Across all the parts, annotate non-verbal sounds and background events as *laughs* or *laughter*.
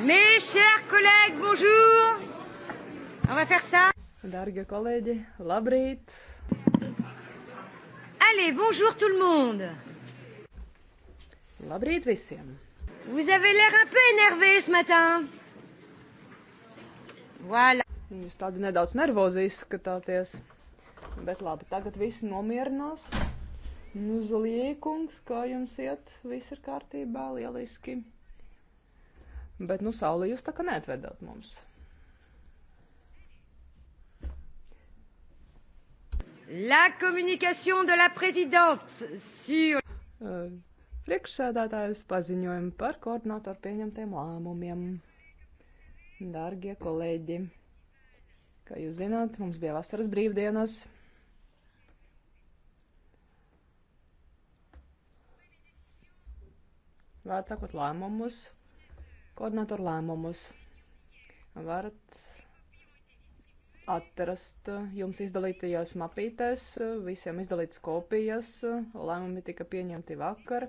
Mes chers collègues, bonjour! On va faire ça. Dargie kolēģi, labrīt! Allez, bonjour tout le monde! Labrīt visiem! Vous avez l'air un peu énervé ce matin. Voilà. Nu, jūs tādi nedaudz nervozi izskatāties. Bet labi, tagad visi nomierinās. Nu, Zaliekungs, kā jums iet? Viss ir kārtībā, lieliski. Bet, nu, sauli jūs tā kā neatvedāt mums. La communication de la présidente sur... Priekšsēdētājs paziņojumi par koordinātoru pieņemtiem lēmumiem. Dārgie kolēģi, kā jūs zināt, mums bija vasaras brīvdienas. Vārdsākot lēmumus koordinatoru lēmumus. Varat atrast jums izdalītajās mapītēs, visiem izdalītas kopijas, lēmumi tika pieņemti vakar,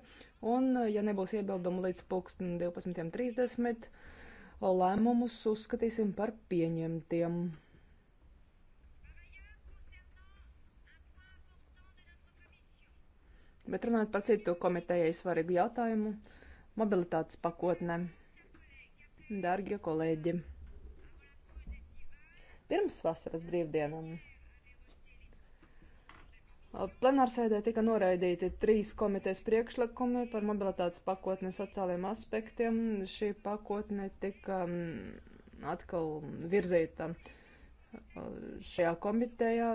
un, ja nebūs iebildumu līdz pulksten 12.30, lēmumus uzskatīsim par pieņemtiem. Bet runājot par citu komitējai svarīgu jautājumu - mobilitātes pakotne darbie kolēģi! Pirms vasaras brīvdienām plenārsēdē tika noraidīti trīs komitejas priekšlikumi par mobilitātes pakotni sociālajiem aspektiem. Šī pakotne tika mm, atkal virzīta uh, šajā komitejā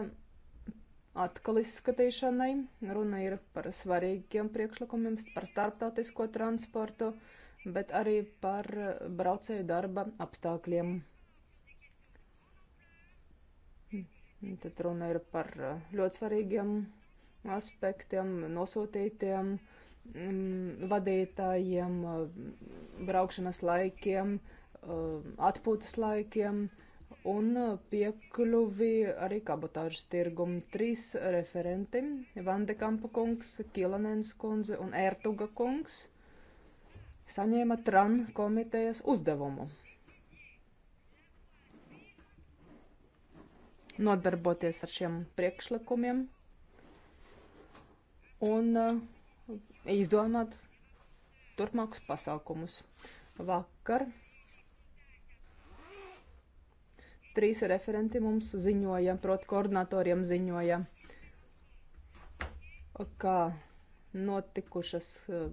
atkal izskatīšanai. Runa ir par svarīgiem priekšlikumiem, par starptautisko transportu. Uh, bet arī par braucēju darba apstākļiem. Tad runa ir par ļoti svarīgiem aspektiem, nosūtītiem mm, vadītājiem, braukšanas laikiem, atpūtas laikiem un piekļuvi arī kabotāžas tirgumu. Trīs referenti - Vandekampa kungs, Kilanens kundze un Ertuga kungs saņēma TRAN komitejas uzdevumu. Nodarboties ar šiem priekšlikumiem un uh, izdomāt turpmākus pasākumus. Vakar trīs referenti mums ziņoja, proti koordinatoriem ziņoja, kā notikušas uh,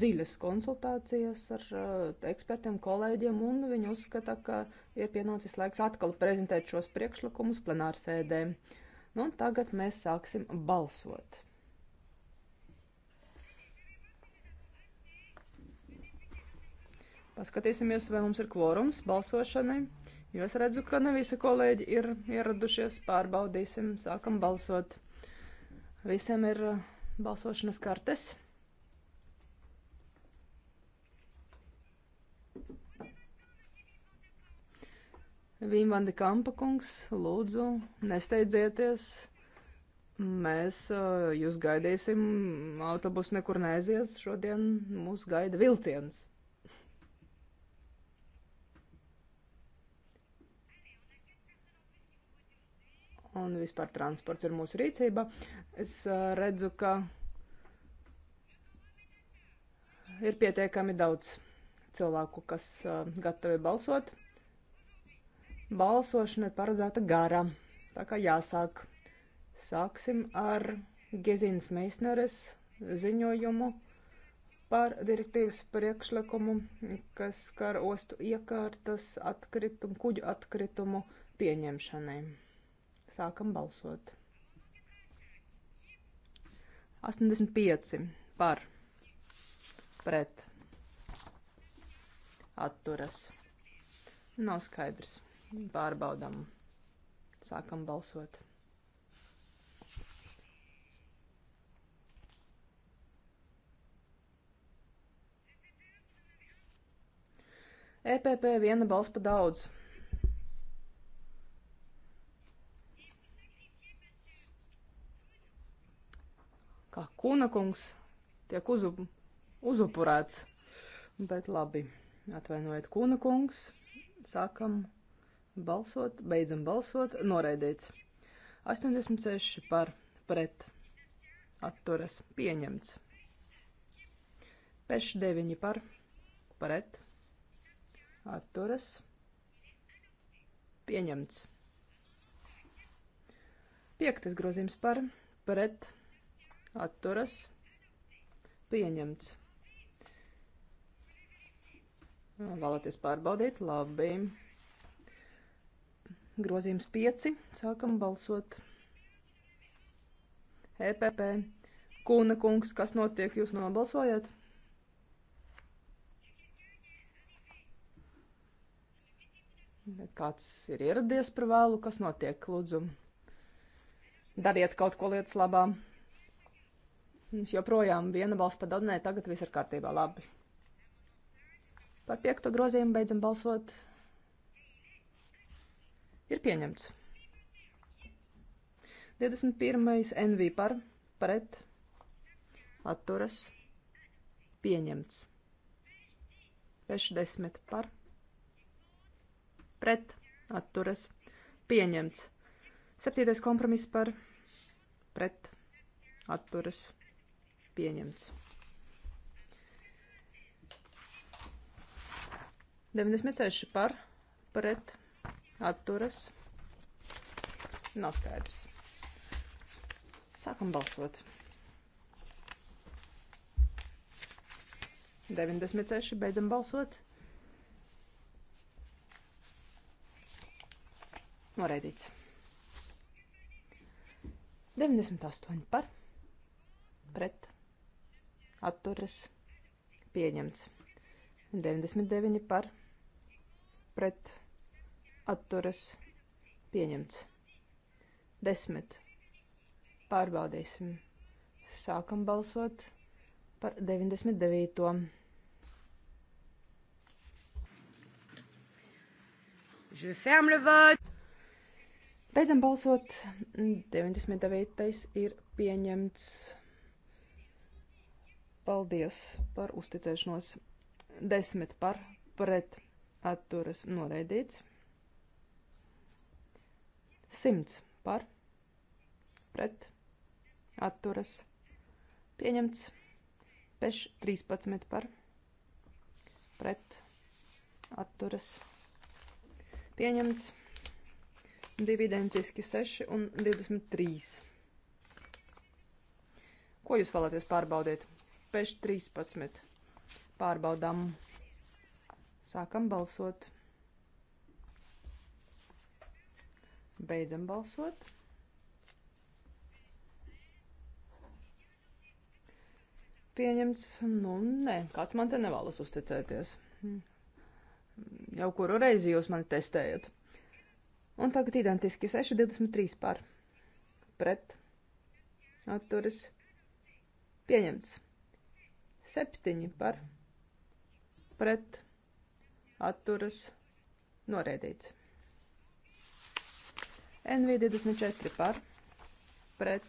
dziļas konsultācijas ar uh, ekspertiem, kolēģiem, un viņi uzskata, ka ir pienācis laiks atkal prezentēt šos priekšlikumus plenārsēdē. Nu, tagad mēs sāksim balsot. Paskatīsimies, vai mums ir kvorums balsošanai, jo es redzu, ka ne visi kolēģi ir ieradušies. Pārbaudīsim, sākam balsot. Visiem ir uh, balsošanas kartes. Vīmvandi Kampakungs, lūdzu, nesteidzieties. Mēs uh, jūs gaidīsim, autobus nekur neaizies, šodien mūs gaida vilciens. Un vispār transports ir mūsu rīcība. Es uh, redzu, ka ir pietiekami daudz cilvēku, kas uh, gatavi balsot. Balsošana ir paredzēta gara, tā kā jāsāk. Sāksim ar Gezīnas Meisneres ziņojumu par direktīvas priekšlikumu, kas skar ostu iekārtas atkritumu, kuģu atkritumu pieņemšanai. Sākam balsot. 85 par pret atturas. Nav skaidrs. Pārbaudam. Sākam balsot. EPP viena balss pa daudz. Kā kuna kungs tiek uzup, uzupurēts. Bet labi, atvainojiet kuna kungs. Sākam Balsot, beidzam balsot, noraidīts. 86 par pret atturas pieņemts. Peš 9 par pret atturas pieņemts. Piektais grozījums par pret atturas pieņemts. Vēlaties pārbaudīt? Labi. Grozījums 5. Sākam balsot. EPP. Kūna kungs, kas notiek? Jūs nobalsojat? Kāds ir ieradies par vēlu? Kas notiek, lūdzu? Dariet kaut ko lietas labā. Mums joprojām viena balss pa daudz, nē, tagad viss ir kārtībā, labi. Par piekto grozījumu beidzam balsot ir pieņemts. 21. NV par, pret, atturas, pieņemts. Peš 10 par, pret, atturas, pieņemts. 7. kompromiss par, pret, atturas, pieņemts. 96 par, pret, atturas atturas, nav skaidrs. Sākam balsot. 96, beidzam balsot. Noraidīts. 98 par, pret, atturas, pieņemts. 99 par, pret, atturas atturas pieņemts. Desmit. Pārbaudīsim. Sākam balsot par 99. Je ferme le vote. Beidzam balsot. 99. ir pieņemts. Paldies par uzticēšanos. Desmit par pret atturas noraidīts. 100 par pret atturas pieņemts. Peš 13 par pret atturas pieņemts. Divi identiski 6 un 23. Ko jūs vēlaties pārbaudīt? Peš 13. Pārbaudām. Sākam balsot. Beidzam balsot. Pieņemts, nu, nē, kāds man te nevēlas uzticēties. Jau kuru reizi jūs mani testējat. Un tagad identiski 6,23 par. Pret. Atturis. Pieņemts. 7 par. Pret. Atturis. Noreidīts. NV24 par pret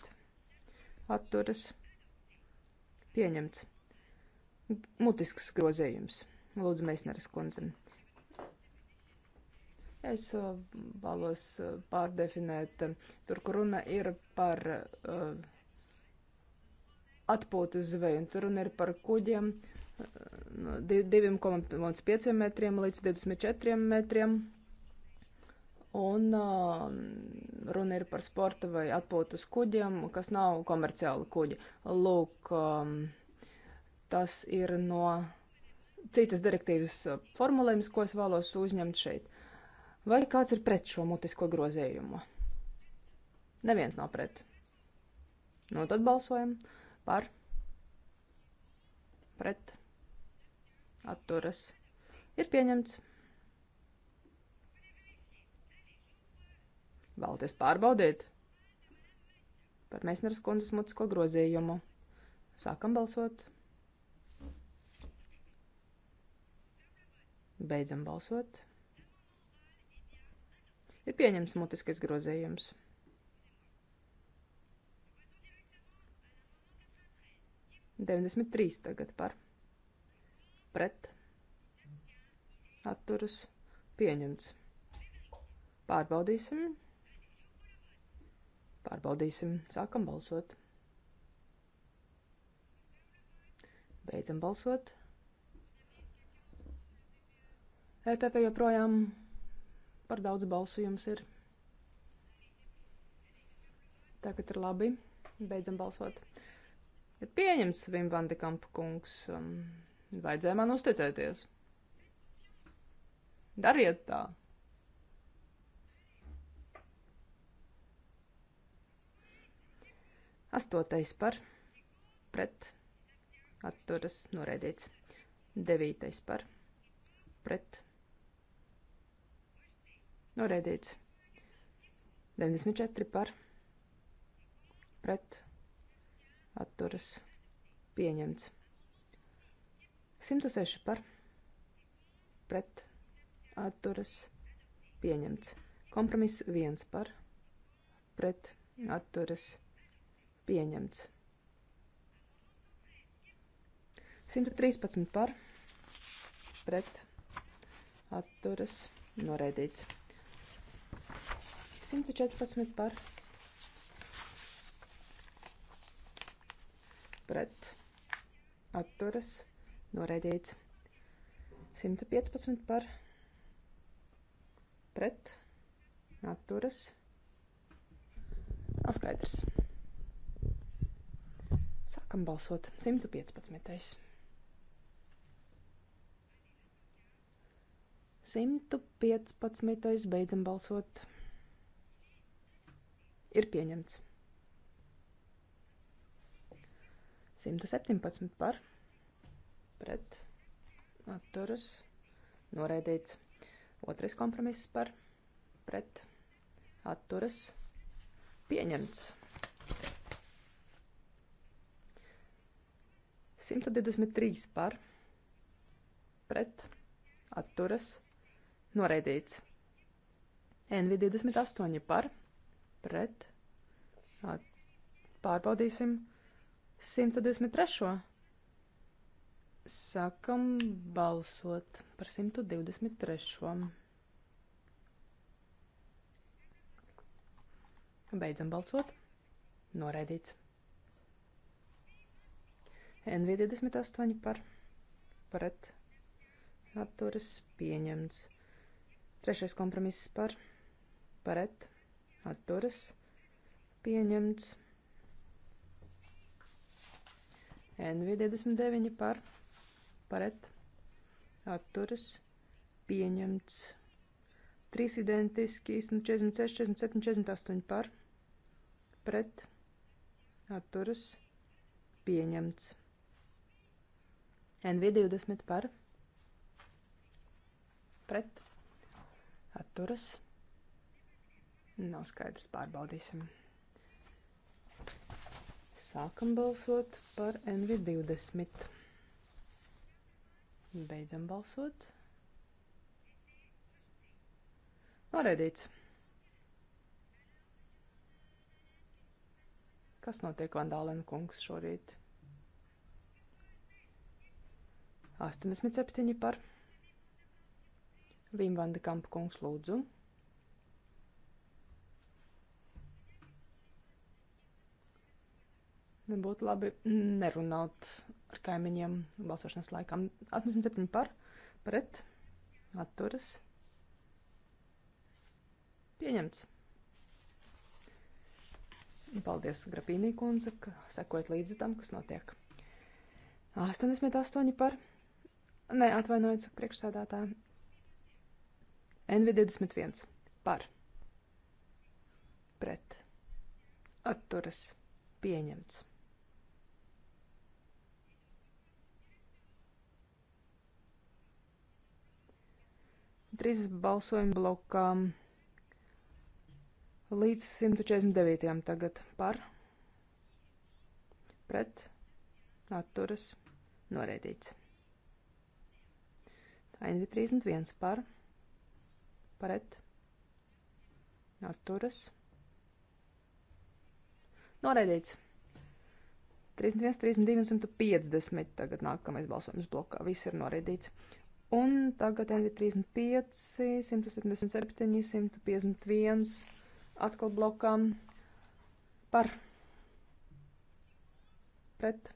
atturas pieņemts. Mutisks grozējums. Lūdzu, Meisneres kundze. Es uh, vēlos uh, pārdefinēt, um, tur, kur runa ir par uh, atpūtas zveju, un tur runa ir par kuģiem uh, no uh, 2,5 metriem līdz 24 metriem Un uh, runa ir par sporta vai atpūtas kuģiem, kas nav komerciāli kuģi. Lūk, um, tas ir no citas direktīvas formulējums, ko es vēlos uzņemt šeit. Vai kāds ir pret šo mutisko grozējumu? Neviens nav pret. Nu, tad balsojam par, pret, atturas. Ir pieņemts. Vēlaties pārbaudīt? Par Mēsneras kundzes mutisko grozījumu. Sākam balsot. Beidzam balsot. Ir pieņemts mutiskais grozījums. Deviņdesmit trīs tagad par. Pret. Atturas. Pieņemts. Pārbaudīsim. Pārbaudīsim. Sākam balsot. Beidzam balsot. EPP joprojām par daudz balsu jums ir. Tagad ir labi. Beidzam balsot. Ir pieņemts Vim Vandekampa kungs. Um, vajadzēja man uzticēties. Dariet tā! Astotais par pret atturas noraidīts. Devītais par pret noraidīts. 94 par pret atturas pieņemts. 106 par pret atturas pieņemts. Kompromiss 1 par pret atturas pieņemts. Pieņemts. 113 par pret atturas noraidīts. 114 par pret atturas noraidīts. 115 par pret atturas nav skaidrs. Sākam balsot. 115. 115. Beidzam balsot. Ir pieņemts. 117 par pret atturas noraidīts. Otrais kompromiss par pret atturas pieņemts. 123 par pret atturas noraidīts. NV28 par pret at, pārbaudīsim 123. Sākam balsot par 123. Beidzam balsot. Noraidīts. NV28 par pret atturas pieņemts. Trešais kompromiss par pret atturas pieņemts. NV29 par pret atturas pieņemts. Trīs identiski 46, 47, 48 par pret atturas pieņemts. NV20 par pret atturas. Nav skaidrs, pārbaudīsim. Sākam balsot par NV20. Beidzam balsot. Noraidīts. Kas notiek Vandālēna kungs šorīt? 87 par. Vim Vanda Kampa kungs lūdzu. Nebūtu labi nerunāt ar kaimiņiem balsošanas laikam. 87 par, pret, atturas. Pieņemts. Paldies, Grapīnī kundze, ka sekojat līdzi tam, kas notiek. 88 par Nē, atvainojiet, saka priekšsēdētāji. NV21 par pret atturas pieņemts. Trīs balsojumu blokām līdz 149. tagad par pret atturas noraidīts. NV31 par pret atturas noraidīts. 31, 32 un 150 tagad nākamais balsojums blokā. Viss ir noraidīts. Un tagad NV35, 177, 151 atkal blokā par pret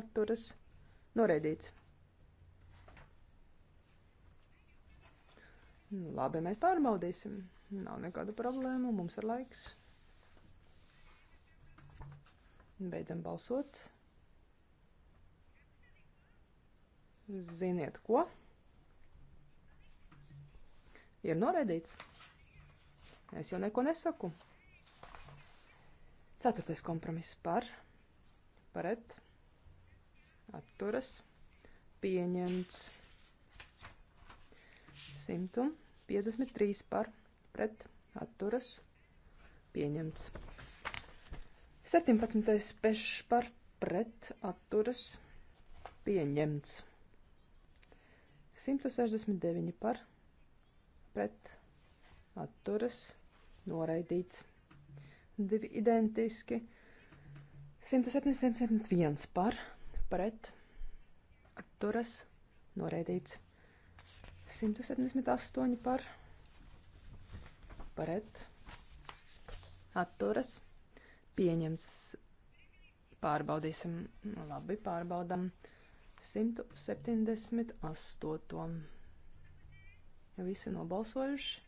atturas noraidīts. Labi, mēs pārbaudīsim. Nav nekādu problēmu, mums ir laiks. Beidzam balsot. Ziniet, ko? Ir noraidīts. Es jau neko nesaku. Ceturtais kompromiss par, paret, atturas, pieņemts simtum. 53 par pret atturas pieņemts. 17. pešs par pret atturas pieņemts. 169 par pret atturas noraidīts. Divi identiski. 107, 171 par pret atturas noraidīts. 178 par pret atturas pieņems. Pārbaudīsim. Nu, labi, pārbaudam. 178. Visi nobalsojuši.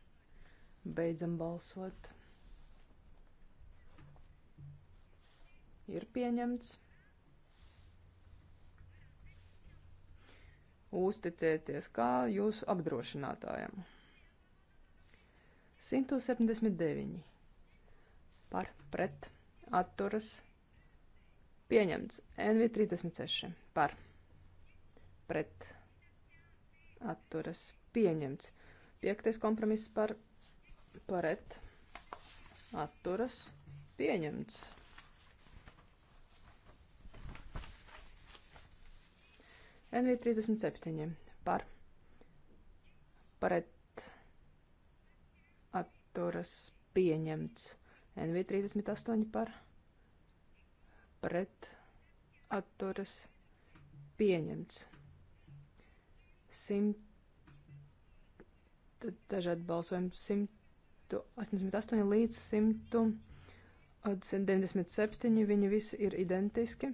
Beidzam balsot. Ir pieņemts. uzticēties kā jūsu apdrošinātājam. 179 par pret atturas pieņemts NV36 par pret atturas pieņemts. Piektais kompromiss par pret atturas pieņemts. NV37 par pret atturas pieņemts. NV38 par pret atturas pieņemts. Simt dažādi balsojumi 188 līdz 197, viņi visi ir identiski.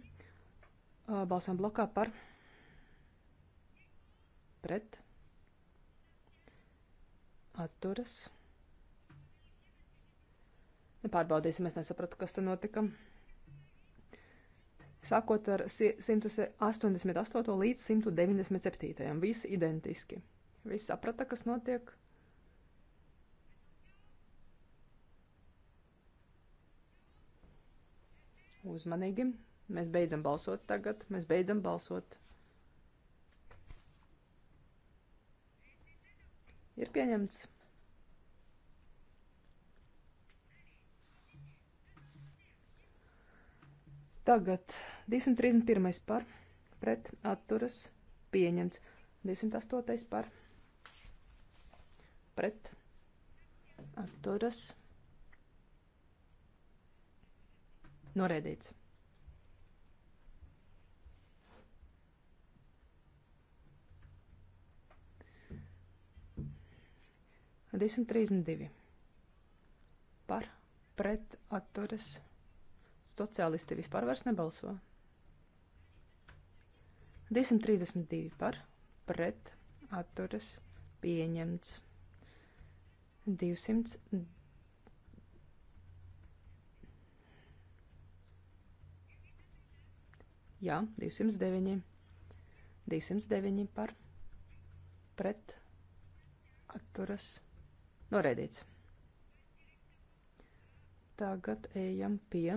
Balsām blokā par pret pret, atturas. Nepārbaudīsim, es nesapratu, kas te notika. Sākot ar 188 līdz 197, visi identiski. Visi saprata, kas notiek. Uzmanīgi. Mēs beidzam balsot tagad. Mēs beidzam balsot. ir pieņemts. Tagad 231. par pret atturas pieņemts. 208. par pret atturas norēdīts. 10.32 par pret atturas sociālisti vispār vairs nebalso. 10.32 par pret atturas pieņemts. 200. Jā, 209. 209 par pret atturas pieņemts Noraidīts. Tagad ejam pie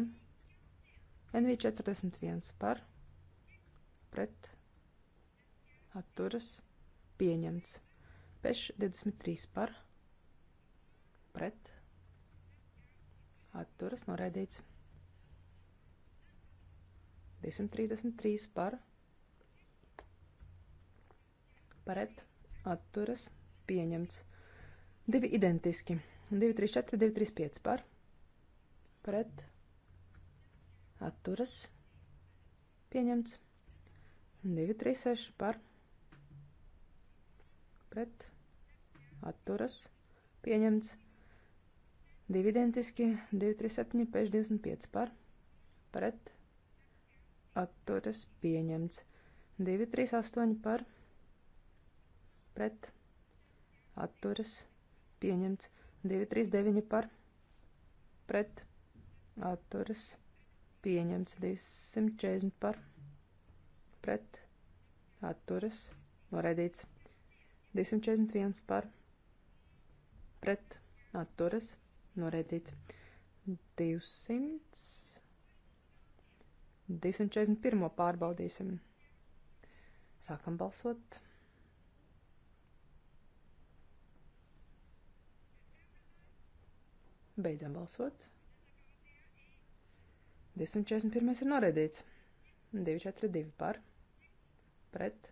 NV41 par pret atturas pieņemts. Peš 23 par pret atturas noraidīts. 233 par pret atturas pieņemts. Divi identiski. 234, 235 par. Pret. Atturas. Pieņemts. 236 par. Pret. Atturas. Pieņemts. Divi identiski. 237, pēc 25 par. Pret. Atturas. Pieņemts. 238 par. Pret. Atturas. Pieņemts pieņemts. 239 par pret atturas pieņemts. 240 par pret atturas noraidīts. 241 par pret atturas noraidīts. 200 241 pārbaudīsim. Sākam balsot. Beidzam balsot. 241 ir noraidīts. 242 par. Pret.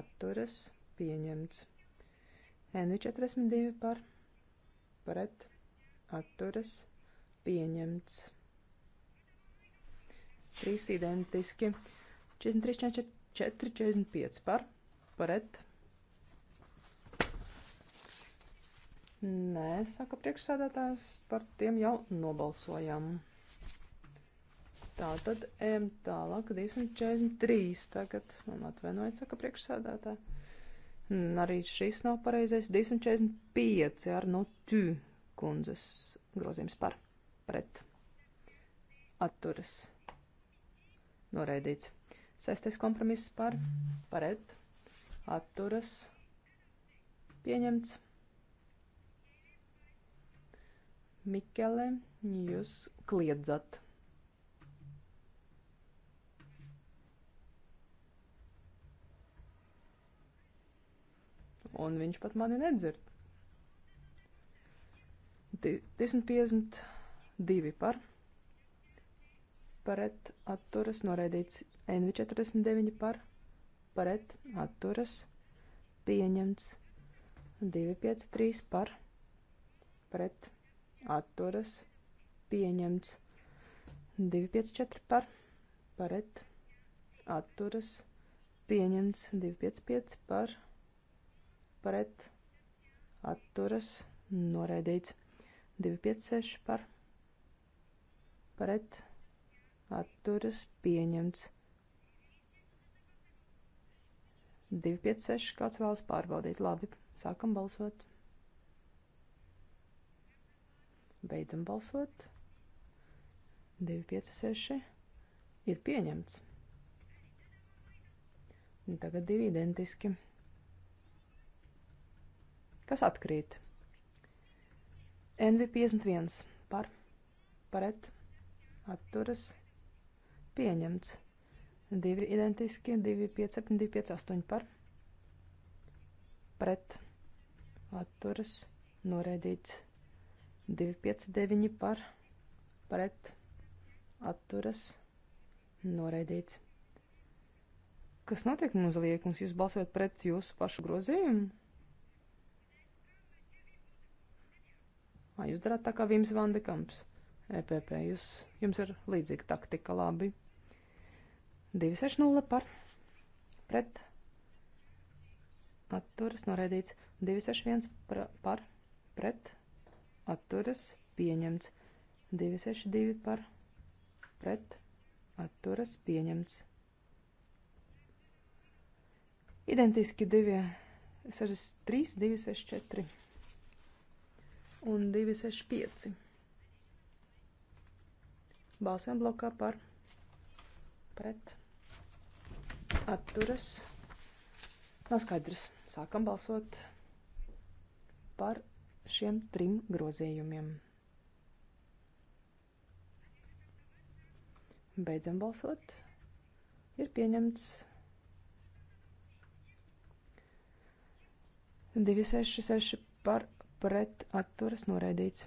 Atturas. Pieņemts. N42 par. Pret. Atturas. Pieņemts. Trīs identiski. 43, 44, 45 par. Pret. Nē, saka priekšsēdētājs, par tiem jau nobalsojam. Tā tad ejam tālāk, 243 tagad, man nu, atvainojiet, saka priekšsēdētāji. Arī šis nav pareizais, 245 ar no tū kundzes grozījums par, pret, atturas, noraidīts. Sestais kompromiss par, pret, atturas, pieņemts. Mikele, jūs kliedzat. Un viņš pat mani nedzird. 1052 par pret atturas noraidīts NV49 par pret atturas pieņemts 253 par pret atturas pieņemts 254 par paret atturas pieņemts 255 par paret atturas noraidīts 256 par paret atturas pieņemts 256 kāds vēlas pārbaudīt labi sākam balsot Beidzam balsot. 2, 5, 6 ir pieņemts. Un tagad divi identiski. Kas atkrīt? NV51 par, paret, atturas, pieņemts. Divi identiski, 257, 258 par, pret, atturas, noraidīts. 259 par pret atturas noraidīts. Kas notiek mums liekums? Jūs balsojat pret jūsu pašu grozījumu? Ā, jūs darāt tā kā Vims Vandekamps, EPP. Jūs, jums ir līdzīga taktika labi. 260 par pret atturas noraidīts. 261 par pret atturas pieņemts. 262 par pret atturas pieņemts. Identiski 2, 63, 264 un 265. Balsojam blokā par pret atturas. Nav skaidrs. Sākam balsot par šiem trim grozījumiem. Beidzam balsot. Ir pieņemts 266 par pret atturas noraidīts.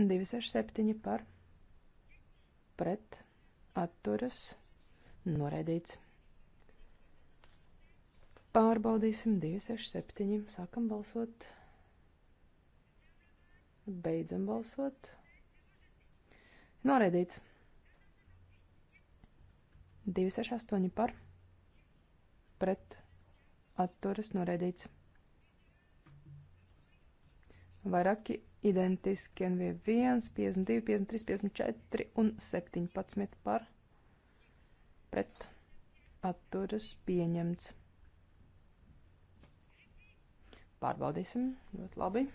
267 par pret atturas noraidīts. Pārbaudīsim 267. Sākam balsot. Beidzam balsot. Noraidīts. 268 par. Pret. Atturas noraidīts. Vairāki identiski NV1, 52, 53, 54 un 17 par. Pret. Atturas pieņemts. Pārbaudīsim. Ļoti labi.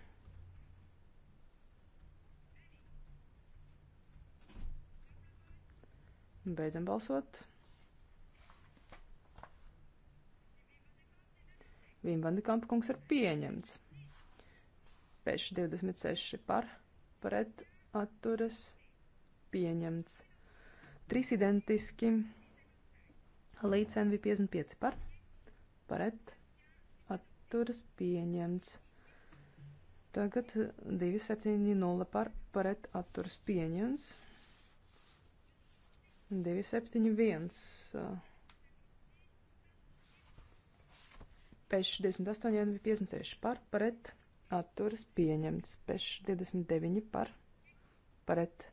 Beidzam balsot. Vimbandikampa kungs ir pieņemts. Pēš 26 par, pret atturas pieņemts. Trīs identiski līdz NV55 par, pret atturas pieņemts. Tagad 270 par, pret atturas pieņemts. 271. Pēc 68, NV 56 par pret atturas pieņemts. Pēc 29 par pret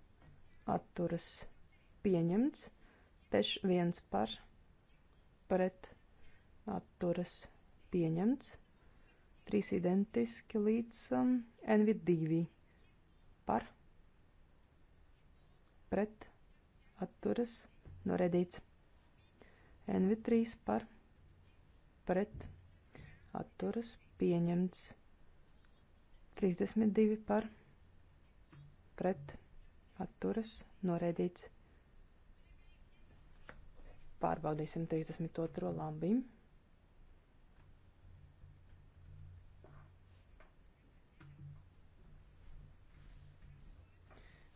atturas pieņemts. Pēc 1 par pret atturas pieņemts. 3 identiski līdz um, NV 2 par pret atturas pieņemts atturas noraidīts. NV3 par pret atturas pieņemts. 32 par pret atturas noraidīts. Pārbaudīsim 32. labi.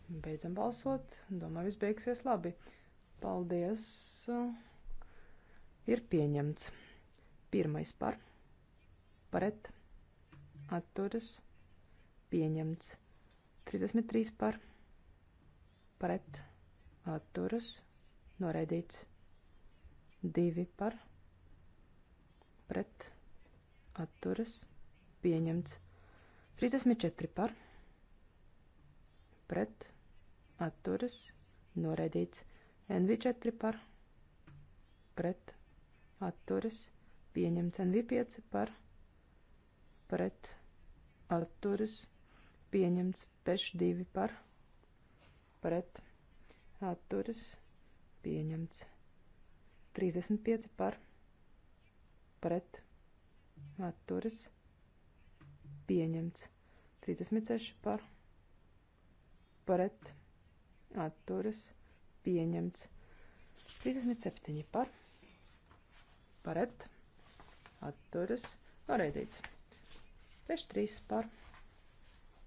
Beidzam balsot. Domāju, viss beigsies labi. Paldies. Ir pieņemts. Pirmais par. Pret. Atturas. Pieņemts. 33 par. Pret. Atturas. Noraidīts. 2 par. Pret. Atturas. Pieņemts. 34 par. Pret atturas noraidīts. NV4 par pret atturas pieņemts. NV5 par pret atturas pieņemts. Peš2 par pret atturas pieņemts. 35 par pret atturas pieņemts. 36 par pret atturas pieņemts atturas pieņemts. 37 par paret atturas noraidīts. Peš 3 par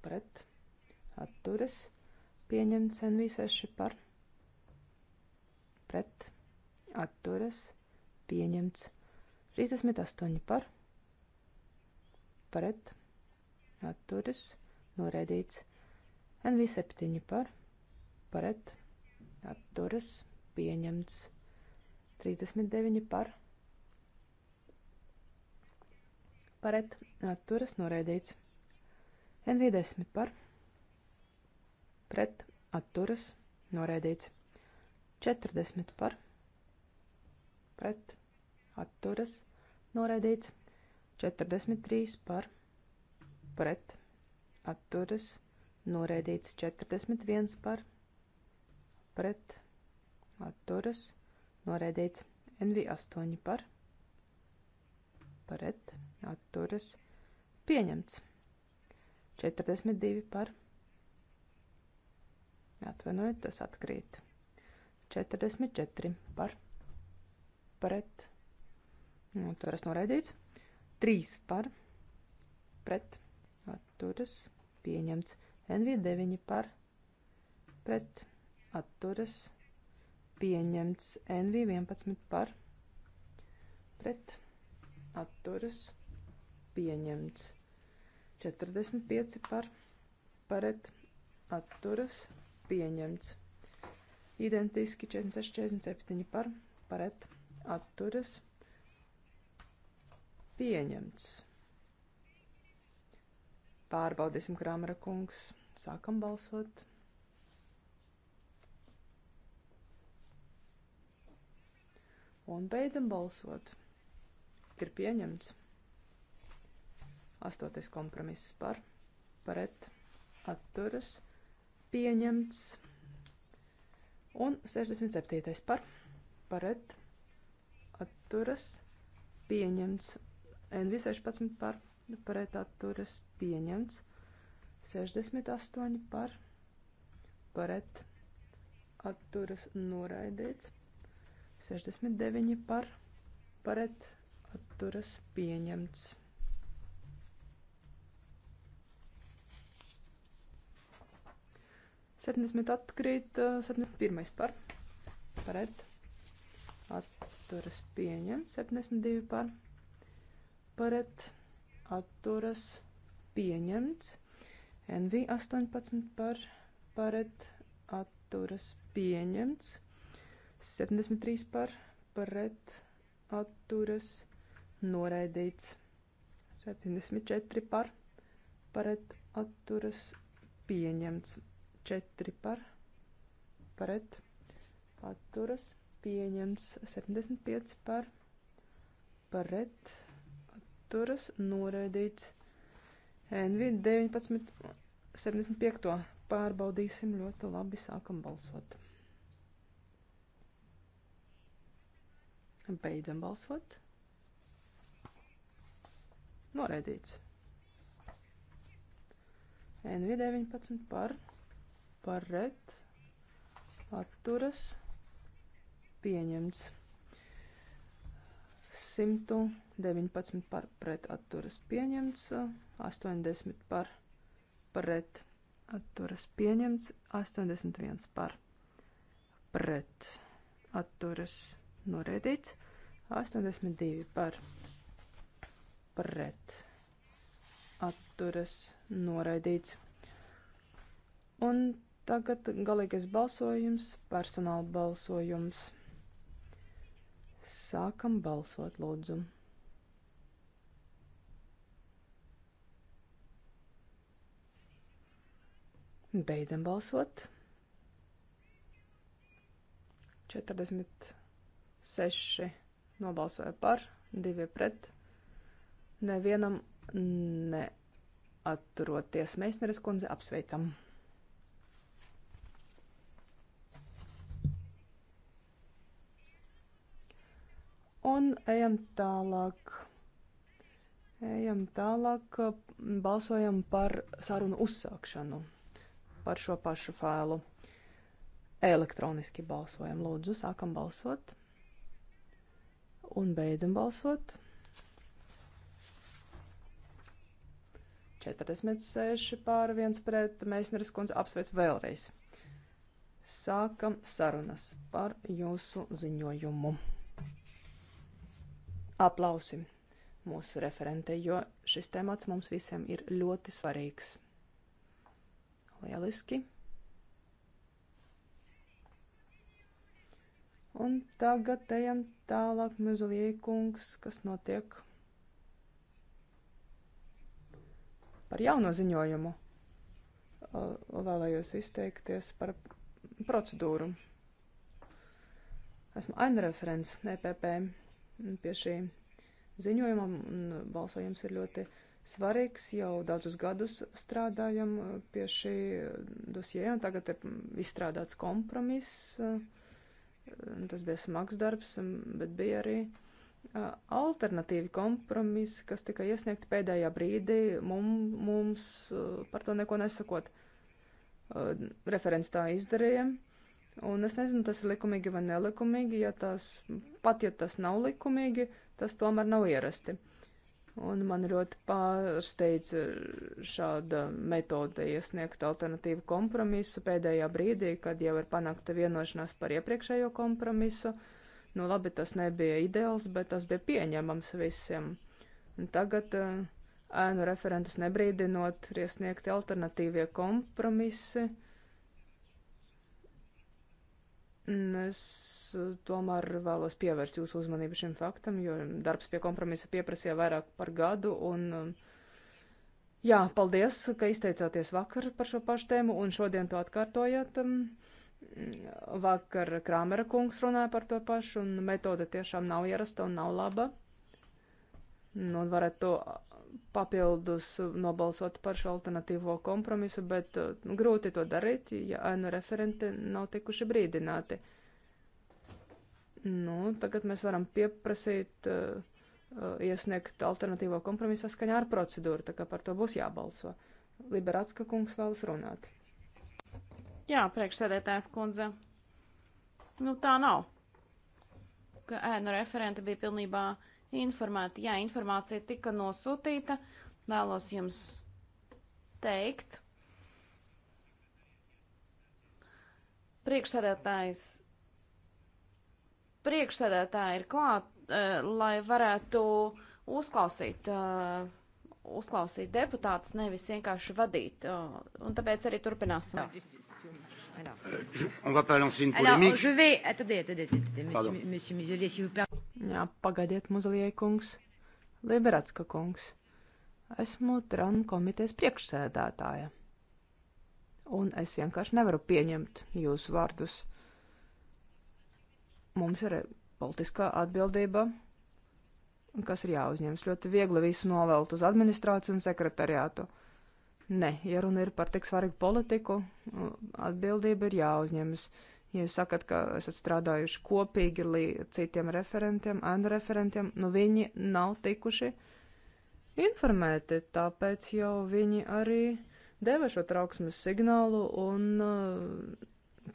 pret atturas pieņemts NV6 par pret atturas pieņemts. 38 par pret atturas noraidīts. NV7 par pret atturas pieņemts. 39 par pret atturas noraidīts. NV10 par pret atturas noraidīts. 40 par pret atturas noraidīts. 43 par pret atturas noraidīts. 41 par pret pret atturas noraidīts. NV8 par pret atturas pieņemts. 42 par atvainojiet, tas atkrīt. 44 par pret atturas noraidīts. 3 par pret atturas pieņemts. NV9 par pret atturas pieņemts NV11 par pret atturas pieņemts 45 par pret atturas pieņemts identiski 46-47 par pret atturas pieņemts. Pārbaudīsim Kramera kungs. Sākam balsot. Un beidzam balsot. Ir pieņemts. Astotais kompromiss par, pret, atturas, pieņemts. Un 67. par, pret, atturas, pieņemts. NV16 par, pret, atturas, pieņemts. 68 par, pret, atturas, noraidīts. 69 par pret atturas pieņemts. Septiņdesmit atkrīt, septiņdesmit pirmais par, pret, atturas pieņemts, septiņdesmit divi par, pret, atturas pieņemts, NV 18 par, pret, atturas pieņemts, 73 par pret atturas noraidīts. 74 par pret atturas pieņemts. 4 par pret atturas pieņemts. 75 par pret atturas noraidīts. NV 19 75. pārbaudīsim ļoti labi, sākam balsot. Beidzam balsot. Noraidīts. NV19 par, par ret, atturas, pieņemts. 119 par pret atturas pieņemts, 80 par pret atturas pieņemts, 81 par pret atturas pieņemts noraidīts. 82 par pret atturas noraidīts. Un tagad galīgais balsojums, personāla balsojums. Sākam balsot, lūdzu. Beidzam balsot. 40 Seši nobalsoja par, divi pret. Nevienam neaturoties. Meisneres kundze apsveicam. Un ejam tālāk. Ejam tālāk, balsojam par sarunu uzsākšanu par šo pašu failu. Elektroniski balsojam, lūdzu, sākam balsot. Un beidzam balsot. 46 pār 1 pret Meisneres kundze apsveic vēlreiz. Sākam sarunas par jūsu ziņojumu. Aplausim mūsu referente, jo šis temats mums visiem ir ļoti svarīgs. Lieliski. Un tagad ejam Tālāk Muzuliekungs, kas notiek par jauno ziņojumu. Vēlējos izteikties par procedūru. Esmu ainreferents EPP pie šī ziņojuma, un balsojums ir ļoti svarīgs. Jau daudzus gadus strādājam pie šī dosjē, un tagad ir izstrādāts kompromiss Nu, tas bija smags darbs, bet bija arī alternatīvi kompromisi, kas tika iesniegti pēdējā brīdī, mum, mums par to neko nesakot. Referents tā izdarīja. Un es nezinu, tas ir likumīgi vai nelikumīgi, ja tas, pat ja tas nav likumīgi, tas tomēr nav ierasti. Uh, Un man ļoti pārsteidz šāda metode iesniegt alternatīvu kompromisu pēdējā brīdī, kad jau ir panākta vienošanās par iepriekšējo kompromisu. Nu, labi, tas nebija ideāls, bet tas bija pieņemams visiem. Un tagad eh, ēnu referentus nebrīdinot, ir iesniegti alternatīvie kompromisi. Uh, Es eh, tomēr vēlos pievērst jūsu uzmanību šim faktam, jo darbs pie kompromisa pieprasīja vairāk par gadu. Un, eh, jā, paldies, ka izteicāties vakar par šo pašu tēmu un šodien to atkārtojat. Mm, vakar Krāmera kungs runāja par to pašu, un metode tiešām nav ierasta un nav laba. Nu, varētu to papildus nobalsot par šo alternatīvo kompromisu, bet nu, grūti to darīt, ja ēnu referenti nav tikuši brīdināti. Nu, tagad mēs varam pieprasīt, uh, uh, iesniegt alternatīvo kompromisu saskaņā ar procedūru, tā kā par to būs jābalso. Liberatska kungs vēlas runāt. Jā, priekšsēdētājs kundze. Nu, tā nav. Ka ēnu referenti bija pilnībā uh, informēti. Jā, informācija tika nosūtīta. Vēlos jums teikt. Priekšsēdētājs. Priekšsēdētāji ir klāt, eh, lai varētu uzklausīt, eh, uzklausīt deputātus, nevis vienkārši vadīt. Eh, un tāpēc arī turpināsim. Alors, je vais, attendez, attendez, attendez, monsieur, monsieur Muselier, si vous parlez. Jā, pagaidiet, muzolieja kungs, Liberatska kungs. Esmu Tran komitejas priekšsēdētāja. Un es vienkārši nevaru pieņemt jūsu vārdus. Mums ir politiskā atbildība, kas ir jāuzņems ļoti viegli visu novelt uz administrāciju un sekretariātu. Nē, ja runa ir par tik svarīgu politiku, atbildība ir jāuzņemas. Uh, Ja jūs sakat, ka esat strādājuši kopīgi līdz citiem referentiem, ēnu referentiem, nu viņi nav tikuši informēti, tāpēc jau viņi arī deva šo trauksmes signālu un uh,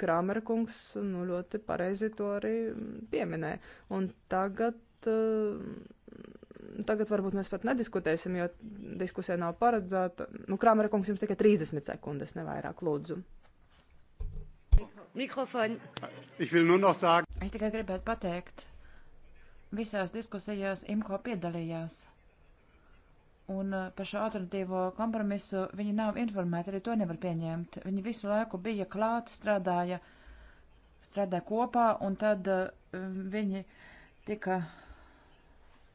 Krāmera kungs nu, ļoti pareizi to arī pieminēja. Un tagad, uh, tagad varbūt mēs pat nediskutēsim, jo diskusija nav paredzēta. Nu, Krāmera kungs jums tikai 30 sekundes, nevairāk lūdzu. Mikrofon. Sagen... Es tikai gribētu pateikt, visās diskusijās IMCO piedalījās. Un eh, par šo alternatīvo kompromisu viņi nav informēti, arī to nevar pieņemt. Viņi visu laiku bija klāt, strādāja, strādāja kopā, un tad uh, viņi tika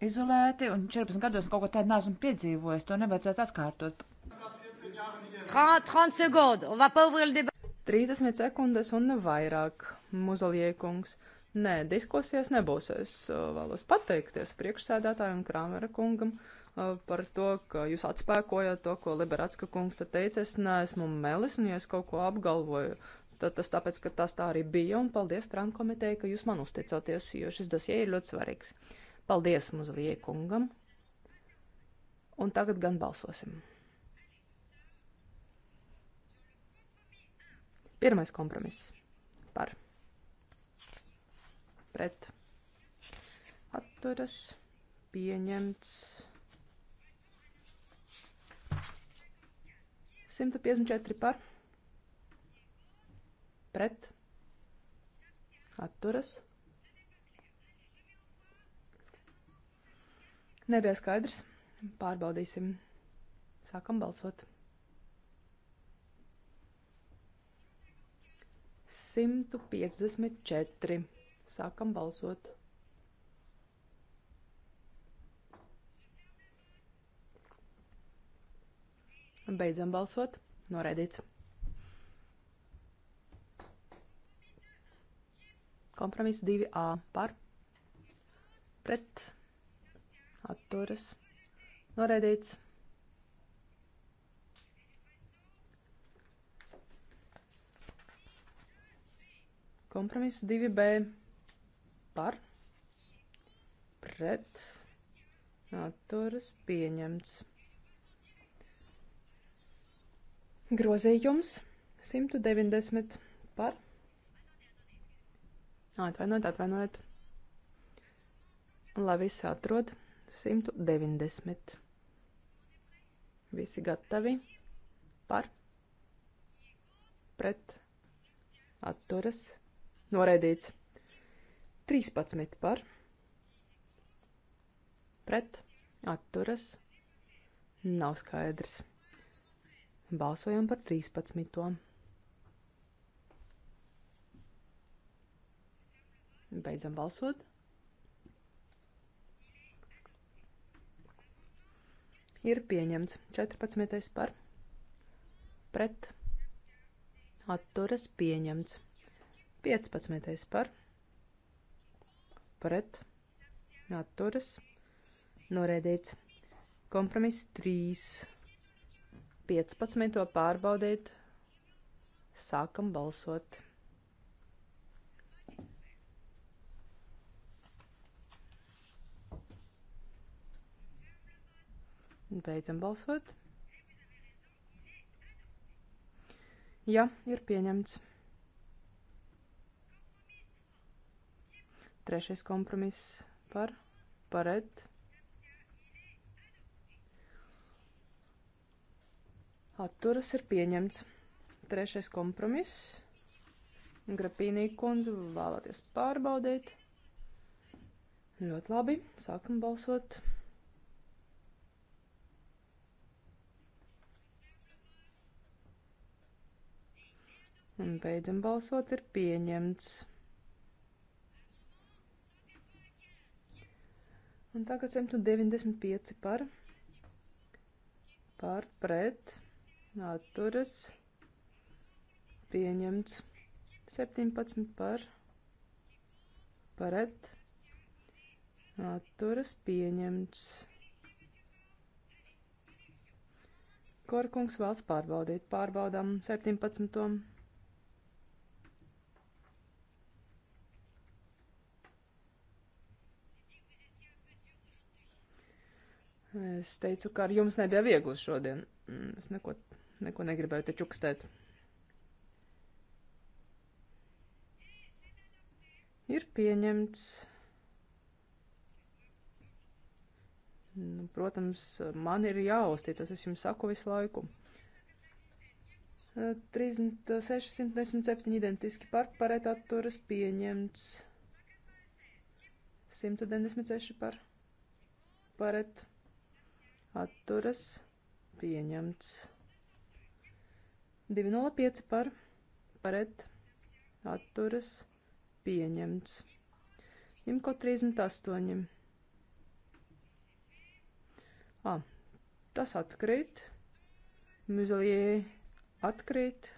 izolēti, un 14 gados kaut ko tādu neesmu piedzīvojis, to nevajadzētu atkārtot. 30, 30 sekundes, un va pauvrir debat. 30 sekundes un vairāk, muzoliekungs. Nē, diskusijas nebūs. Es uh, vēlos pateikties priekšsēdētājiem Krāmera kungam uh, par to, ka jūs atspēkojat to, ko Liberatska kungs te teica. Es neesmu melis, un ja es kaut ko apgalvoju, tad tas tāpēc, ka tas tā arī bija, un paldies Trump komiteja, ka jūs man uzticaties, jo šis dosie ir ļoti svarīgs. Paldies muzoliekungam. Un tagad gan balsosim. Pirmais kompromiss par pret atturas pieņemts 154 par pret atturas. Nebija skaidrs. Pārbaudīsim. Sākam balsot. 154. Sākam balsot. Beidzam balsot. Noraidīts. Kompromiss 2A par pret atturas noraidīts. Kompromiss 2B par pret atturas pieņemts. Grozījums 190 par. Atvainojiet, atvainojiet. Lai visi atrod 190. Visi gatavi par pret atturas pieņemts Noraidīts. 13 par. Pret. Atturas. Nav skaidrs. Balsojam par 13. Beidzam balsot. Ir pieņemts 14. par. Pret. Atturas pieņemts. 15. par pret atturas norēdīts. Kompromiss 3. 15. pārbaudīt. Sākam balsot. Beidzam balsot. Ja, ir pieņemts. Trešais kompromiss par, paret. Atturas ir pieņemts. Trešais kompromiss. Grapīnī kundze vēlaties pārbaudīt. Ļoti labi, sākam balsot. Un beidzam balsot ir pieņemts. Un tagad 195 par, par, pret, atturas, pieņemts. 17 par, pret, atturas, pieņemts. Korkungs vēlas pārbaudīt. Pārbaudām 17. Es teicu, ka ar jums nebija viegli šodien. Mm, es neko, neko negribēju te čukstēt. Ir pieņemts. Nu, protams, man ir jāuztī, tas es jums saku visu laiku. 3617 identiski par paret atturas pieņemts. 196 par paret atturas atturas pieņemts. 205 par pret atturas pieņemts. Imko 38. Ā, tas atkrīt. Muzelie atkrīt.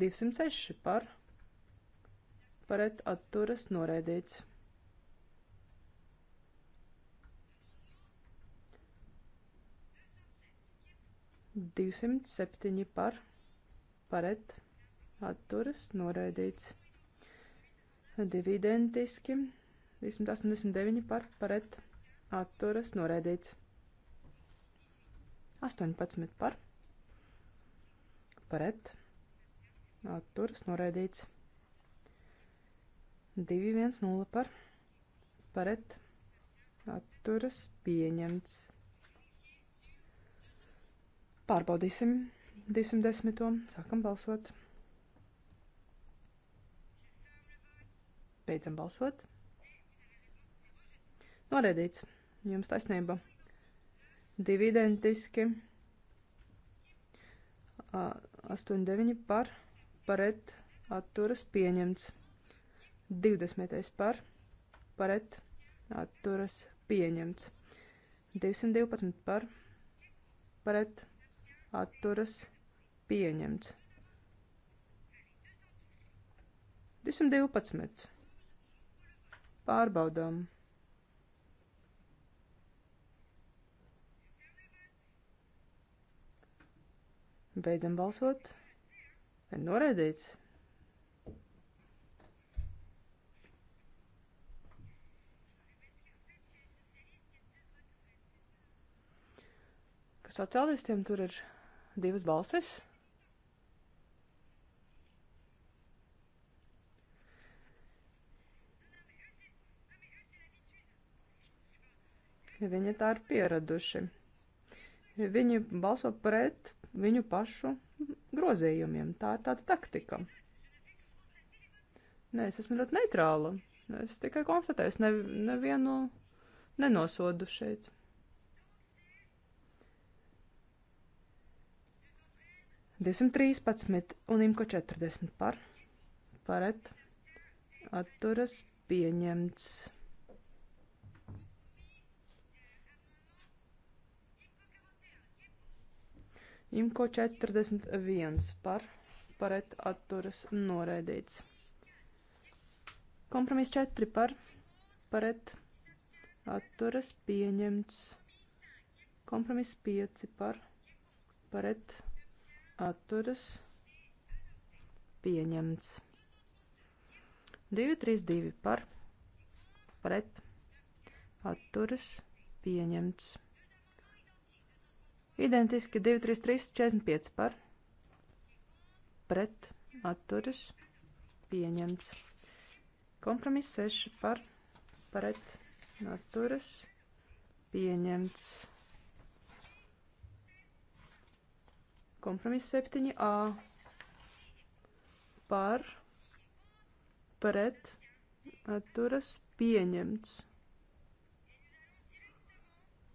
206 par pret atturas noraidīts. 207 par paret atturas noraidīts. Divi identiski. 289 par paret atturas noraidīts. 18 par paret atturas noraidīts. 210 par paret atturas pieņemts. Pārbaudīsim 210. Sākam balsot. Beidzam balsot. Noraidīts. Jums taisnība. Divi identiski. 8,9 par paret atturas pieņemts. 20 par paret atturas pieņemts. 212 par paret atturas pieņemts. 212. Pārbaudām. Beidzam balsot. Ir noraidīts. Ka sociālistiem tur ir divas balsis. Viņi tā ir pieraduši. Viņi balso pret viņu pašu grozījumiem. Tā ir tāda taktika. Nē, es esmu ļoti neitrāla. Es tikai konstatēju, es ne, nevienu nenosodu šeit. 213 un imko 40 par paret atturas pieņemts. Imko 41 par paret atturas noraidīts. Kompromis 4 par paret atturas pieņemts. Kompromis 5 par paret atturas atturas pieņemts. 232 par pret atturas pieņemts. Identiski 233 45 par pret atturas pieņemts. Kompromiss 6 par pret atturas pieņemts. Kompromiss 7a par pret atturas pieņemts.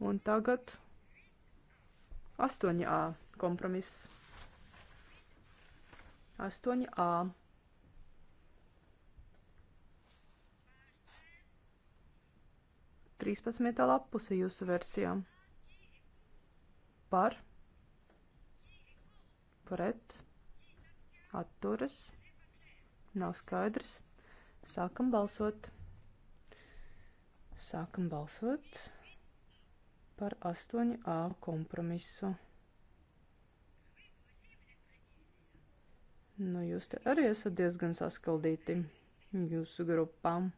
Un tagad 8a kompromiss. 8a. Trīspadsmitā lapuse jūsu versijā. Par pret, atturas, nav skaidrs. Sākam balsot. Sākam balsot par 8A kompromisu. Nu, jūs te arī esat diezgan saskaldīti jūsu grupām.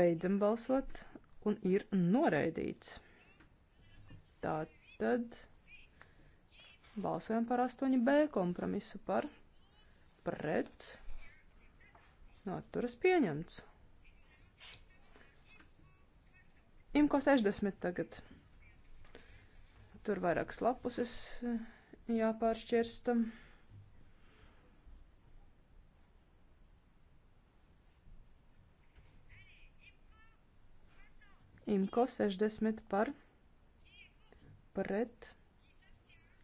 Beidzam balsot un ir noraidīts. Tā tad. Balsojam par 8B kompromisu par pret. Atturas pieņemts. Imko 60 tagad. Tur vairākas lapuses eh, jāpāršķirstam. Imko 60 par pret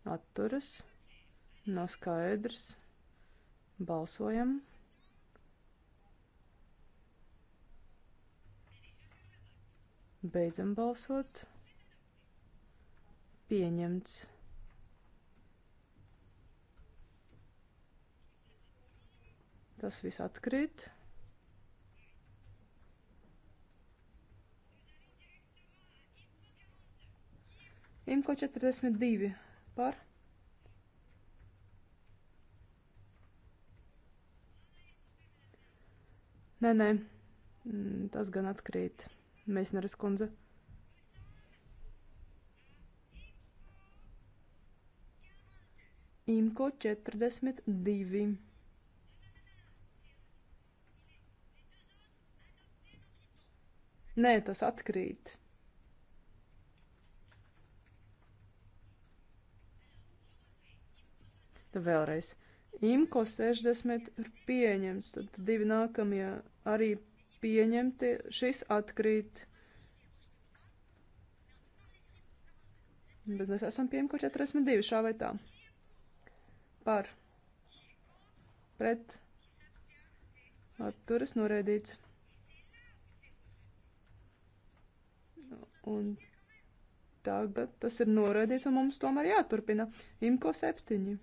atturas, nav skaidrs, balsojam. Beidzam balsot. Pieņemts. Tas viss atkrīt. Imko 42 par Nē, nē, mm, tas gan atkrīt, Meisneres kundze. Imko 42. Nē, tas atkrīt. Tad vēlreiz. Imko 60 ir pieņemts, tad divi nākamie arī pieņemti, šis atkrīt. Bet mēs esam pie Imko 42 šā vai tā. Par. Pret. Atturas noraidīts. Un tagad tas ir noraidīts, un mums tomēr jāturpina. Imko 7.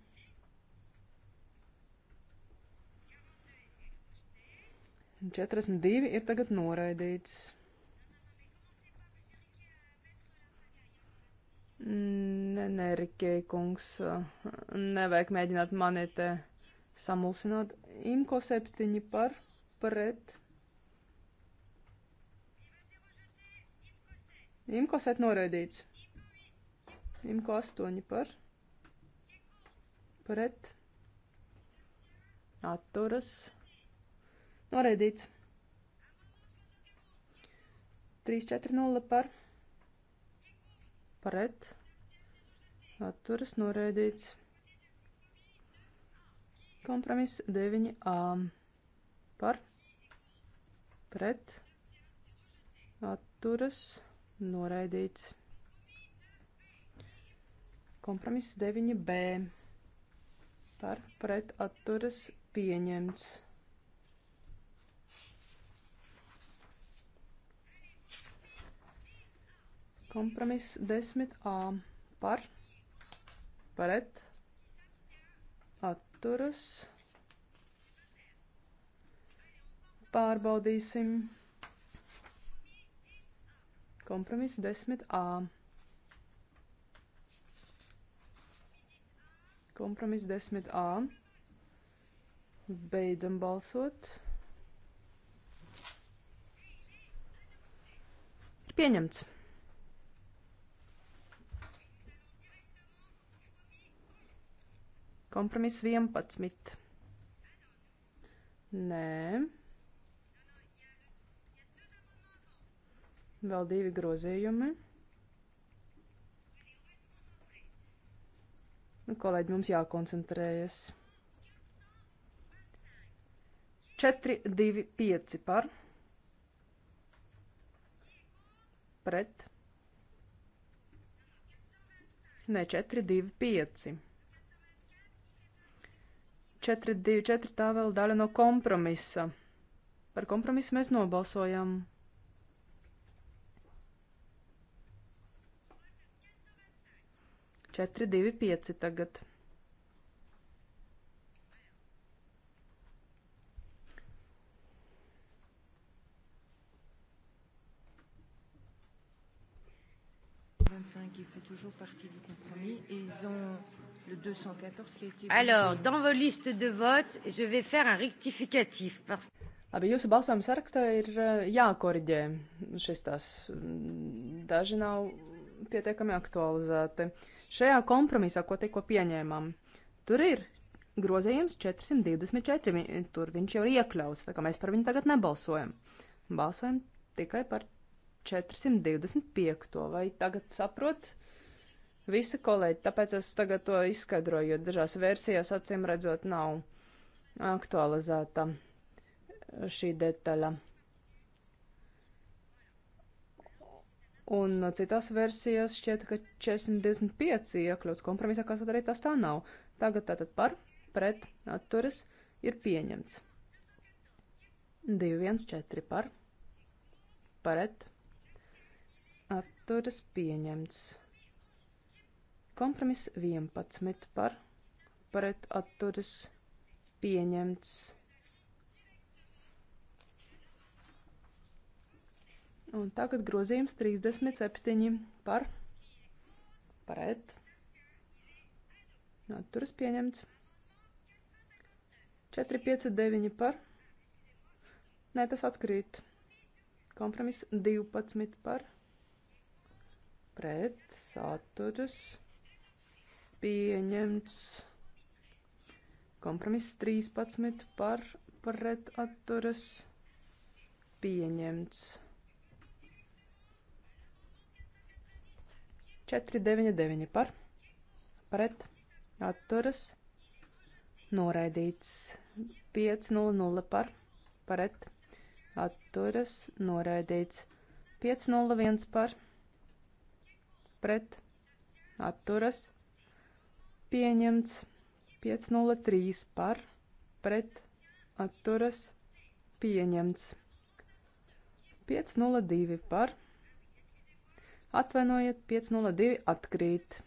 42 ir tagad noraidīts. Nē, nē, Rikēji kungs, nevajag mēģināt mani te samulsināt. Imko septiņi par, pret. Imko set noraidīts. Imko astoņi par, pret. Atturas. Noraidīts. 3-4-0 par. Paret. Atturas noraidīts. Kompromiss 9A. Par. Pret. Atturas noraidīts. Kompromiss 9B. Par. Pret. Atturas pieņemts. Kompromiss 10a par, paret, atturas. Pārbaudīsim. Kompromiss 10a. Kompromiss 10a. Beidzam balsot. Pieņemts. Kompromiss 11. Nē. Vēl divi grozījumi. Nu, kolēģi, mums jākoncentrējas. 4, 2, 5 par. Pret. Nē, 4, 2, 5. 424 tā vēl daļa no kompromisa. Par kompromisu mēs nobalsojam. Četri, divi, pieci tagad. Vingt-cinq, il fait toujours partie du compromis et ils ont Le 214 qui est... Alors, dans vos listes de vote, je vais faire un rectificatif. Parce... Labi, jūsu balsojuma sarakstā ir e, jākoriģē. Šis tās mm, daži nav pietiekami aktualizēti. Šajā kompromisā, ko tikko pieņēmām, tur ir grozījums 424. Tur viņš jau ir iekļauts, tā kā mēs par viņu tagad nebalsojam. Balsojam tikai par 425. Vai tagad saprot visi kolēģi, tāpēc es tagad to izskaidroju, jo dažās versijās acīm redzot nav aktualizēta šī detaļa. Un citās versijās šķiet, ka 425 iekļauts kompromisā, kas arī tas tā nav. Tagad tātad par, pret, atturas ir pieņemts. 214 par, pret, atturas pieņemts. Kompromiss 11 par pret atturas pieņemts. Un tagad grozījums 37 par pret atturas pieņemts. 4, 5, 9 par. Nē, tas atkrīt. Kompromiss 12 par pret atturas pieņemts pieņemts. Kompromiss 13 par pret atturas pieņemts. 499 par pret atturas noraidīts. 500 par pret atturas noraidīts. 501 par pret atturas noraidīts pieņemts 503 par pret atturas pieņemts 502 par atvainojiet 502 atkrīt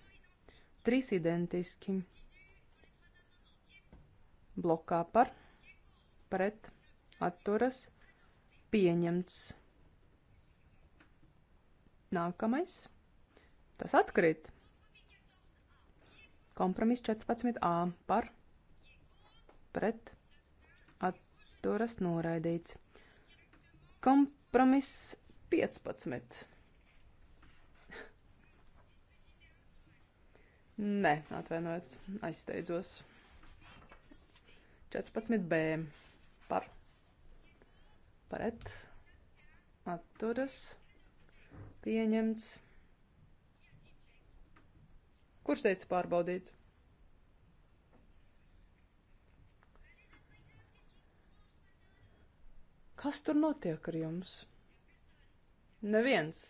3 identiski blokā par pret atturas pieņemts nākamais tas atkrīt Kompromiss 14a par pret atturas noraidīts. Kompromiss 15. Nē, atvainojiet, aizsteidzos. 14b par pret atturas pieņemts. Kurš teica pārbaudīt? Kas tur notiek ar jums? Neviens.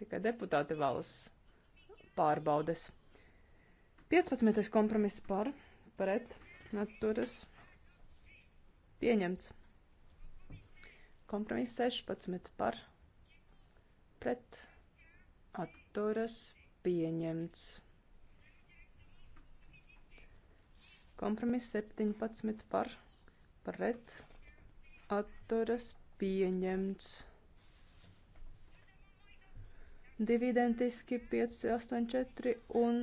Tikai deputāti valas pārbaudes. 15. kompromiss par, pret, atturas. Pieņemts. Kompromiss 16 par, pret, atturas pieņemts. Kompromiss 17 par pret atturas pieņemts. Divi identiski 584 un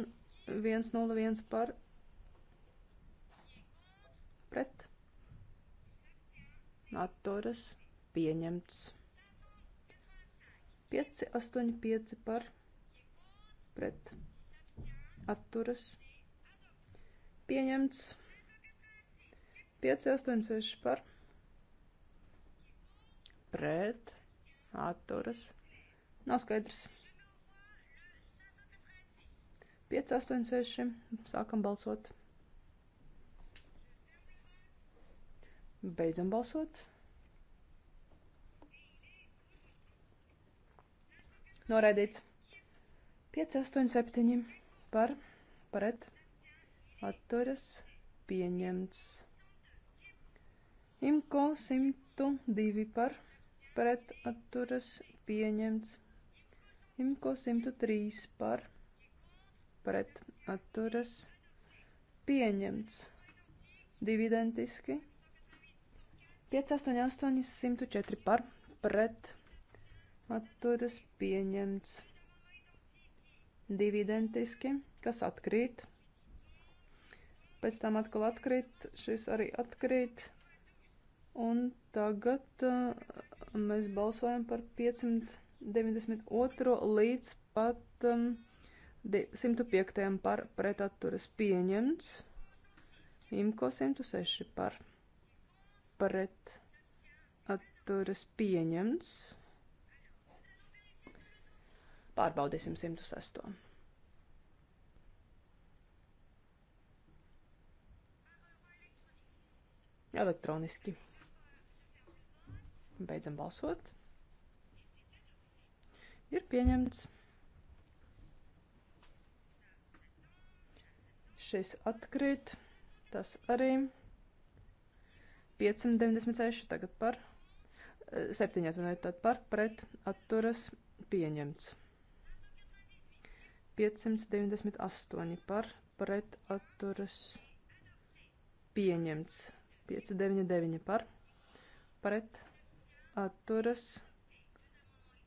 101 par pret atturas pieņemts. 585 par pret pret atturas pieņemts 586 par pret atturas nav skaidrs 586 sākam balsot beidzam balsot noraidīts 5, 8, 7 par, pret, atturas, pieņemts. Imko 102 par, pret, atturas, pieņemts. Imko 103 par, pret, atturas, pieņemts. Divi identiski. 5, 8, 8, 104 par, pret, atturas, pieņemts divi identiski, kas atkrīt. Pēc tam atkal atkrīt, šis arī atkrīt. Un tagad uh, mēs balsojam par 592 līdz pat um, ehm, 105 par pretatturas pieņemts. Imko 106 par pretatturas pieņemts. Pārbaudīsim 106. Elektroniski. Beidzam balsot. Ir pieņemts. Šis atkrīt. Tas arī. 596 tagad par. 7 atvinojot tad par pret atturas pieņemts. 598 par pret atturas pieņemts. 599 par pret atturas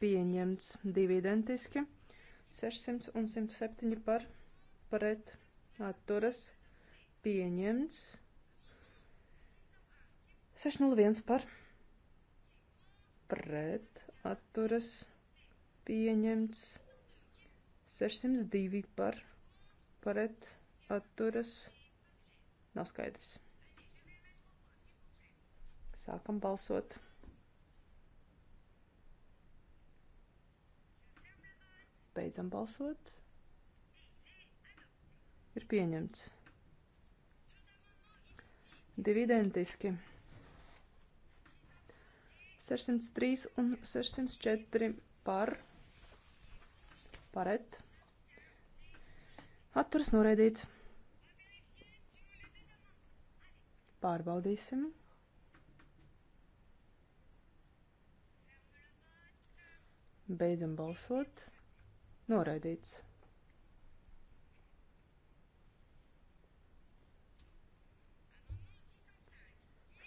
pieņemts. Divi identiski. 600 un 107 par pret atturas pieņemts. 601 par pret atturas pieņemts. 602 par paret atturas nav skaidrs. Sākam balsot. Beidzam balsot. Ir pieņemts. Divi identiski. 603 un 604 par paret Paret. Atturs noraidīts. Pārbaudīsim. Beidzam balsot. Noraidīts.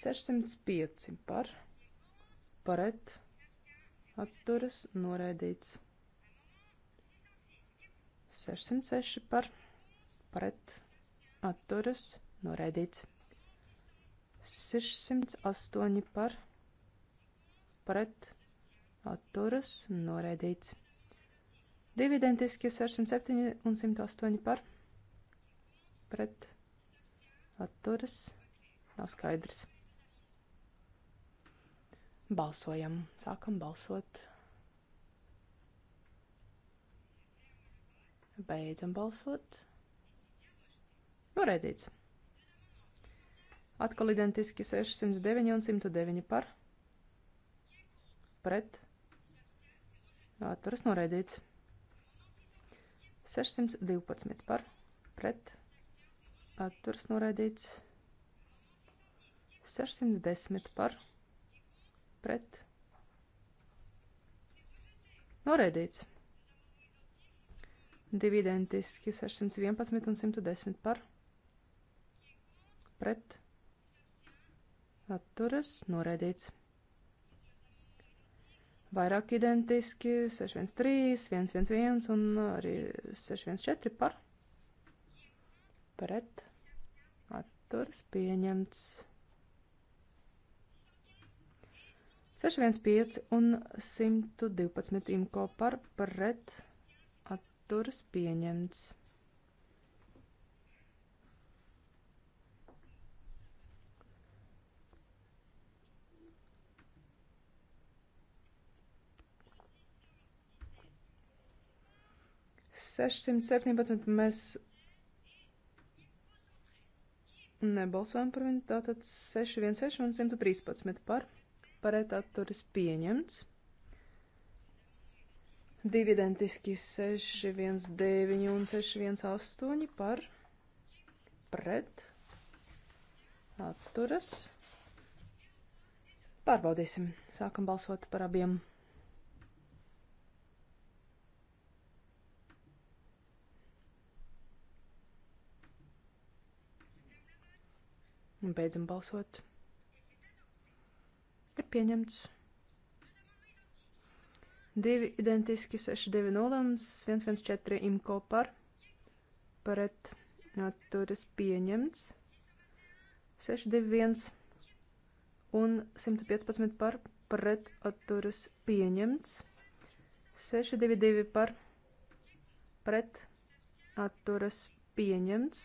Sešsimts pieci par. Paret. Atturas noraidīts. 606 par pret atturas noraidīts. 608 par pret atturas noraidīts. Divi identiski 607 un 108 par pret atturas nav skaidrs. Balsojam, sākam balsot. Beidzam balsot. Noraidīts. Atkal identiski 609 un 109 par. Pret. Atturas noraidīts. 612 par. Pret. Atturas noraidīts. 610 par. Pret. Noraidīts. Divi identiski 611 un 110 par pret atturas noraidīts. Vairāk identiski 613, 111 un arī 614 par pret atturas pieņemts. 615 un 112 imko par pret atturas atturas pieņemts. Sešsimt septiņpadsmit mēs nebalsojam par viņu, tātad seši, viens, seši un simtu trīspadsmit par, par etāturis pieņemts. Divi identiski 619 un 618 par pret atturas. Pārbaudīsim. Sākam balsot par abiem. Un beidzam balsot. Ir pieņemts. Divi identiski 690 un 114 imko par pret atturas pieņemts. 691 un 115 par pret atturas pieņemts. 622 par pret atturas pieņemts.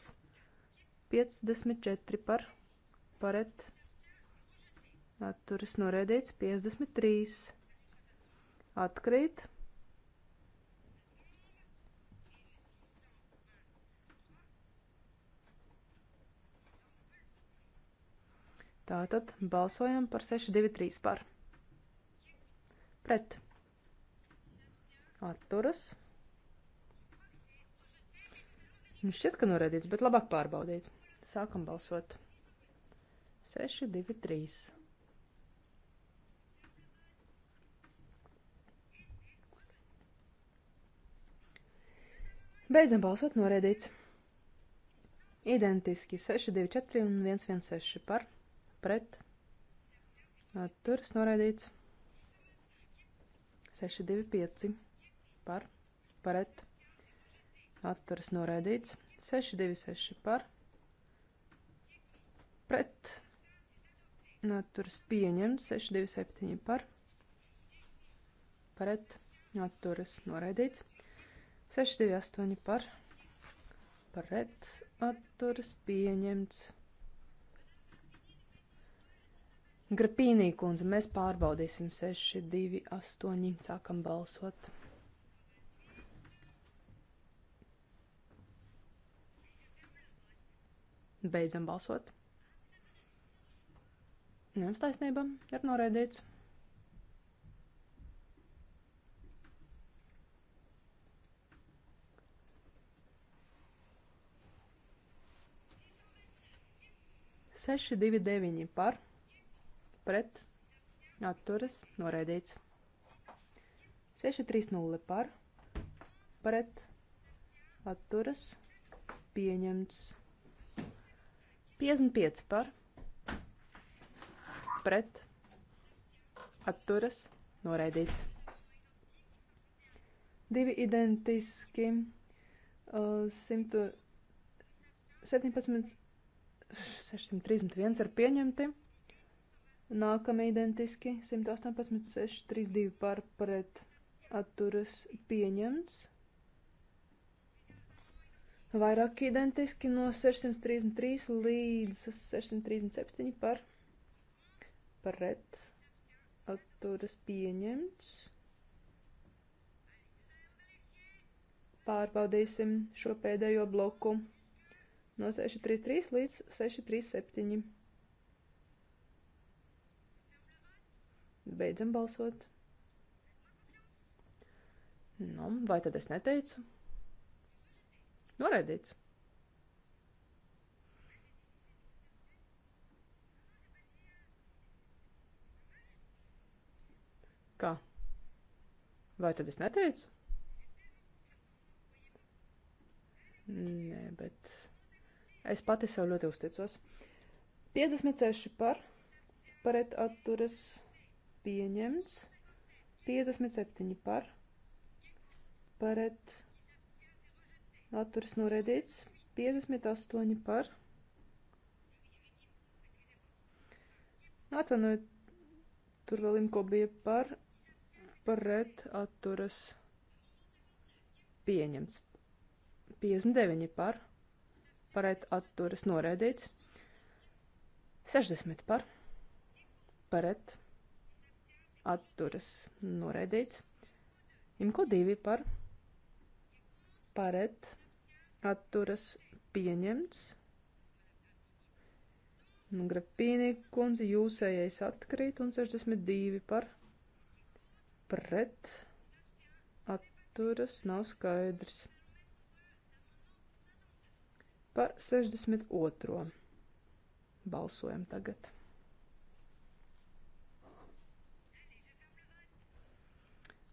54 par pret atturas norēdīts. 53 atkrīt. Tātad balsojam par 623 par. Pret. Atturas. Nu šķiet, ka norēdīts, bet labāk pārbaudīt. Sākam balsot. 6, 2, 3. Beidzam balsot noraidīts. Identiski 624 un 116 par pret atturas noraidīts. 625 par pret atturas noraidīts. 626 par pret atturas pieņemts. 627 par pret atturas noraidīts. 628 par pret atturas pieņemts. Grapīnī kundze, mēs pārbaudīsim 6, 2, 8, sākam balsot. Beidzam balsot. Jums taisnība ir noraidīts. 629 par pret atturas noraidīts. 630 par pret atturas pieņemts. 55 par pret atturas noraidīts. Divi identiski. Uh, 117 631 ir pieņemti. Nākamie identiski 118, 632 par pret atturas pieņemts. Vairāk identiski no 633 līdz 637 par pret atturas pieņemts. Pārbaudīsim šo pēdējo bloku no 633 līdz 637. Beidzam balsot. Nu, vai tad es neteicu? Noraidīts. Kā? Vai tad es neteicu? Nē, bet Es pati sev ļoti uzticos. 56 par, pret atturas pieņemts. 57 par, pret atturas noraidīts. 58 par. Atvainojiet, tur vēl imko bija par, pret atturas pieņemts. 59 par pret atturas noraidīts. 60 par pret atturas noraidīts. Imko 2 par pret atturas pieņemts. Nu, Grapīnī kundze jūsējais atkrīt un 62 par pret atturas nav skaidrs par 62. Balsojam tagad.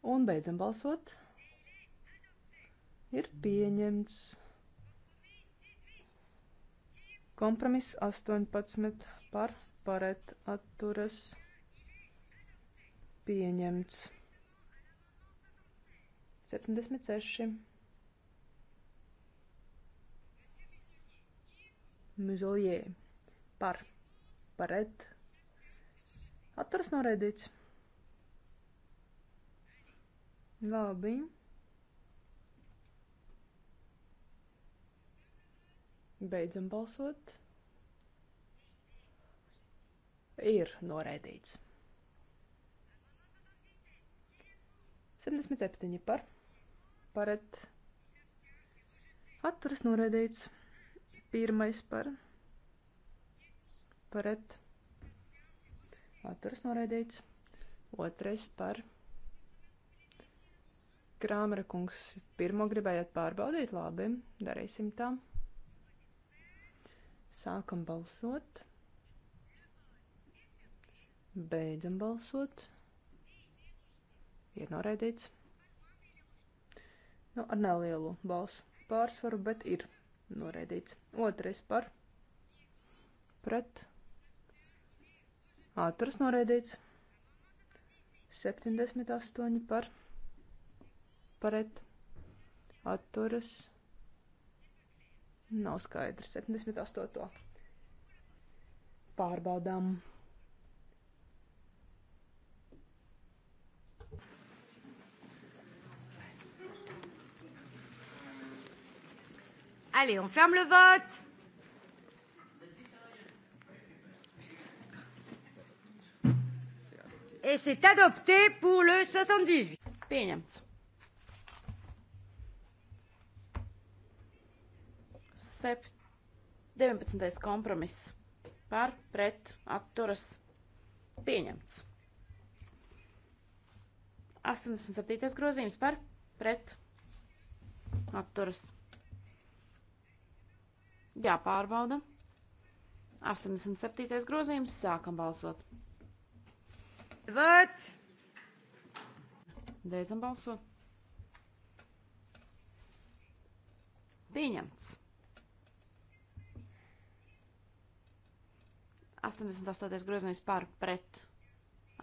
Un beidzam balsot. Ir pieņemts. Kompromiss 18 par paret atturas pieņemts. 76. Muzolie par paret atturas noraidīts. Labi. Beidzam balsot. Ir noraidīts. 77 par. Paret. Atturas noraidīts. Pirmais par pret atturs noraidīts. Otrais par Krāmera kungs. Pirmo gribējāt pārbaudīt? Labi, darīsim tā. Sākam balsot. Beidzam balsot. Ir noraidīts. Nu, ar nelielu balsu pārsvaru, bet ir noraidīts. Otrais par pret atturas noraidīts. 78 par pret atturas nav skaidrs. 78. Pārbaudām. Allez, on ferme le vote. Et c'est adopté pour le 78. Pieņemts. Sep 19. kompromiss par pret atturas pieņemts. 87. grozījums par pret atturas pieņemts. Jāpārbauda. 87. grozījums. Sākam balsot. Vārds. Beidzam balsot. Pieņemts. 88. grozījums par pret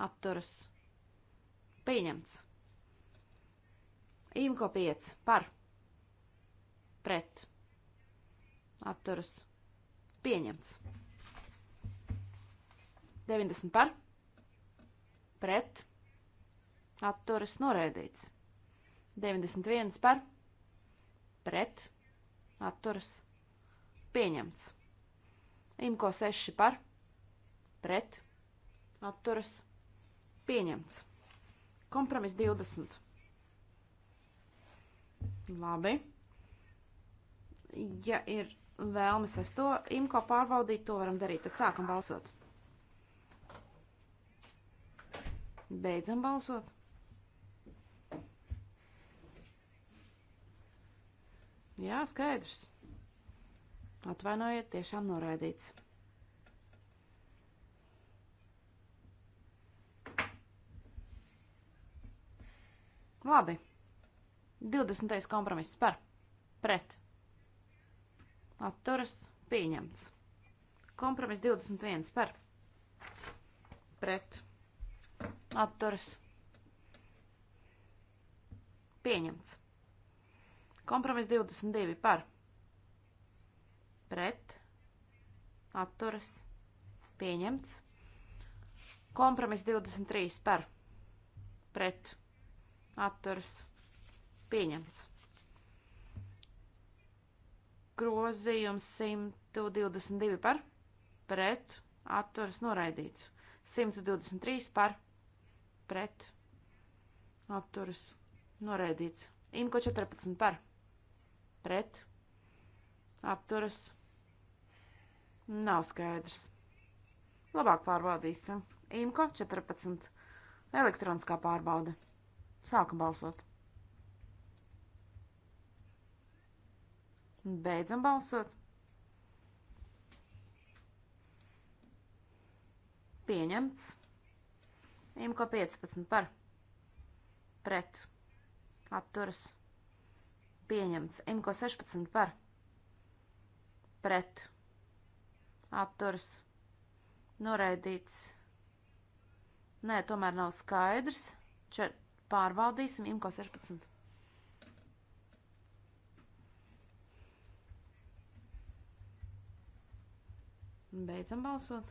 atturas. Pieņemts. Imko 5 par pret atturas atturas pieņemts. 90 par, pret, atturas noraidīts. 91 par, pret, atturas pieņemts. Imko 6 par, pret, atturas pieņemts. Kompromis 20. Labi. Ja ir vēlmes es to imko pārbaudīt, to varam darīt. Tad sākam balsot. Beidzam balsot. Jā, skaidrs. Atvainojiet, tiešām noraidīts. Labi. 20. kompromiss par pret atturas pieņemts. Kompromiss 21 par pret atturas pieņemts. Kompromiss 22 par pret atturas pieņemts. Kompromiss 23 par pret atturas pieņemts. Grozījums 122 par, pret, atturas noraidīts. 123 par, pret, atturas noraidīts. Imko 14 par, pret, atturas nav skaidrs. Labāk pārbaudīsim. Imko 14. Elektroniskā pārbaude. Sākam balsot. Beidzam balsot. Pieņemts. Imko 15 par. Pret. Atturas. Pieņemts. Imko 16 par. Pret. Atturas. Noraidīts. Nē, tomēr nav skaidrs. Čer... Pārbaudīsim Imko 16. Beidzam balsot.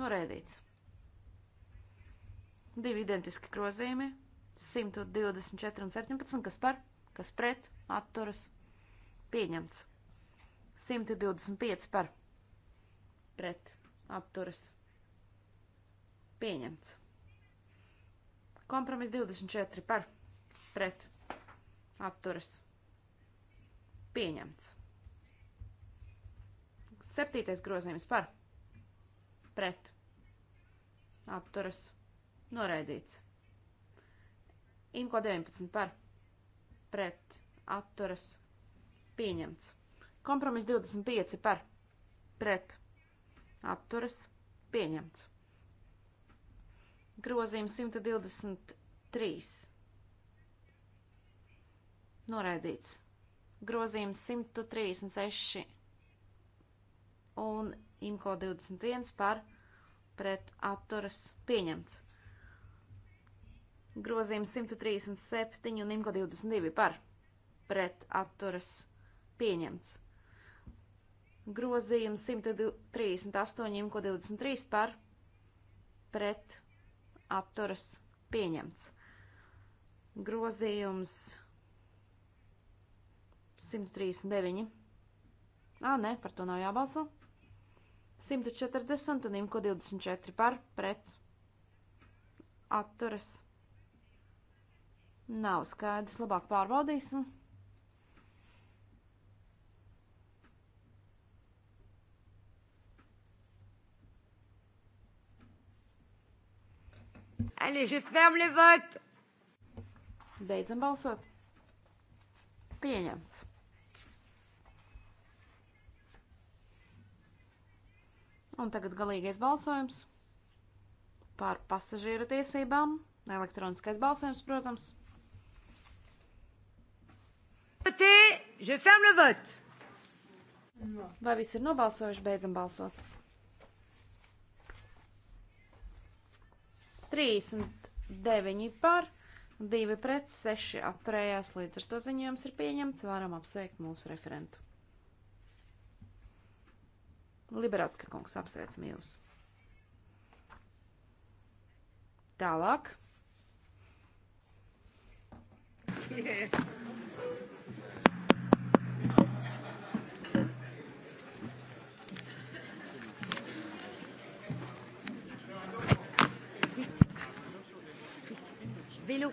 Noraidīts. Divi identiski grozījumi. 124 un 17, kas par, kas pret, atturas. Pieņemts. 125 par, pret, atturas. Pieņemts. Kompromiss 24 par, pret, atturas. Pieņemts. Septītais grozījums par pret atturas noraidīts. Imko 19 par pret atturas pieņemts. Kompromiss 25 par pret atturas pieņemts. Grozījums 123 noraidīts. Grozījums 136 un IMCO 21 par pret atturas pieņemts. Grozījums 137 un IMCO 22 par pret atturas pieņemts. Grozījums 138 IMCO 23 par pret atturas pieņemts. Grozījums 139. Ā, nē, par to nav jābalso. 140 un imko 24 par pret atturas. Nav skaidrs, labāk pārbaudīsim. Allez, je ferme le vote. Beidzam balsot. Pieņemts. Un tagad galīgais balsojums par pasažieru tiesībām. Elektroniskais balsojums, protams. Vai viss ir nobalsojuši? Beidzam balsot. 39 par, 2 pret 6 atturējās, līdz ar to ziņojums ir pieņemts. Varam apsveikt mūsu referentu. Liberatska kungs, apsveicam jūs. Tālāk. Yeah. Vélo.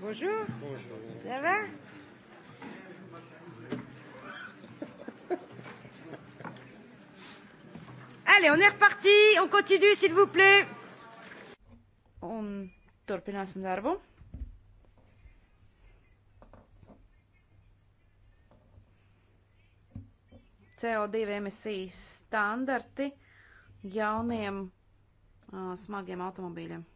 Bonjour. Bonjour. Ça va Allez, on est reparti, on continue, s'il vous plaît. Un, turpināsim darbu. CO2 emisijas standarti jauniem uh, smagiem automobīļiem.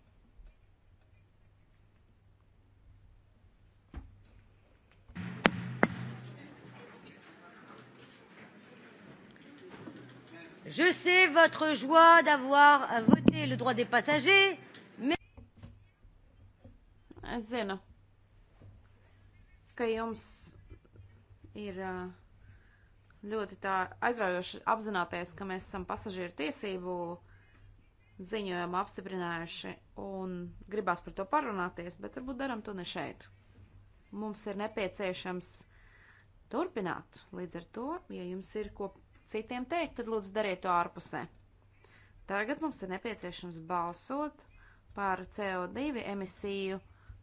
Je sais votre joie d'avoir voté le droit des passagers, mais. Es zinu, ka jums ir uh, ļoti tā aizraujoši apzināties, ka mēs esam pasažieru tiesību ziņojumu apstiprinājuši un gribās par to parunāties, bet varbūt daram to ne šeit. Mums ir nepieciešams turpināt. Līdz ar to, ja jums ir ko citiem teikt, tad lūdzu dariet to ārpusē. Tagad mums ir nepieciešams balsot par CO2 emisiju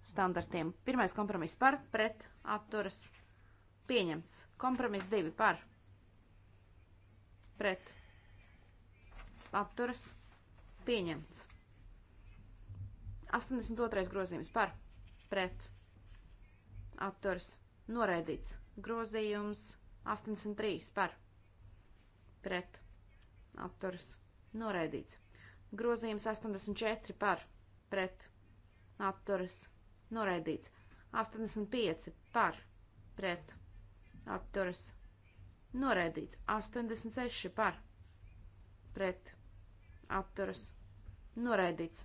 standartiem. Pirmais kompromiss par, pret, atturas, pieņemts. Kompromiss 2 par, pret, atturas, pieņemts. 82. grozījums par, pret, atturas, noraidīts. Grozījums 83 par, pret apturas noraidīts. Grozījums 84 par pret apturas noraidīts. 85 par pret apturas noraidīts. 86 par pret apturas noraidīts.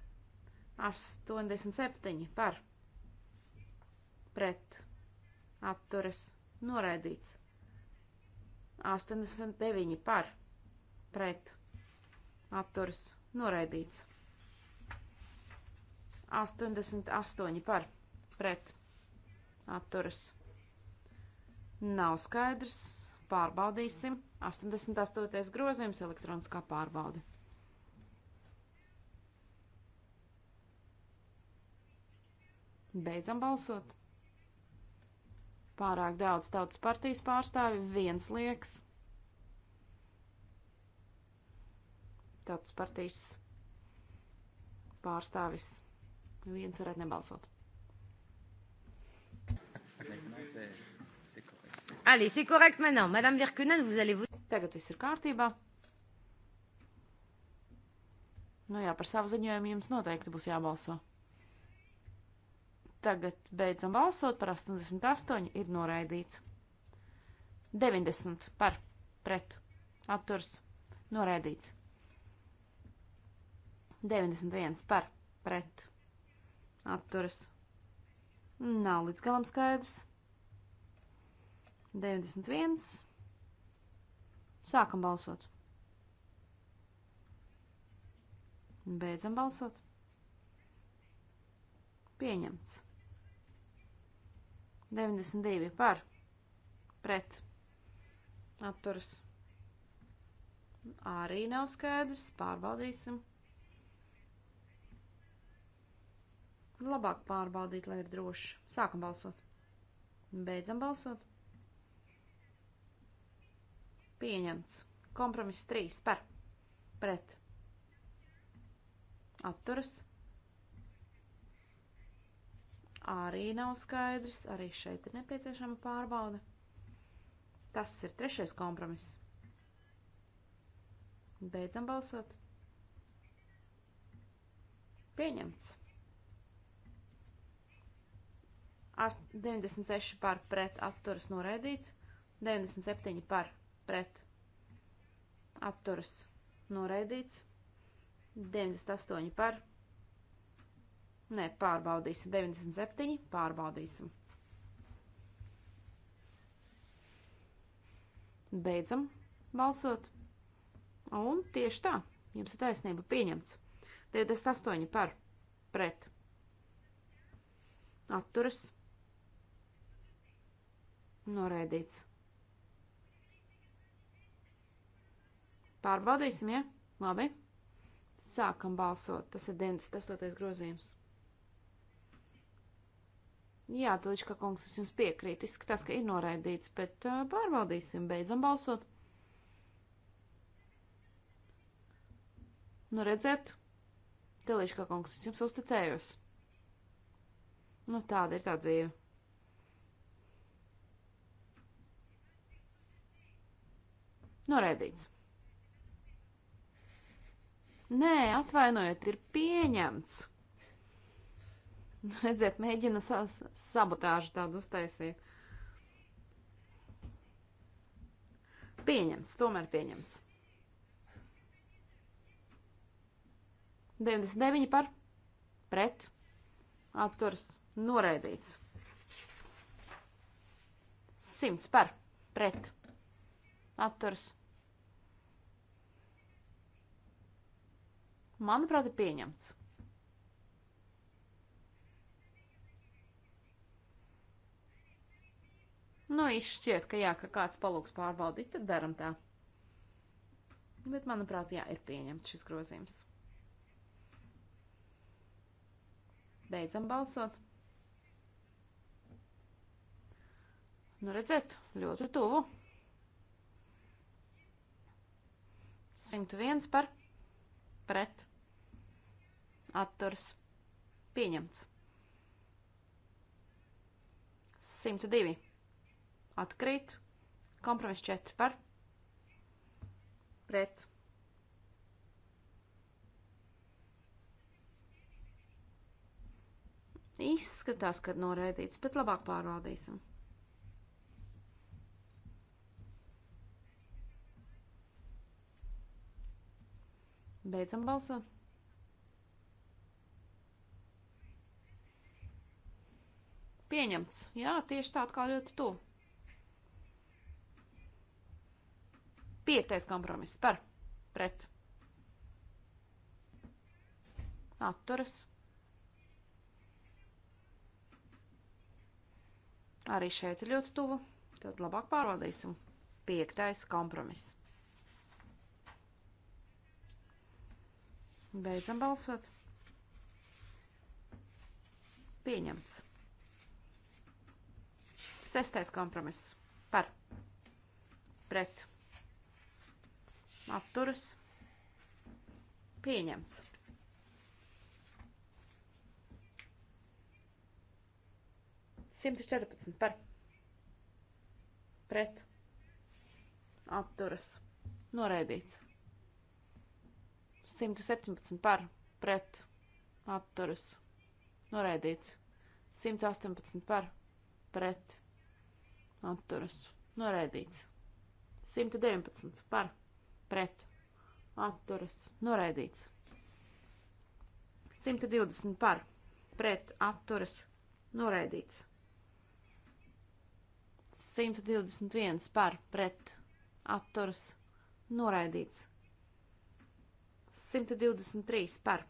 87 par pret apturas noraidīts. 89 par pret atturas noraidīts. 88 par pret atturas. Nav skaidrs. Pārbaudīsim. 88. grozījums elektroniskā pārbaude. Beidzam balsot pārāk daudz tautas partijas pārstāvi, viens liekas. Tautas partijas pārstāvis viens varētu nebalsot. Allez, c'est correct maintenant. Madame Virkunen, vous allez vous... Tagad viss ir kārtībā. Nu jā, par savu ziņojumu jums noteikti būs jābalso. Tagad beidzam balsot par 88, ir noraidīts. 90 par pret apturs noraidīts. 91 par pret apturs nav līdz galam skaidrs. 91 sākam balsot. Beidzam balsot. Pieņemts. 92 par pret atturas. Arī nav skaidrs, pārbaudīsim. Labāk pārbaudīt, lai ir droši. Sākam balsot. Beidzam balsot. Pieņemts. Kompromiss 3 par pret atturas arī nav skaidrs, arī šeit ir nepieciešama pārbauda. Tas ir trešais kompromiss. Beidzam balsot. Pieņemts. 96 par pret atturas noraidīts, 97 par pret atturas noraidīts, 98 par pret Nē, pārbaudīsim. 97. Pārbaudīsim. Beidzam balsot. Un tieši tā. Jums ir taisnība pieņemts. 98 par. Pret. Atturas. Noraidīts. Pārbaudīsim, ja? Labi. Sākam balsot. Tas ir 98. grozījums. Jā, Teliškā kungs, es jums piekrītu. Izskatās, ka ir noraidīts, bet uh, pārbaudīsim. Beidzam balsot. Nu, redzēt, Teliškā kungs, es jums uzticējos. Nu, tāda ir tā dzīve. Noraidīts. Nē, atvainojiet, ir pieņemts. *laughs* Redziet, mēģina sa sabotāžu tādu uztaisīt. Pieņemts, tomēr pieņemts. 99 par pret apturs noraidīts. 100 par pret apturs. Manuprāt, ir pieņemts. Nu, izšķiet, ka jā, ka kāds palūgs pārbaudīt, tad daram tā. Bet, manuprāt, jā, ir pieņemts šis grozījums. Beidzam balsot. Nu, redzēt, ļoti tuvu. 101 par pret atturs pieņemts. 102 atkrīt. Kompromiss 4 par pret. Izskatās, ka noraidīts, bet labāk pārvaldīsim. Beidzam balsot. Pieņemts. Jā, tieši tā atkal ļoti tuvu. Piektais kompromiss par pret. Atturas. Arī šeit ir ļoti tuvu. Tad labāk pārvaldīsim. Piektais kompromiss. Beidzam balsot. Pieņemts. Sestais kompromiss. Par. Pret apturas pieņemts. Simt četrpadsmit par pret apturas noraidīts. 117 par pret apturas noraidīts. 118 par pret apturas noraidīts. 119 par pret atturas noraidīts. 120 par pret atturas noraidīts. 121 par pret atturas noraidīts. 123 par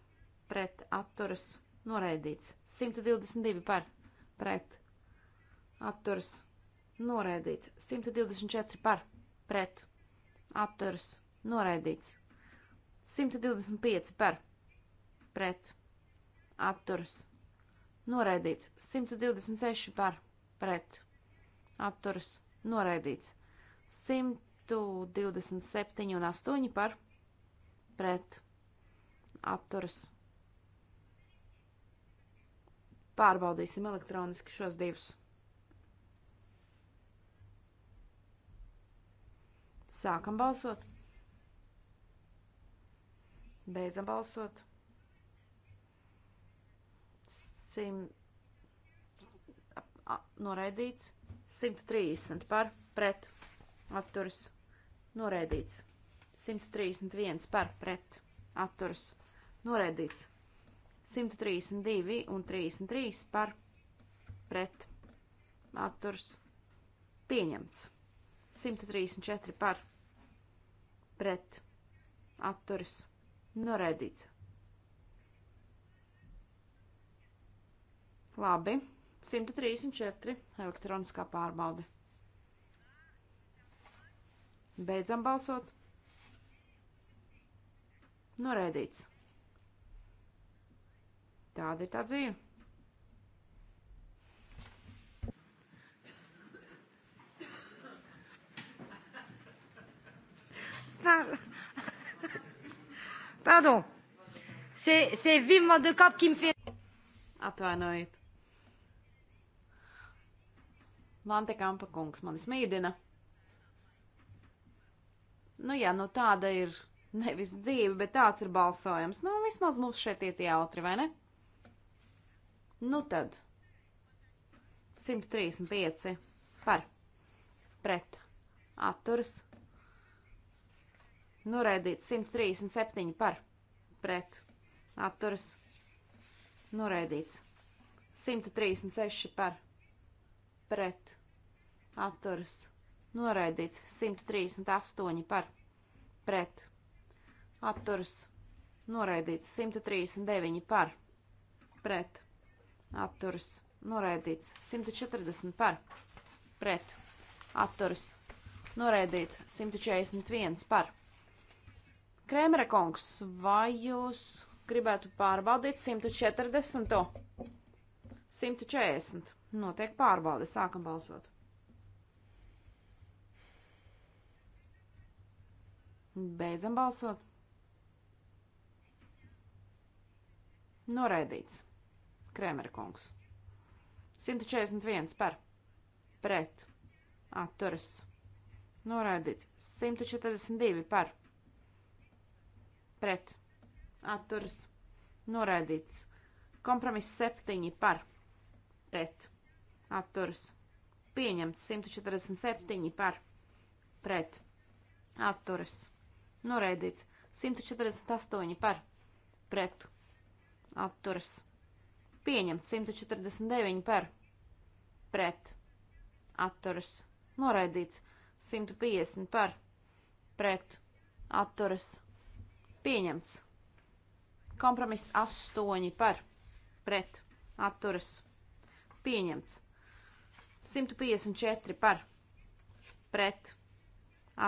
pret atturas noraidīts. 122 par pret atturas noraidīts. 124 par pret atturas noraidīts Noraidīts. 125 par. Pret. Atturas. Noraidīts. 126 par. Pret. Atturas. Noraidīts. 127 un 8 par. Pret. Atturas. Pārbaudīsim elektroniski šos divus. Sākam balsot. Beidzam balsot. Sim... Noraidīts. 130 par pret. Atturas. Noraidīts. 131 par pret. Atturas. Noraidīts. 132 un 33 par pret. Atturs pieņemts. 134 par pret. Atturs Noraidīts. Nu, Labi. 134 elektroniskā pārbaude. Beidzam balsot. Noraidīts. Nu, Tāda ir tā dzīve. Tāda. Pardon. C'est vivement de kop qui me fait. Atvainojiet. Vante Kampa kungs manis mīdina. Nu jā, nu tāda ir nevis dzīve, bet tāds ir balsojums. Nu, vismaz mums šeit iet jautri, vai ne? Nu tad. 135 par pret atturas Noraidīts 137 par pret atturas. Noraidīts 136 par pret atturas. Noraidīts 138 par pret atturas. Noraidīts 139 par pret atturas. Noraidīts 140 par pret atturas. Noraidīts 141 par pret Krēmera kungs, vai jūs gribētu pārbaudīt 140? 140. Notiek pārbaude. Sākam balsot. Beidzam balsot. Noraidīts. Krēmera kungs. 141 par. Pret. Atturas. Noraidīts. 142 par pret atturas noraidīts. Kompromiss 7 par pret atturas pieņemts. 147 par pret atturas noraidīts. 148 par pret atturas pieņemts. 149 par pret atturas noraidīts. 150 par pret atturas noraidīts atturas Pieņemts. Kompromiss 8 par pret atturas. Pieņemts. 154 par pret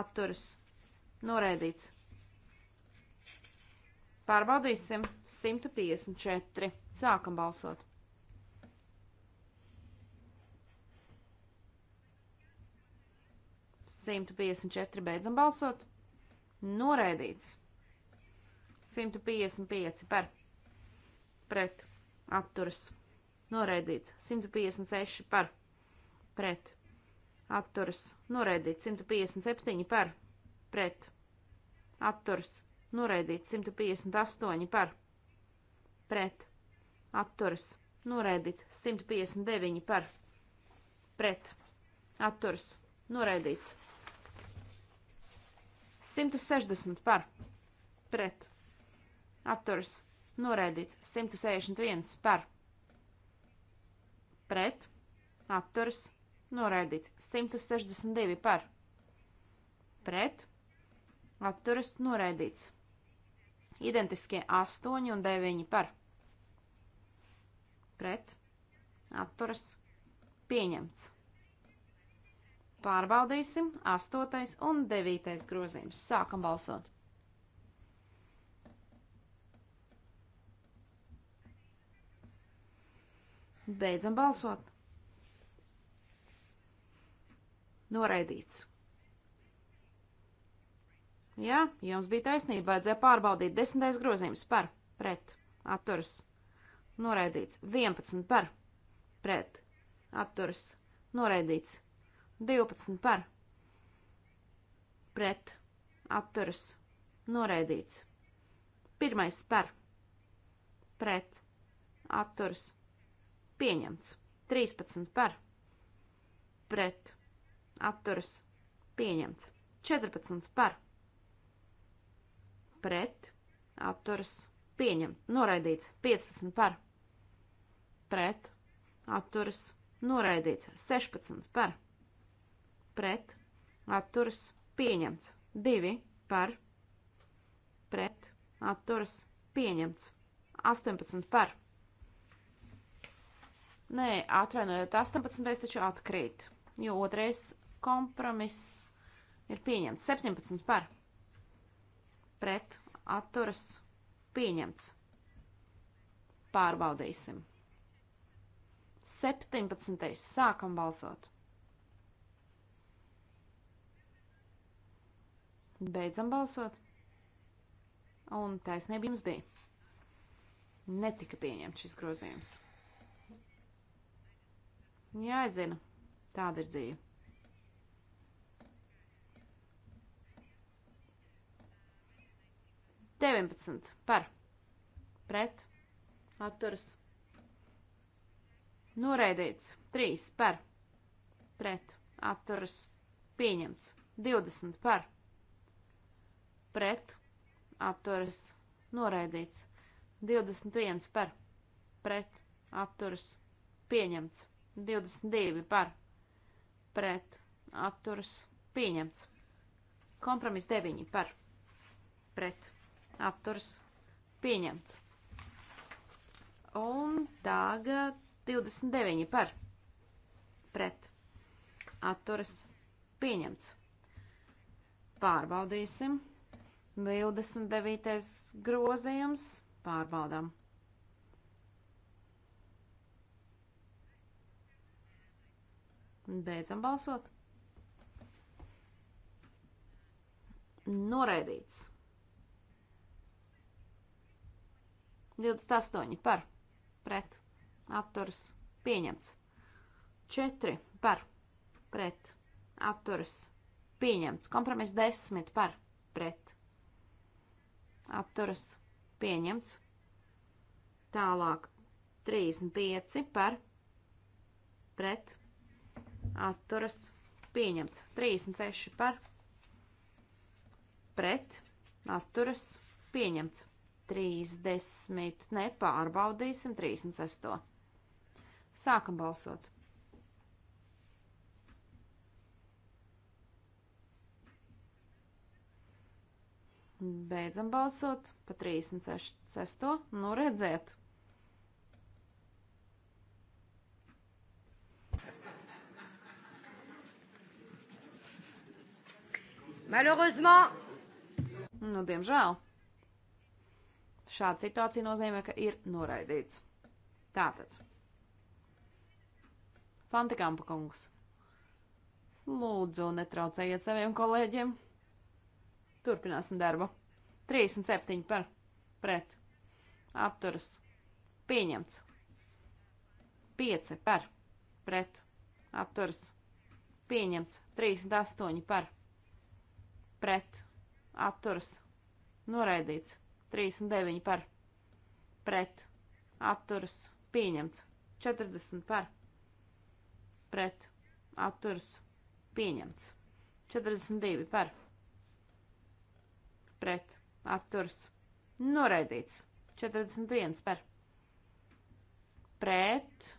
atturas. Noraidīts. Pārbaudīsim 154. Sākam balsot. Simtu piecdesmit četri beidzam balsot. Noraidīts. 155 par pret atturas noraidīts 156 par pret atturas noraidīts 157 par pret atturas noraidīts 158 par pret atturas noraidīts 159 par pret atturas noraidīts 160 par pret atturs noraidīts 161 par pret atturs noraidīts 162 par pret atturs noraidīts. Identiskie 8 un 9 par pret atturs pieņemts. Pārbaudīsim 8. un 9. grozījums. Sākam balsot! Beidzam balsot. Noraidīts. Jā, jums bija taisnība, vajadzēja pārbaudīt. Desmitais grozījums par, pret, atturas. Noraidīts. 11 par, pret, atturas. Noraidīts. 12 par, pret, atturas. Noraidīts. Pirmais par, pret, atturas pieņemts. 13 par, pret, atturas, pieņemts. 14 par, pret, atturas, pieņemt, noraidīts. 15 par, pret, atturas, noraidīts. 16 par, pret, atturas, pieņemts. 2 par, pret, atturas, pieņemts. 18 par, Nē, atvainojiet, 18. taču atkrīt, jo otrais kompromiss ir pieņemts. 17 par pret atturas pieņemts. Pārbaudīsim. 17. sākam balsot. Beidzam balsot. Un taisnība jums bija. Netika pieņemts šis grozījums. Jāzina, tāda ir dzīve. Deviņpadsmit par pret atturas. Noraidīts. 3 par. Pret. Atturas. Pieņemts. 20 par. Pret. Atturas. Noraidīts. 21 par. Pret. Atturas. Pieņemts. 22 par pret atturas pieņemts. Kompromis 9 par pret atturas pieņemts. Un tagad 29 par pret atturas pieņemts. Pārbaudīsim. 29. grozījums pārbaudām. Beidzam balsot. Noraidīts. 28 par, pret, atturas, pieņemts. 4 par, pret, atturas, pieņemts. Kompromiss 10 par, pret, atturas, pieņemts. Tālāk 35 par, pret, atturas pieņemts. 36 par pret atturas pieņemts. 30 nepārbaudīsim 36. Sākam balsot. Beidzam balsot pa 36. Nu redzēt, Malheureusement. Nu, diemžēl. Šāda situācija nozīmē, ka ir noraidīts. Tātad. Fantikampa kungs. Lūdzu, netraucējiet saviem kolēģiem. Turpināsim darbu. 37 par pret. Atturas. Pieņemts. 5 par pret. Atturas. Pieņemts. 38 par pret pret, atturas, noraidīts. 39 par, pret, atturas, pieņemts. 40 par, pret, atturas, pieņemts. 42 par, pret, atturas, noraidīts. 41 par, pret,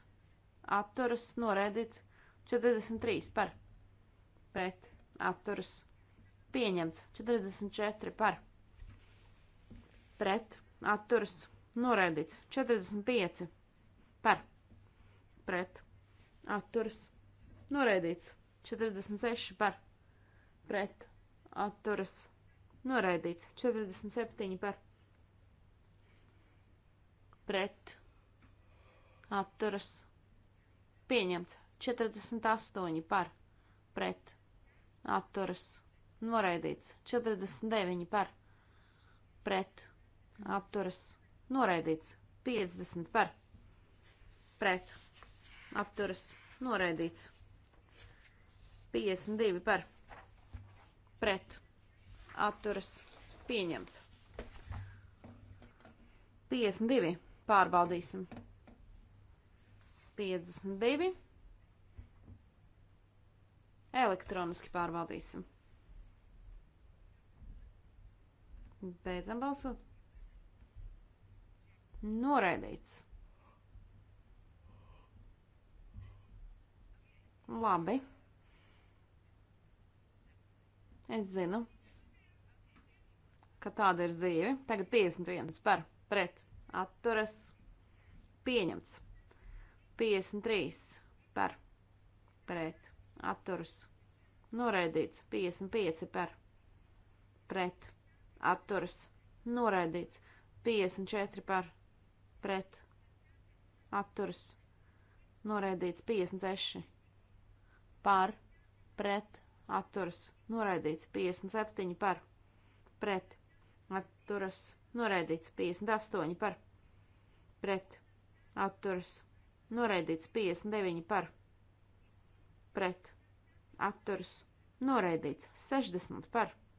atturas, noraidīts. 43 par, pret, atturas, Pieņemts 44 par pret atturas noraidīts 45 par pret atturas noraidīts 46 par pret atturas noraidīts 47 par pret atturas pieņemts 48 par pret atturas noraidīts noraidīts. 49 par, pret, atturas, noraidīts. 50 par, pret, atturas, noraidīts. 52 par, pret, atturas, pieņemts. 52 pārbaudīsim. 52 elektroniski pārbaudīsim. Beidzam balsot. Noraidīts. Labi. Es zinu, ka tāda ir dzīve. Tagad 51 par pret atturas pieņemts. 53 par pret atturas noraidīts. 55 par pret atturas noraidīts. 54 par pret atturas noraidīts. 56 par pret atturas noraidīts. 57 par pret atturas noraidīts. 58 par pret atturas noraidīts. 59 par pret atturas noraidīts. 60 par pret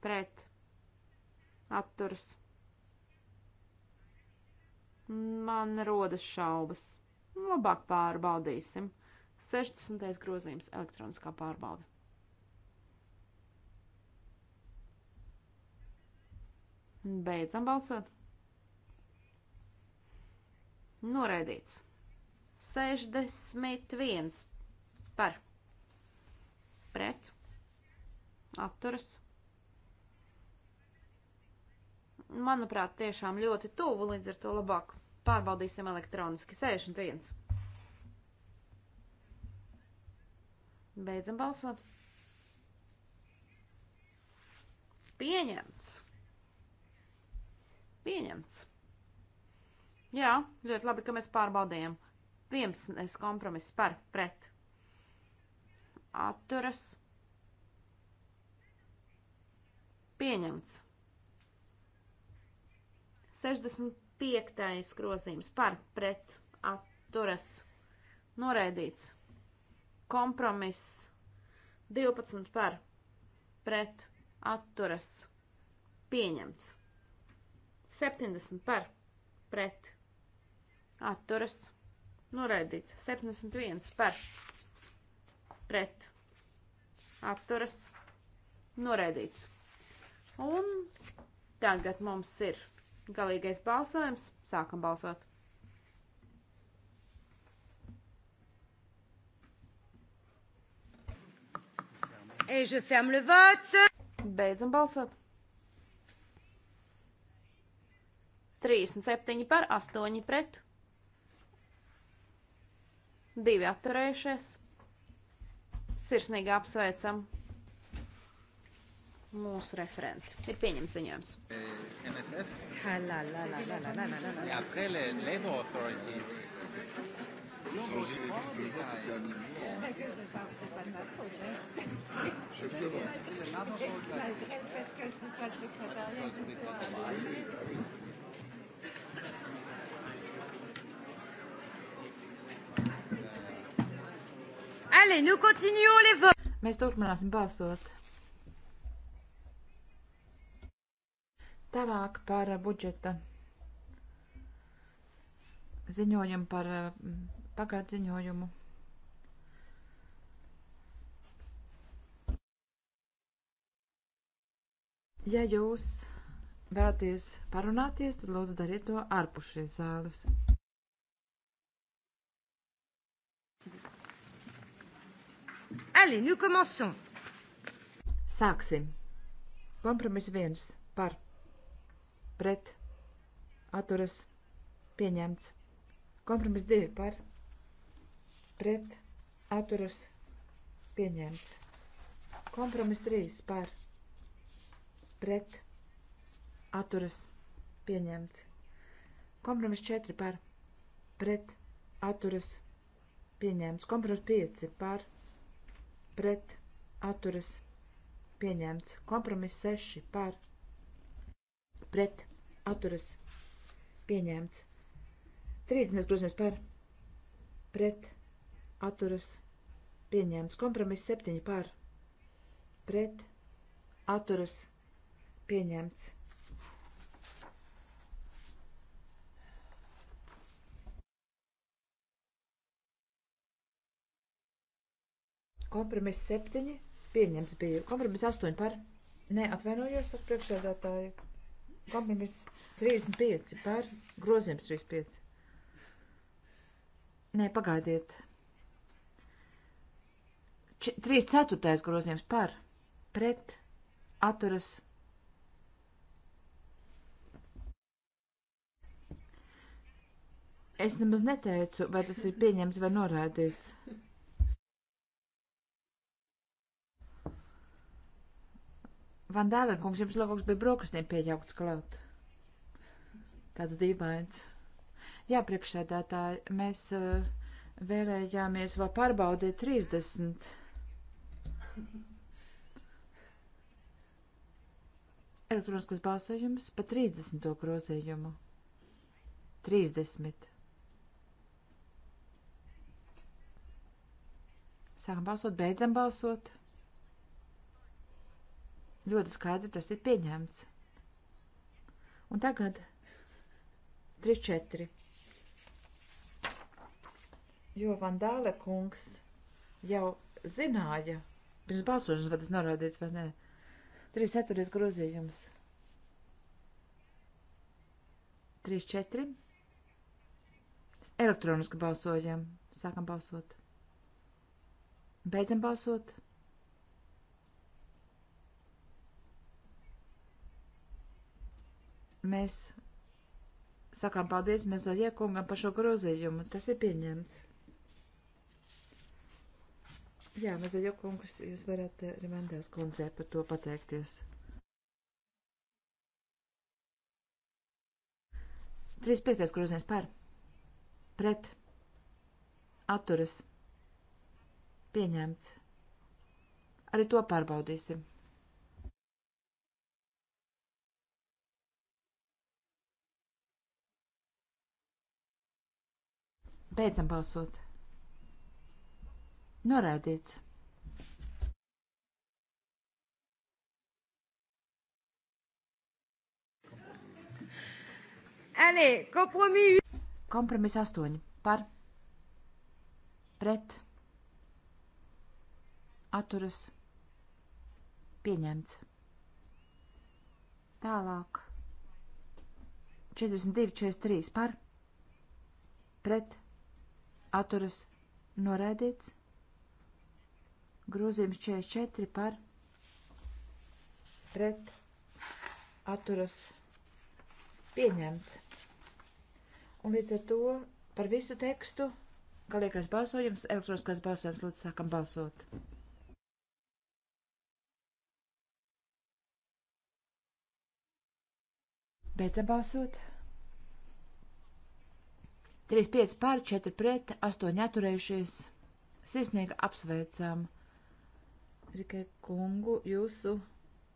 pret atturas. Man rodas šaubas. Labāk pārbaudīsim. 60. grozījums - elektroniskā pārbaude. Beidzam balsot. Noraidīts. 61 par pret atturas manuprāt, tiešām ļoti tuvu, līdz ar to labāk pārbaudīsim elektroniski 61. Beidzam balsot. Pieņemts. Pieņemts. Jā, ļoti labi, ka mēs pārbaudījām. 11. kompromiss par pret. Atturas. Pieņemts. 65. grozījums par pret atturas noraidīts. Kompromiss 12 par pret atturas pieņemts. 70 par pret atturas noraidīts. 71 par pret atturas noraidīts. Un tagad mums ir Galīgais balsojums. Sākam balsot. Et je ferme le vote. Beidzam balsot. 37 par 8 pret. Divi atturējušies. Sirsnīgi apsveicam mūsu referenti. Ir pieņemts ziņojums. Allez, nous continuons les votes. Mēs turpināsim balsot. Tālāk par budžeta ziņojumu, par mm, pagātnes ziņojumu. Ja jūs vēlaties parunāties, tad lūdzu dariet to ārpus šīs zāles. Allez, nous commençons. Sāksim. Kompromis viens par pret atturas pieņemts. Kompromiss 2 par pret atturas pieņemts. Kompromiss 3 par pret atturas pieņemts. Kompromiss 4 par pret atturas pieņemts. Kompromiss 5 par pret atturas pieņemts. Kompromiss 6 par pret atturas pieņemts. 30. grozījums par pret atturas pieņemts. Kompromiss 7 par pret atturas pieņemts. Kompromiss 7 pieņemts bija. Kompromiss 8 par neatvainojos ar priekšsēdētāju Kompromiss 35 par grozījums 35. Nē, pagaidiet. 3 ceturtais grozījums par pret atturas. Es nemaz neteicu, vai tas ir pieņemts vai norādīts. Vandālen kungs, jums logoks bija brokastiem piejaukts klāt. Tāds dīvains. Jā, priekšsēdētāji, mēs uh, vēlējāmies vēl pārbaudīt 30. Elektroniskas balsojums pa 30. grozījumu. 30. Sākam balsot, beidzam balsot. Ļoti skaidri tas ir pieņemts. Un tagad 3-4. Jo Vandāle kungs jau zināja, pirms balsošanas vai tas norādīts vai nē, 3-4 grozījums. 3-4. Elektroniski balsojam. Sākam balsot. Beidzam balsot. 3-4. Mēs sakām paldies Mezaļie kungam par šo grozījumu. Tas ir pieņemts. Jā, Mezaļie kungs, jūs varat eh, Rimendēs kundzē par to pateikties. 35. grozījums par. Pret. Atturas. Pieņemts. Arī to pārbaudīsim. Beidzam balsot. Noraidīts. Allez, kompromis. Kompromis astoņi. Par. Pret. Atturas. Pieņemts. Tālāk. 42, 43 par. Pret atturas noraidīts. Grozījums 44 par pret atturas pieņemts. Un līdz ar to par visu tekstu, kā liekas balsojums, elektroniskās balsojums, lūdzu, sākam balsot. Beidzam balsot. 35 pār 4 pret 8 atturējušies. Sirsnīgi apsveicam. Rikai kungu, jūsu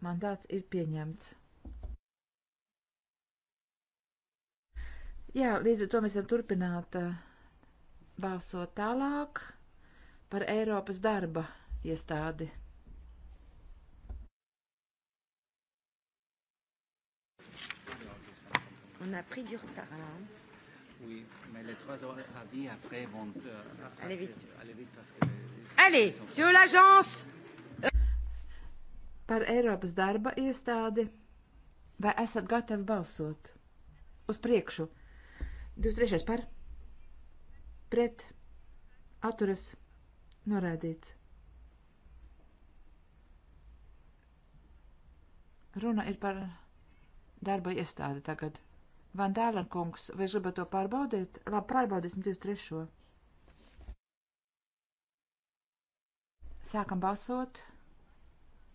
mandāts ir pieņemts. Jā, līdz ar to mēs varam turpināt uh, balsot tālāk par Eiropas darba iestādi. On a pris du retard là. Hein. Oui, mais les trois avis après vont. Euh, allez vite. Allez vite parce que. Allez, sur l'agence! Par Eiropas darba iestādi. Vai esat gatavi balsot? Uz priekšu. 23. par. Pret. Atturas. Norādīts. Runa ir par darba iestādi tagad. Van Dālenkungs, vai jūs gribat to pārbaudīt? Labi, pārbaudīsim 23. Sākam balsot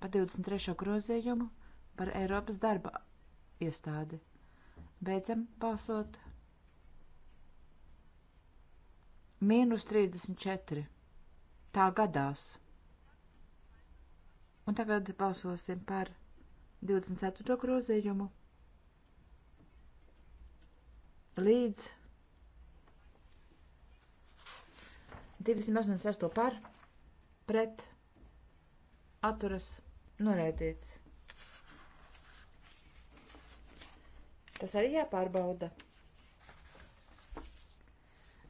par 23. grozījumu par Eiropas darba iestādi. Beidzam balsot. Mīnus 34. Tā gadās. Un tagad balsosim par 24. grozījumu līdz 286 par pret atturas norēdīts. Tas arī jāpārbauda.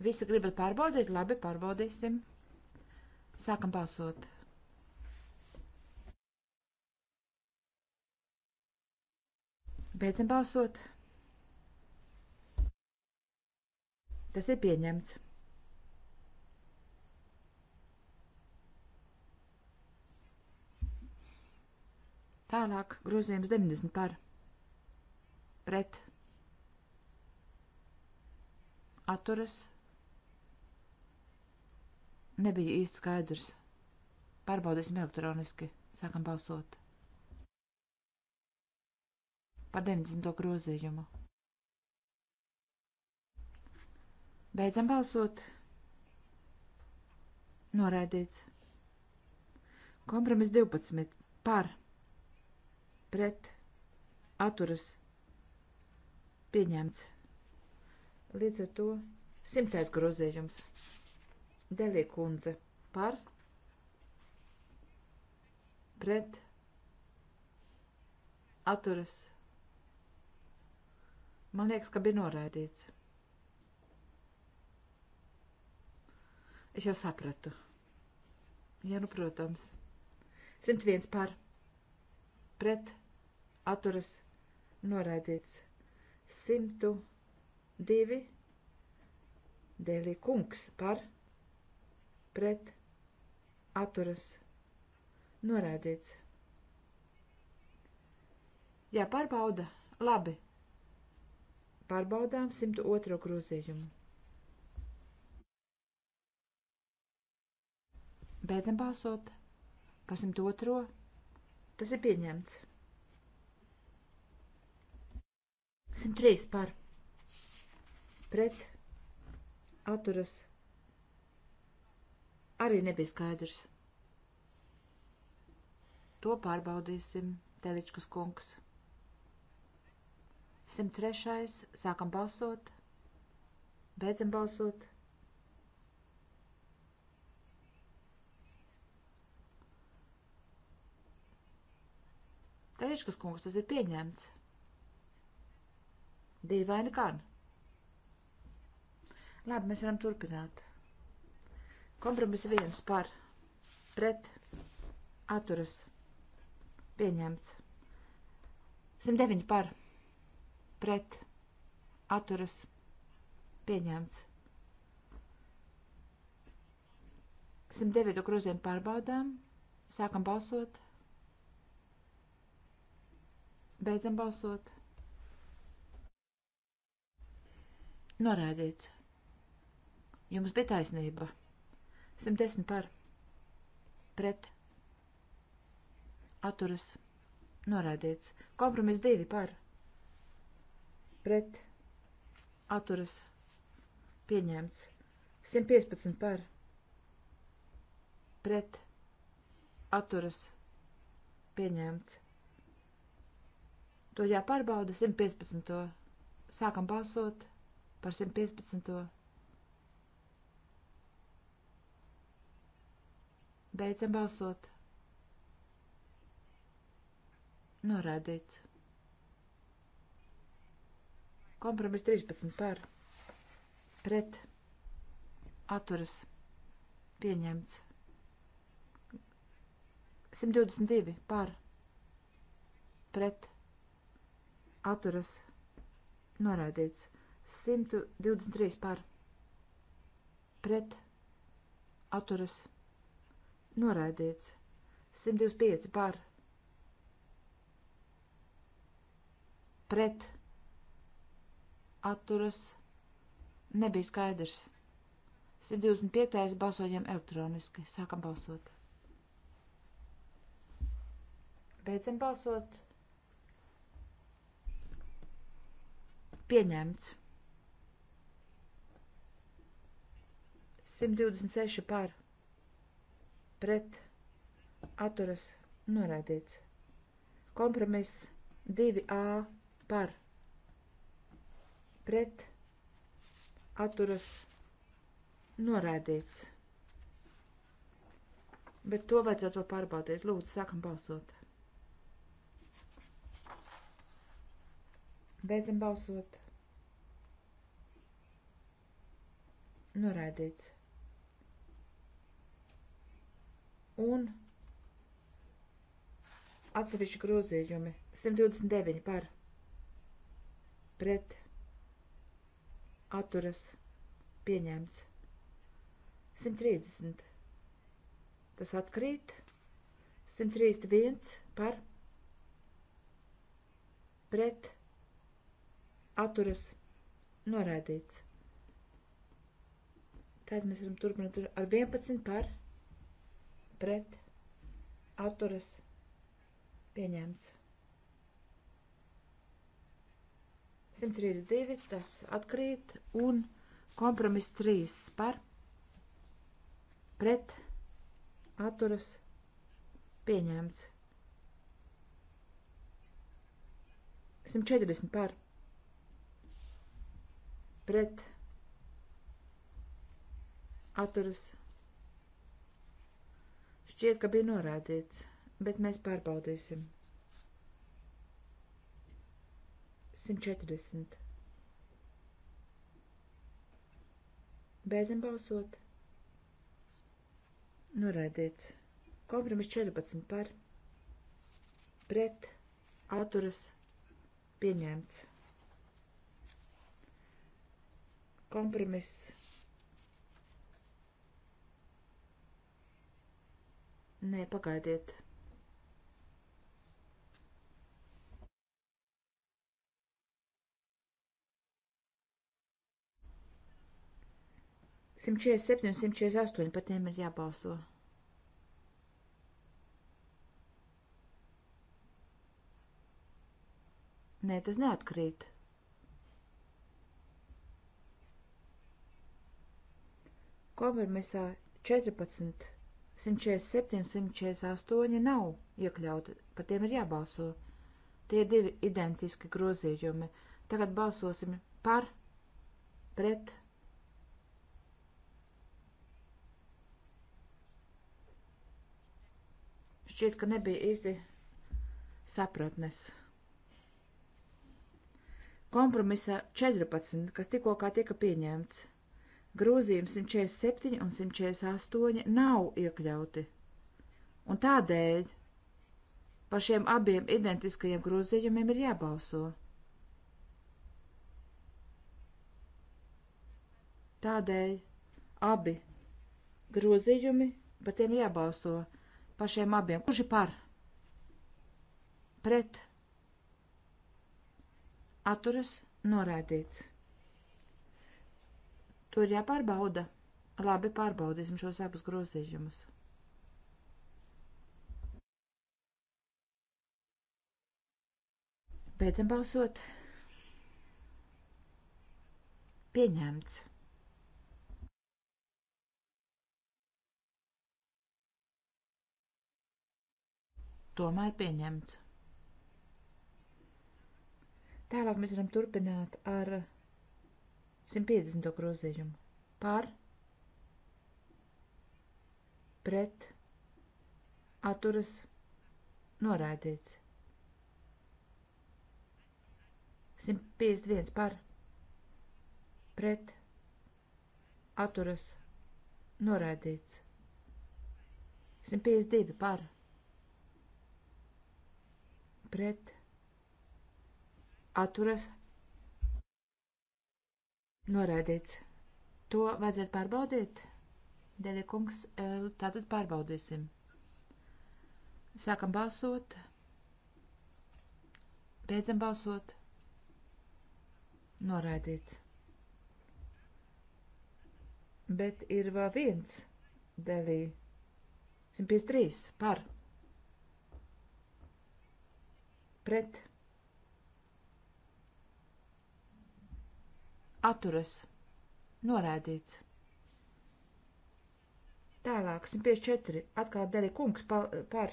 Visi gribat pārbaudīt? Labi, pārbaudīsim. Sākam balsot. Beidzam balsot. Tas ir pieņemts. Tālāk grozījums 90 par pret atturas nebija īsti skaidrs. Pārbaudīsim elektroniski. Sākam balsot. Par 90. grozījumu. Beidzam balsot. Noraidīts. Kompromis 12. Par. Pret. Aturas. Pieņemts. Līdz ar to simtais grozījums. Delī kundze par pret atturas. Man liekas, ka bija noraidīts. Es jau sapratu. Jā, nu, protams. 101 par. Pret. Atturas. Noraidīts. 102. Dēlī kungs par. Pret. Atturas. Noraidīts. Jā, pārbauda. Labi. Pārbaudām 102. grozījumu. Beidzam balsot par 102. Tas ir pieņemts. 103 par pret atturas arī nebija skaidrs. To pārbaudīsim, Teličkas kungs. 103. sākam balsot, beidzam balsot. 104. Teiškas kungs, tas ir pieņemts. Dīvaini kā. Labi, mēs varam turpināt. Kompromiss viens par, pret, atturas, pieņemts. 109 par, pret, atturas, pieņemts. 109 grozījumu pārbaudām, sākam balsot. 109. Beidzam balsot. Noraidīts. Jums bija taisnība. 110 par. Pret. Aturas. Noraidīts. Kompromiss 2 par. Pret. Aturas. Pieņemts. 115 par. Pret. Aturas. Pieņemts. To jāpārbauda 115. Sākam balsot par 115. Beidzam balsot. Norādīts. Kompromiss 13 par. Pret. Atturas. Pieņemts. 122 par. Pret atturas noraidīts. 123 par pret atturas noraidīts. 125 par pret atturas nebija skaidrs. 125. balsojam elektroniski. Sākam balsot. Beidzam balsot. Pieņemts. 126 par pret atturas noraidīts. Kompromiss 2A par pret atturas noraidīts. Bet to vajadzētu vēl pārbaudīt. Lūdzu, sākam balsot. Beidzam balsot. noraidīts. Un atsevišķi grozījumi 129 par pret atturas pieņemts 130 tas atkrīt 131 par pret atturas noraidīts Tad mēs varam turpināt ar 11 par pret atturas pieņemts. 132 tas atkrīt un kompromis 3 par pret atturas pieņemts. 140 par pret atturas pieņemts atturas. Šķiet, ka bija norādīts, bet mēs pārbaudīsim. 140. Beidzam balsot. Norādīts. Kompromis 14 par. Pret. Atturas. Pieņemts. Kompromiss Nē, pagaidiet. Simt četrdesmit septiņi un simt četrdesmit astoņi par tiem ir jābalso. Nē, tas neatkrīt. Kompromisā 14. 147 un 148 nav iekļauti, par tiem ir jābalso. Tie divi identiski grozījumi. Tagad balsosim par, pret. Šķiet, ka nebija īsti sapratnes. Kompromisa 14, kas tikko kā tika pieņemts. Grūzījumi 147 un 148 nav iekļauti. Un tādēļ par šiem abiem identiskajiem grozījumiem ir jābalso. Tādēļ abi grozījumi, par tiem jābalso par šiem abiem. Kurš ir par? Pret. Atturas noraidīts. To ir jāpārbauda. Labi, pārbaudīsim šos abus grozījumus. Beidzam balsot. Pieņemts. Tomēr pieņemts. Tālāk mēs varam turpināt ar 150. grozījumu par pret atturas noraidīts. 151 par pret atturas noraidīts. 152 par pret atturas noraidīts Noraidīts. To vajadzētu pārbaudīt? Deļa kungs, e, tātad pārbaudīsim. Sākam balsot. Beidzam balsot. Noraidīts. Bet ir vēl viens delī. 153 par. Pret. Atturas. Norādīts. Tālāk, 154. Atkal Deli kungs pa, par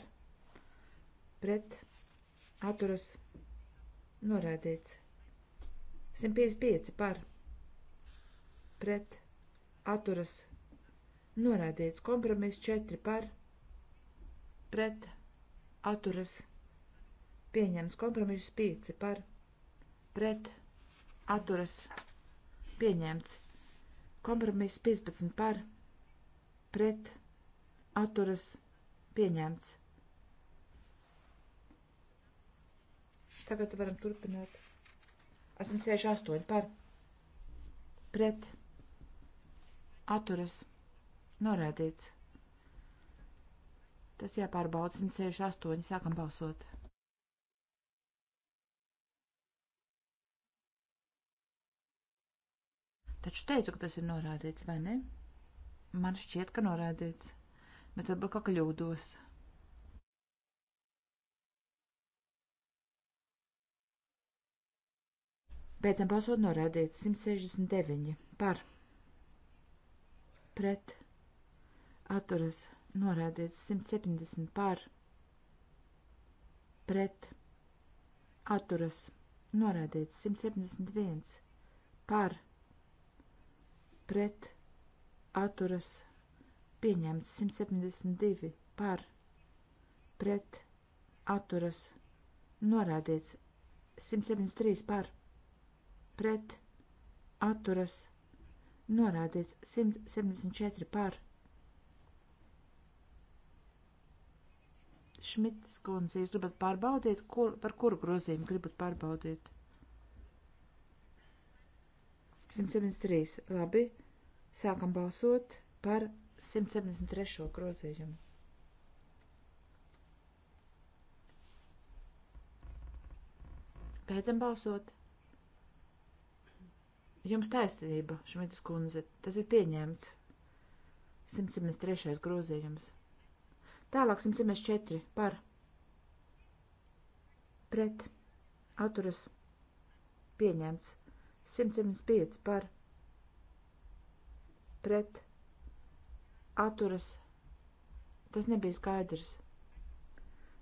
pret atturas norādīts. 155 par pret atturas norādīts. Kompromiss 4 par pret atturas pieņems. Kompromiss 5 par pret atturas norādīts pieņemts. Kompromiss 15 par, pret, atturas, pieņemts. Tagad varam turpināt. 868 par, pret, atturas, norēdīts. Tas jāpārbauda 168, sākam balsot. Taču teicu, ka tas ir norādīts, vai ne? Man šķiet, ka norādīts, bet varbūt kaut kā kļūdos. Beidzam balsot norādīts 169 par pret atturas norādīts 170 par pret atturas norādīts 171 par pret atturas pieņemts 172 par pret atturas norādīts 173 par pret atturas norādīts 174 par Šmitas kundze, jūs gribat pārbaudīt, kur, par kuru grozījumu gribat pārbaudīt? 173. Labi. Sākam balsot par 173. grozījumu. Beidzam balsot. Jums taisnība, Šmitas kundze, tas ir pieņemts. 173. grozījums. Tālāk 174 par pret atturas pieņemts. 175 par pret atturas. Tas nebija skaidrs.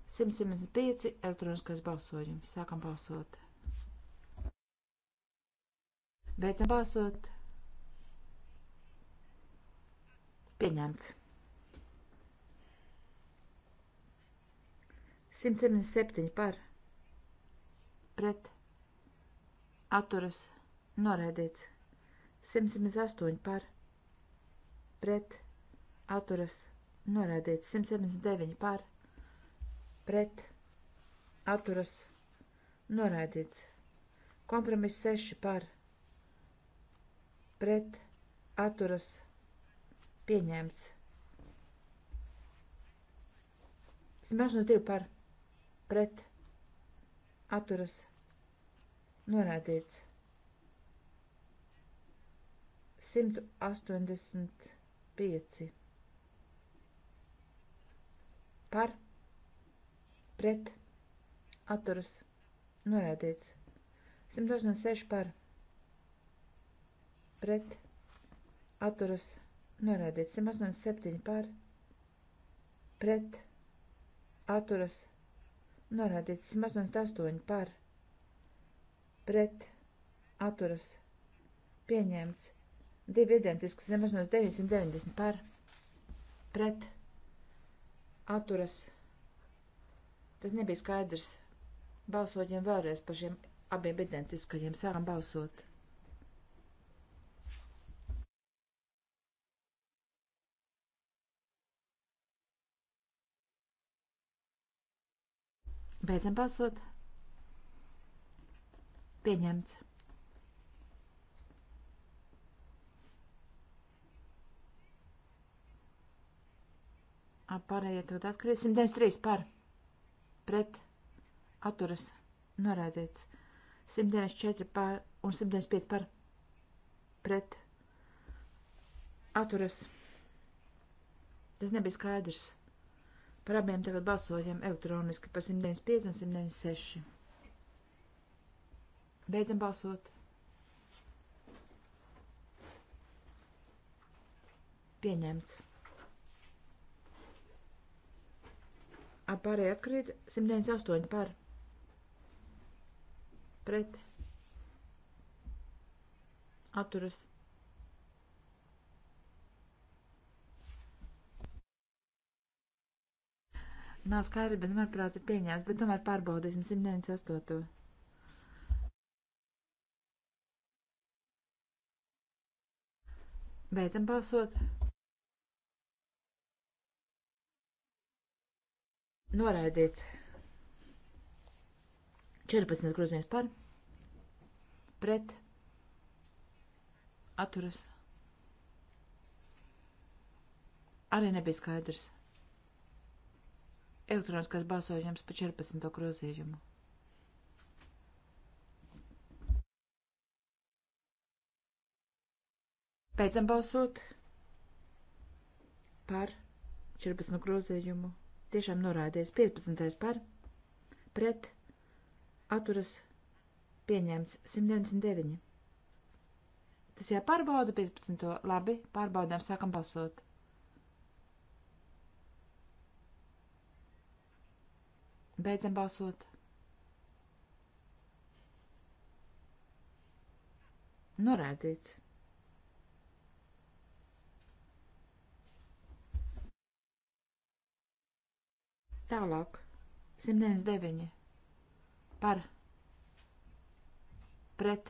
175 elektroniskais balsojums. Sākam balsot. Beidzam balsot. Pieņemts. 177 par pret atturas Noraidīts. 178 par. Pret. Atturas. Noraidīts. 179 par. Pret. Atturas. Noraidīts. Kompromiss 6 par. Pret. Atturas. Pieņemts. 182 par. Pret. Atturas. Noraidīts. 185 par pret atturas norādīts 186 par pret atturas norādīts 187 par pret atturas norādīts 188 par pret atturas pieņemts Divi identiski, nemaz no 990 par pret atturas. Tas nebija skaidrs. Balsoģiem vēlreiz par šiem abiem identiskajiem sākam balsot. Beidzam balsot. Pieņemts. Pārējie to atkarīgs. 193 par. Pret. Atturas. Norādīts. 194 par un 195 par. Pret. Atturas. Tas nebija skaidrs. Par abiem tev balsojam elektroniski par 195 un 196. Beidzam balsot. Pieņemts. Apārēji atkrīt 198 par. Pret. Atturas. Nav skaidrs, bet manuprāt ir pieņēmis, bet tomēr pārbaudīsim 198. Beidzam balsot. Noraidīts. 14 grozījums par. Pret. Atturas. Arī nebija skaidrs. Elektroniskais balsojums pa 14 grozījumu. Beidzam balsot par 14 grozījumu tiešām norādīts 15. par pret atturas pieņemts 199. Tas jāpārbauda 15. Labi, pārbaudām, sākam balsot. Beidzam balsot. Norādīts. Tālāk. 199. Par. Pret.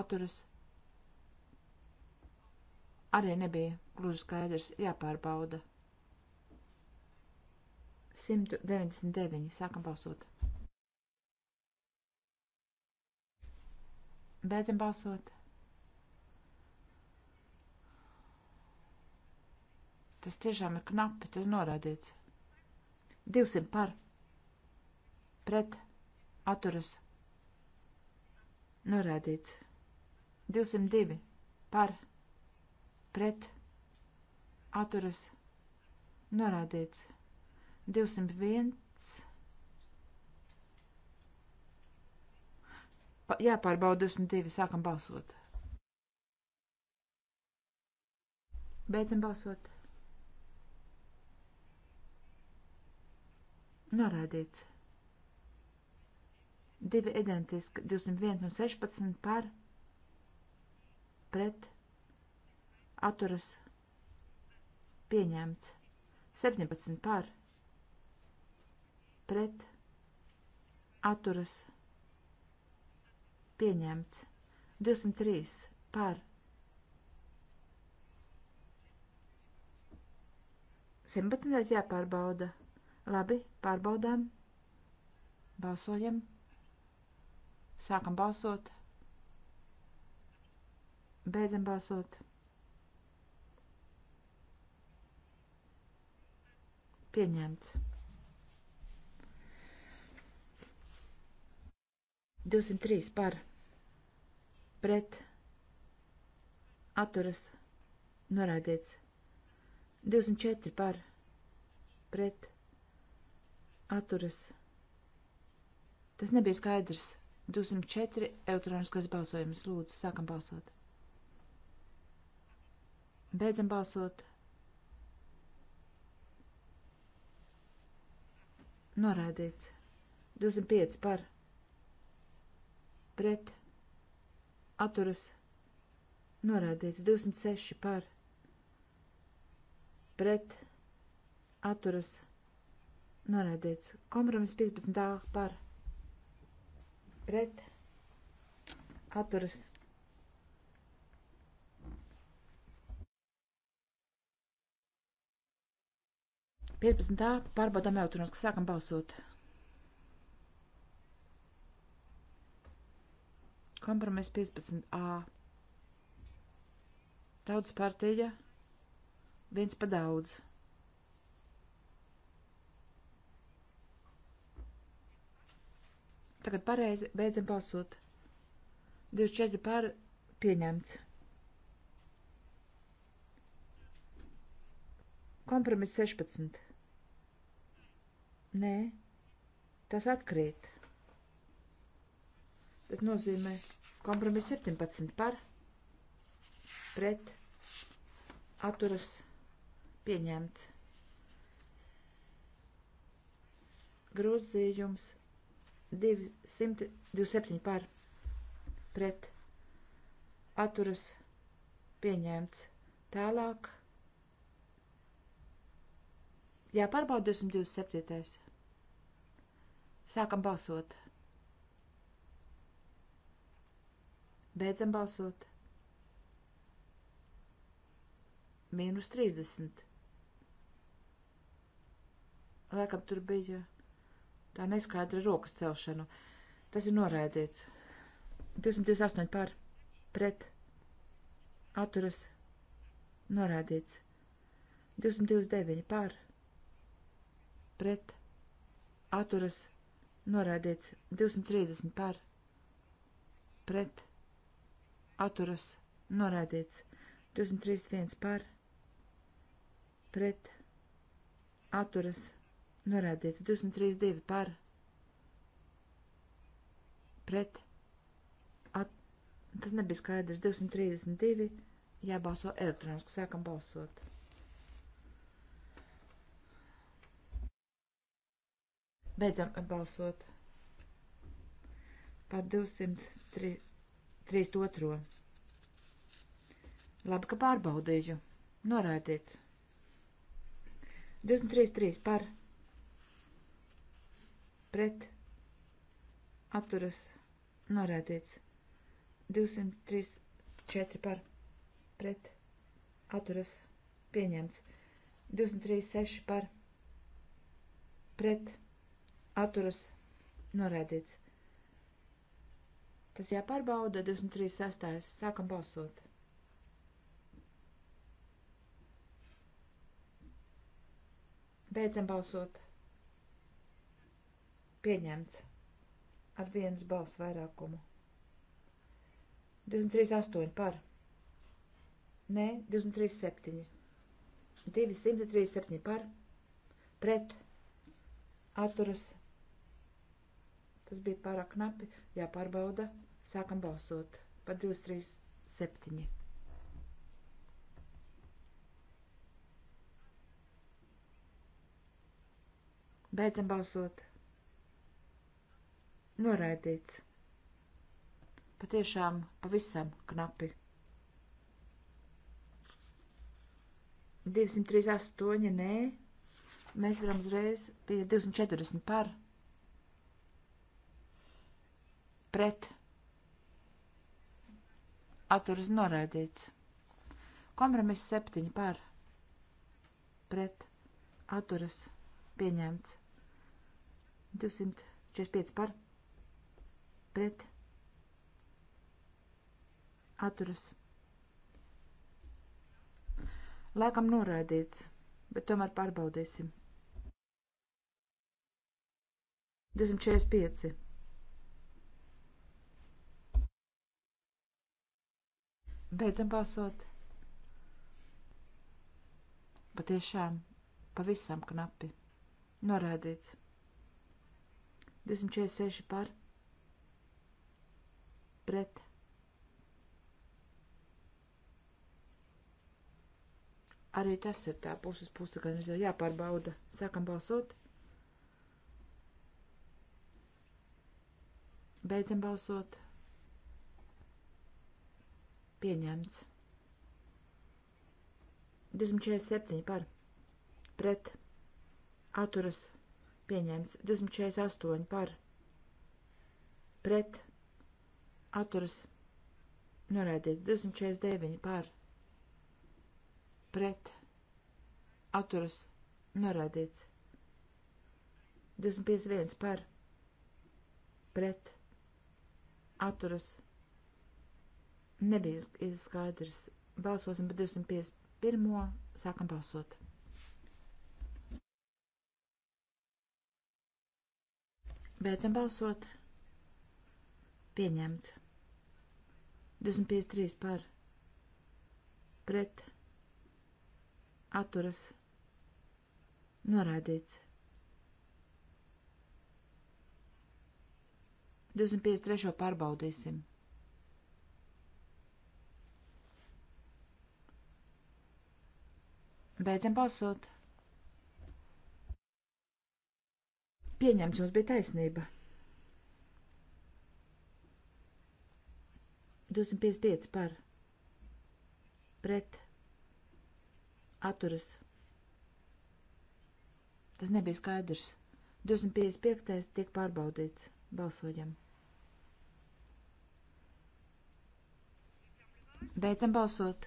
Atturas. Arī nebija gluži skaidrs. Jāpārbauda. 199. Sākam balsot. Beidzam balsot. Tas tiešām ir knapi, tas norādīts. 200 par. Pret. Atturas. Norādīts. 202 par. Pret. Atturas. Norādīts. 201. Pa, jāpārbauda 22. Sākam balsot. Beidzam balsot. Noraidīts. Divi identiski, 201 un 16 par pret atturas pieņemts. 17 par pret atturas pieņemts. 203 par 17. jāpārbauda. Labi, pārbaudām. Balsojam. Sākam balsot. Beidzam balsot. Pieņemts. 203 par pret atturas noraidīts. 204 par pret atturas. Tas nebija skaidrs. 204 elektroniskais balsojums. Lūdzu, sākam balsot. Beidzam balsot. Norādīts. 205 par. Pret. Atturas. Norādīts. 206 par. Pret. Atturas. Noraidīts. Kompromiss 15. par. Pret. Atturas. Piecpadsmitā pārbaudām elektronisku, sākam balsot. Kompromiss 15a. Tautas partija. Viens pa daudz. Tagad pareizi beidzam balsot. 24 par pieņemts. Kompromiss 16. Nē, tas atkrīt. Tas nozīmē kompromiss 17 par pret atturas pieņemts. Grozījums 16. 227 par pret atturas pieņemts. Tālāk jāpārbauda 227. Sākam balsot. Beidzam balsot. Mīnus 30. Laikam tur bija Tā neskaidra rokas celšanu. Tas ir noraidīts. 228 par pret atturas noraidīts. 229 par pret atturas noraidīts. 230 par pret atturas noraidīts. 231 par pret atturas noraidīts Norādīts 232 par pret. At, tas nebija skaidrs. 232 jābalso elektroniski. Sākam balsot. Beidzam balsot par 232. Labi, ka pārbaudīju. Norādīts. 233 par pret pret atturas norēdīts 234 par pret atturas pieņemts 236 par pret atturas norēdīts. Tas jāpārbauda 236. Sākam balsot. Beidzam balsot. Pieņemts. Ar vienas balss vairākumu. 23,8 par. Nē, 23,7. 237 par. Pret. Atturas. Tas bija pārāk knapi. Jāpārbauda. Sākam balsot. Par 237. Beidzam balsot. Noraidīts. Patiešām pavisam knapi. 238, nē. Mēs varam uzreiz pie 240 par. Pret. Atturis noraidīts. Kompromiss 7 par. Pret. Atturis pieņemts. 245 par pret atturas. Laikam noraidīts, bet tomēr pārbaudīsim. 245. Beidzam balsot. Patiešām, pavisam knapi. Norādīts. 246 par pret arī tas ir tā puses puse, gan ir jāpārbauda. Sākam balsot. Beidzam balsot. Pieņemts. 247 par. Pret. Atturas. Pieņemts. 248 par. Pret atturas norēdīts 249 par pret atturas norēdīts 251 par pret atturas nebija skaidrs. Balsosim par 251. Sākam balsot. Beidzam balsot. Pieņemts. 25.3 par pret atturas noraidīts. 25.3 pārbaudīsim. Beidzam balsot. Pieņemts, mums bija taisnība. 255 par pret atturas. Tas nebija skaidrs. 255. tiek pārbaudīts. Balsojam. Beidzam balsot.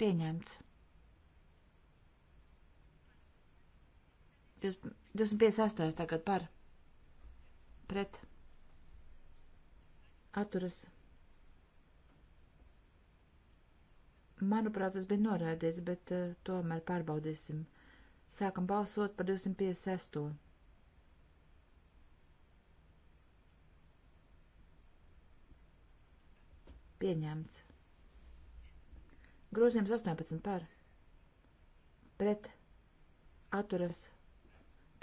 Pieņemts. 258. tagad par pret atturas. Manuprāt, tas bija norādīts, bet uh, tomēr pārbaudīsim. Sākam balsot par 256. Pieņemts. Grozījums 18 par. Pret. Atturas.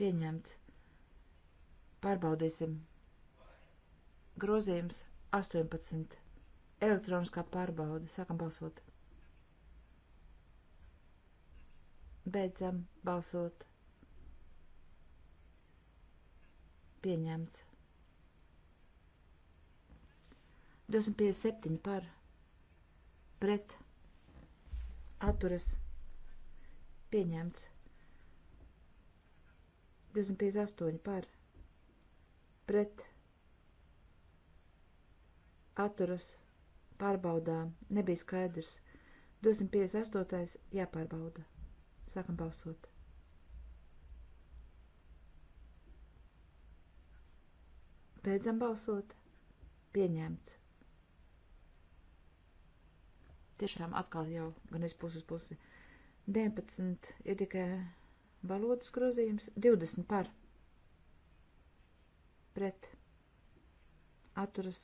Pieņemts. Pārbaudīsim. Grozījums 18. Elektroniskā pārbauda. Sākam balsot. Beidzam balsot. Pieņemts. 257 par. Pret. Atturas. Pieņemts. 258 par. Pret atturas pārbaudām, nebija skaidrs. 258. jāpārbauda. Sākam balsot. Beidzam balsot. Pieņemts. Tiešām atkal jau gan es puses pusi. 19 ir tikai valodas grozījums. 20 par. Pret. Atturas.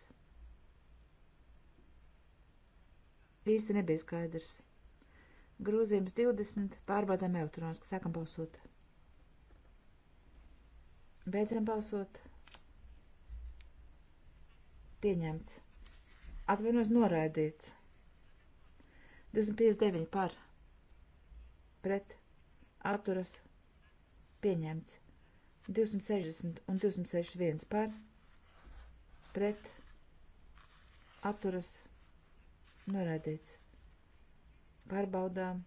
īsti nebija skaidrs. Grūzījums 20, pārbaudām elektroniski, sākam balsot. Beidzam balsot. Pieņemts. Atvainojos noraidīts. 259 par. Pret. Atturas. Pieņemts. 260 un 261 par. Pret. Atturas. Noraidīts. Pārbaudām.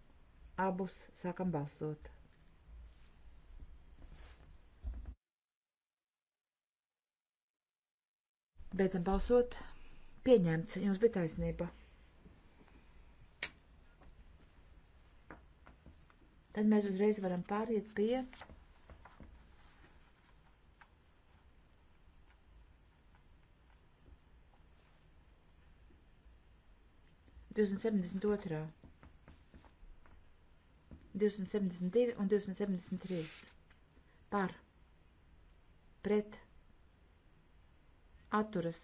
Abus sākam balsot. Beidzam balsot. Pieņemts. Jums bija taisnība. Tad mēs uzreiz varam pāriet pie 272. 272 un 273. Par. Pret. Atturas.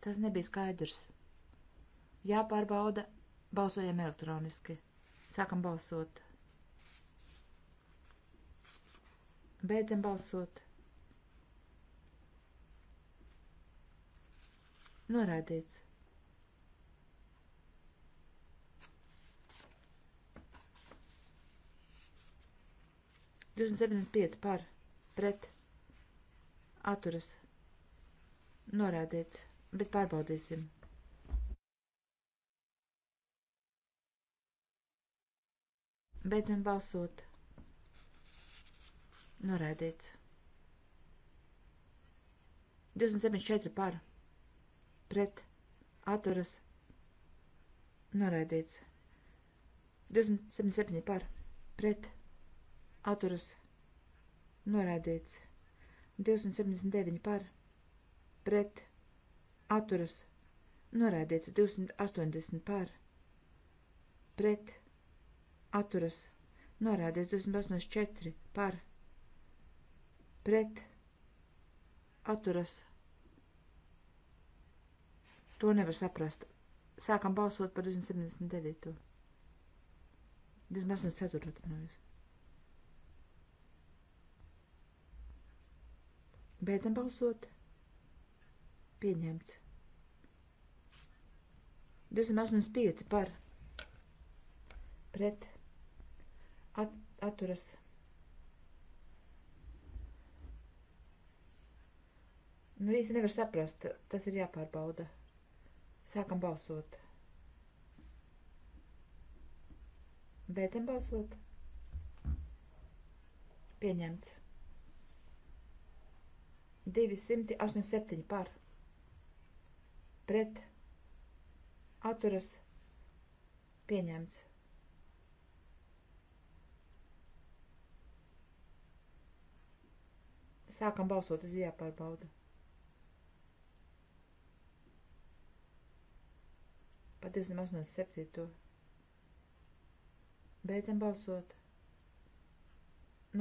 Tas nebija skaidrs. Jāpārbauda. Balsojam elektroniski. Sākam balsot. Beidzam balsot. Noraidīts. 275 par pret atturas norādīts, bet pārbaudīsim. Beidzam balsot. Norādīts. 274 par pret atturas norādīts. 277 par pret atturas. Atturas. Noraidīts. 279 par. Pret. Atturas. Noraidīts. 280 par. Pret. Atturas. Noraidīts. 284 par. Pret. Atturas. To nevar saprast. Sākam balsot par 279. 284 atvainojos. Beidzam balsot. Pieņemts. 285 par pret at, atturas. Nu, īsti nevar saprast, tas ir jāpārbauda. Sākam balsot. Beidzam balsot. Pieņemts. 287 par pret atturas pieņemts. Sākam balsot, tas jāpārbauda. Pa 287. Beidzam balsot.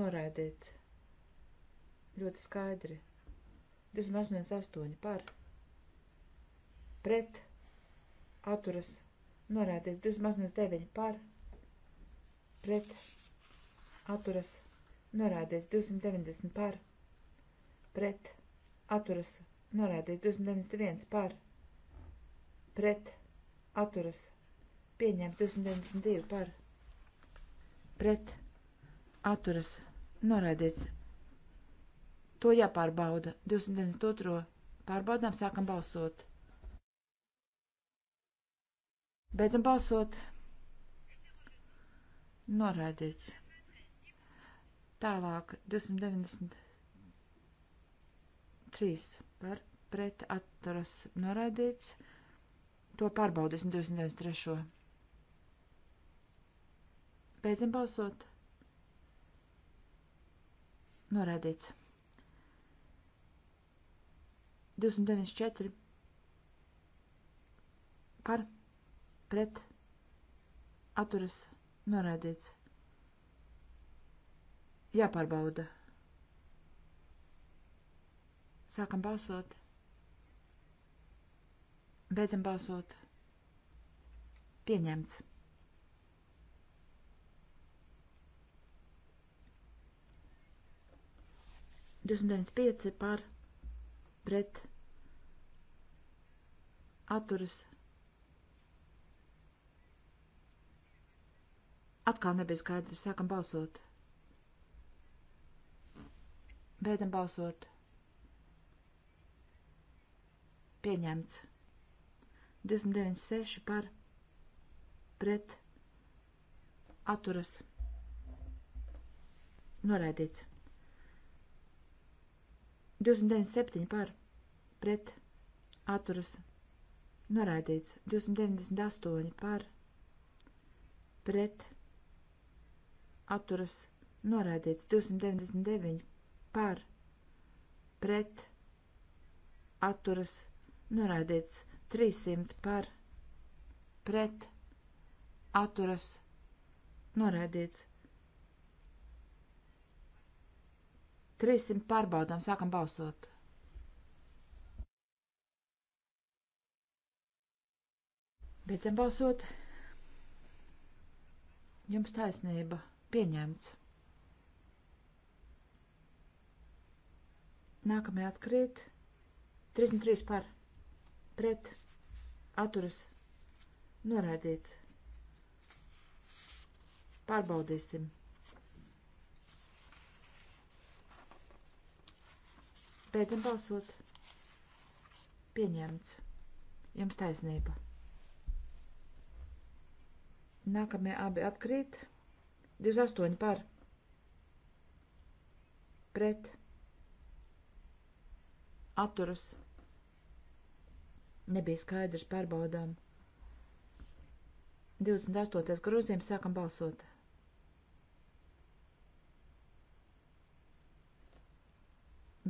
Noraidīts. Ļoti skaidri. 28 par pret atturas norādīts 289 par pret atturas norādīts 290 par pret atturas norādīts 291 par pret atturas pieņemt 292 par pret atturas norādīts To jāpārbauda. 292. pārbaudām, sākam balsot. Beidzam balsot. Noraidīts. Tālāk 293 par pret atturas noraidīts. To pārbaudīsim 293. Beidzam balsot. Noraidīts. 294 par pret atturas norādīts. Jāpārbauda. Sākam balsot. Beidzam balsot. Pieņemts. Divsimt pieci par pret atturas. Atkal nebija skaidrs. Sākam balsot. Beidzam balsot. Pieņemts. 29.6 par pret atturas. Noraidīts. 297 par pret atturas Noraidīts 298 par pret atturas noraidīts 299 par pret atturas noraidīts 300 par pret atturas noraidīts 300 pārbaudām sākam balsot. Beidzam balsot. Jums taisnība. Pieņemts. Nākamajā atkrīt. 33 par. Pret. Aturas. Noraidīts. Pārbaudīsim. Beidzam balsot. Pieņemts. Jums taisnība. Nākamie abi atkrīt. 28 par. Pret. Atturas. Nebija skaidrs pārbaudām. 28. grozījums sākam balsot.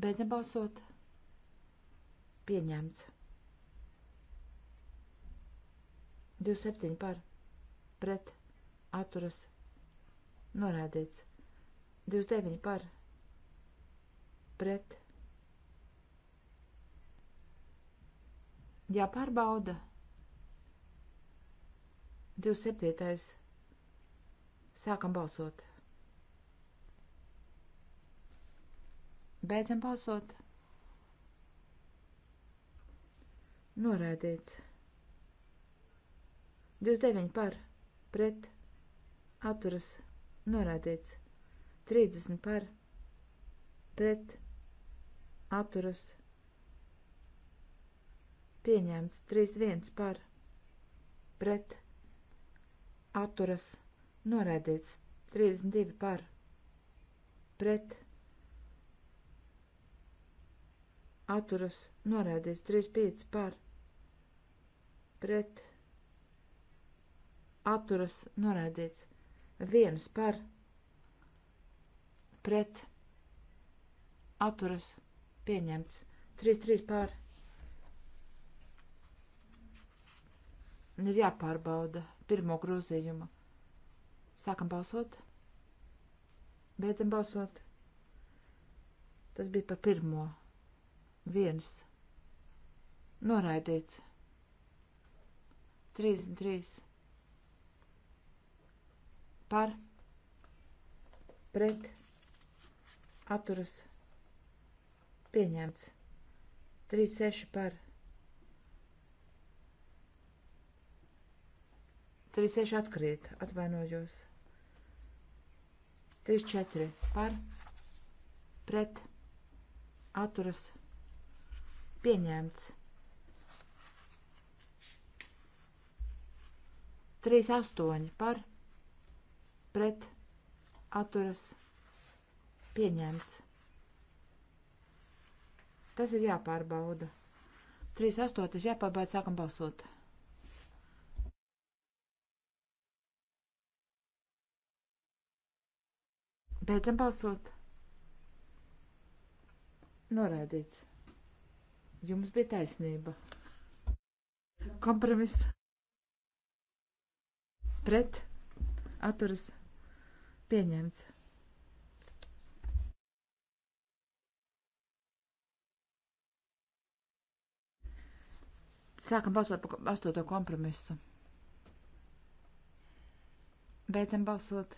Beidzam balsot. Pieņemts. 27 par pret atturas norādīts. 29 par pret jāpārbauda. 27. Sākam balsot. Beidzam balsot. Noraidīts. 29 par pret atturas norādīts 30 par pret atturas pieņemts 31 par pret atturas norādīts 32 par pret atturas norādīts 35 par pret atturas noraidīts. Viens par pret atturas pieņemts. 3-3 pār. Ir jāpārbauda pirmo grozījumu. Sākam balsot. Beidzam balsot. Tas bija par pirmo. Viens. Noraidīts. 33 par pret atturas pieņemts. 36 par 36 atkrīt, atvainojos. 34 par pret atturas pieņemts. 38 par pret atturas pieņemts. Tas ir jāpārbauda. 3.8. jāpārbauda, sākam balsot. Beidzam balsot. Noraidīts. Jums bija taisnība. Kompromiss. Pret. Atturas Pieņemts. Sākam balsot par astoto kompromisu. Beidzam balsot.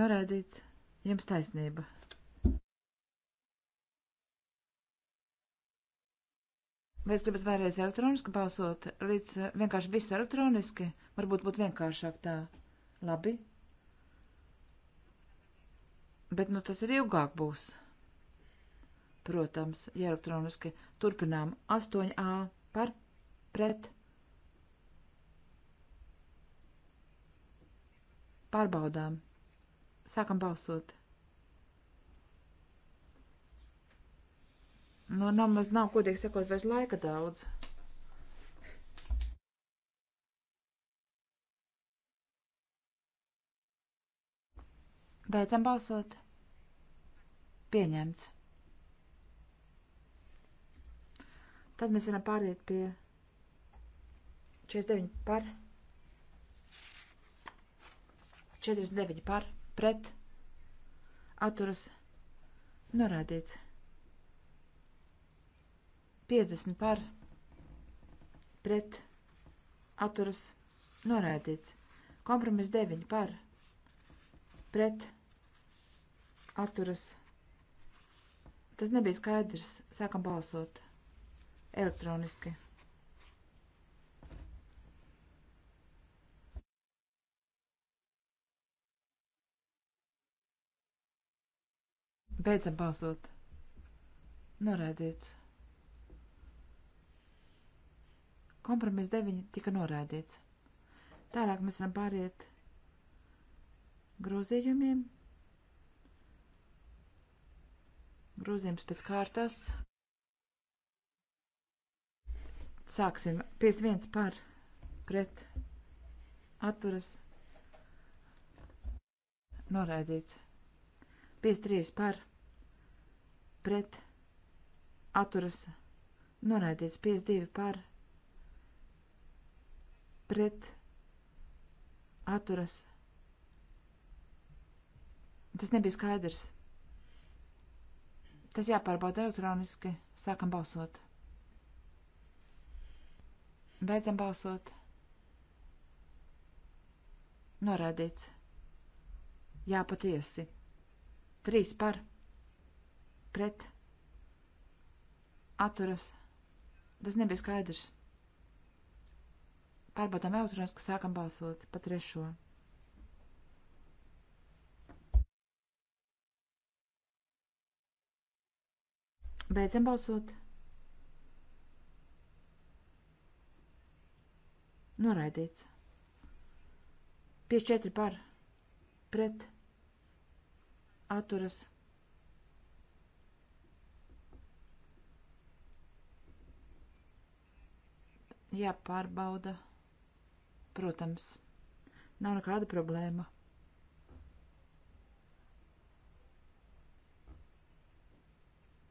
Norādīts, jums taisnība. Vai es gribat vēlreiz elektroniski balsot, līdz eh, vienkārši visu elektroniski? Varbūt būtu vienkāršāk tā. Labi. Bet nu tas ir ilgāk būs. Protams, ja elektroniski turpinām 8A par pret. Pārbaudām. Sākam balsot. Nu, nav maz nav, kodīgi sakot, vairs laika daudz. 8A. Beidzam balsot. Pieņemts. Tad mēs varam pāriet pie 49 par 49 par pret atturas norādīts 50 par pret atturas norādīts kompromis 9 par pret atturas atturas. Tas nebija skaidrs. Sākam balsot elektroniski. Beidzam balsot. Noraidīts. Kompromis 9 tika noraidīts. Tālāk mēs varam pāriet grozījumiem. Grozījums pēc kārtas. Sāksim. 51 par pret atturas noraidīts. 53 par pret atturas noraidīts. 52 par pret atturas. Tas nebija skaidrs. Tas jāpārbauda elektroniski. Sākam balsot. Beidzam balsot. Norādīts. Jā, patiesi. Trīs par. Pret. Atturas. Tas nebija skaidrs. Pārbaudām elektroniski, sākam balsot pa trešo. Beidzam balsot. Noraidīts. 54 par pret atturas. Jāpārbauda. Protams, nav nekāda problēma.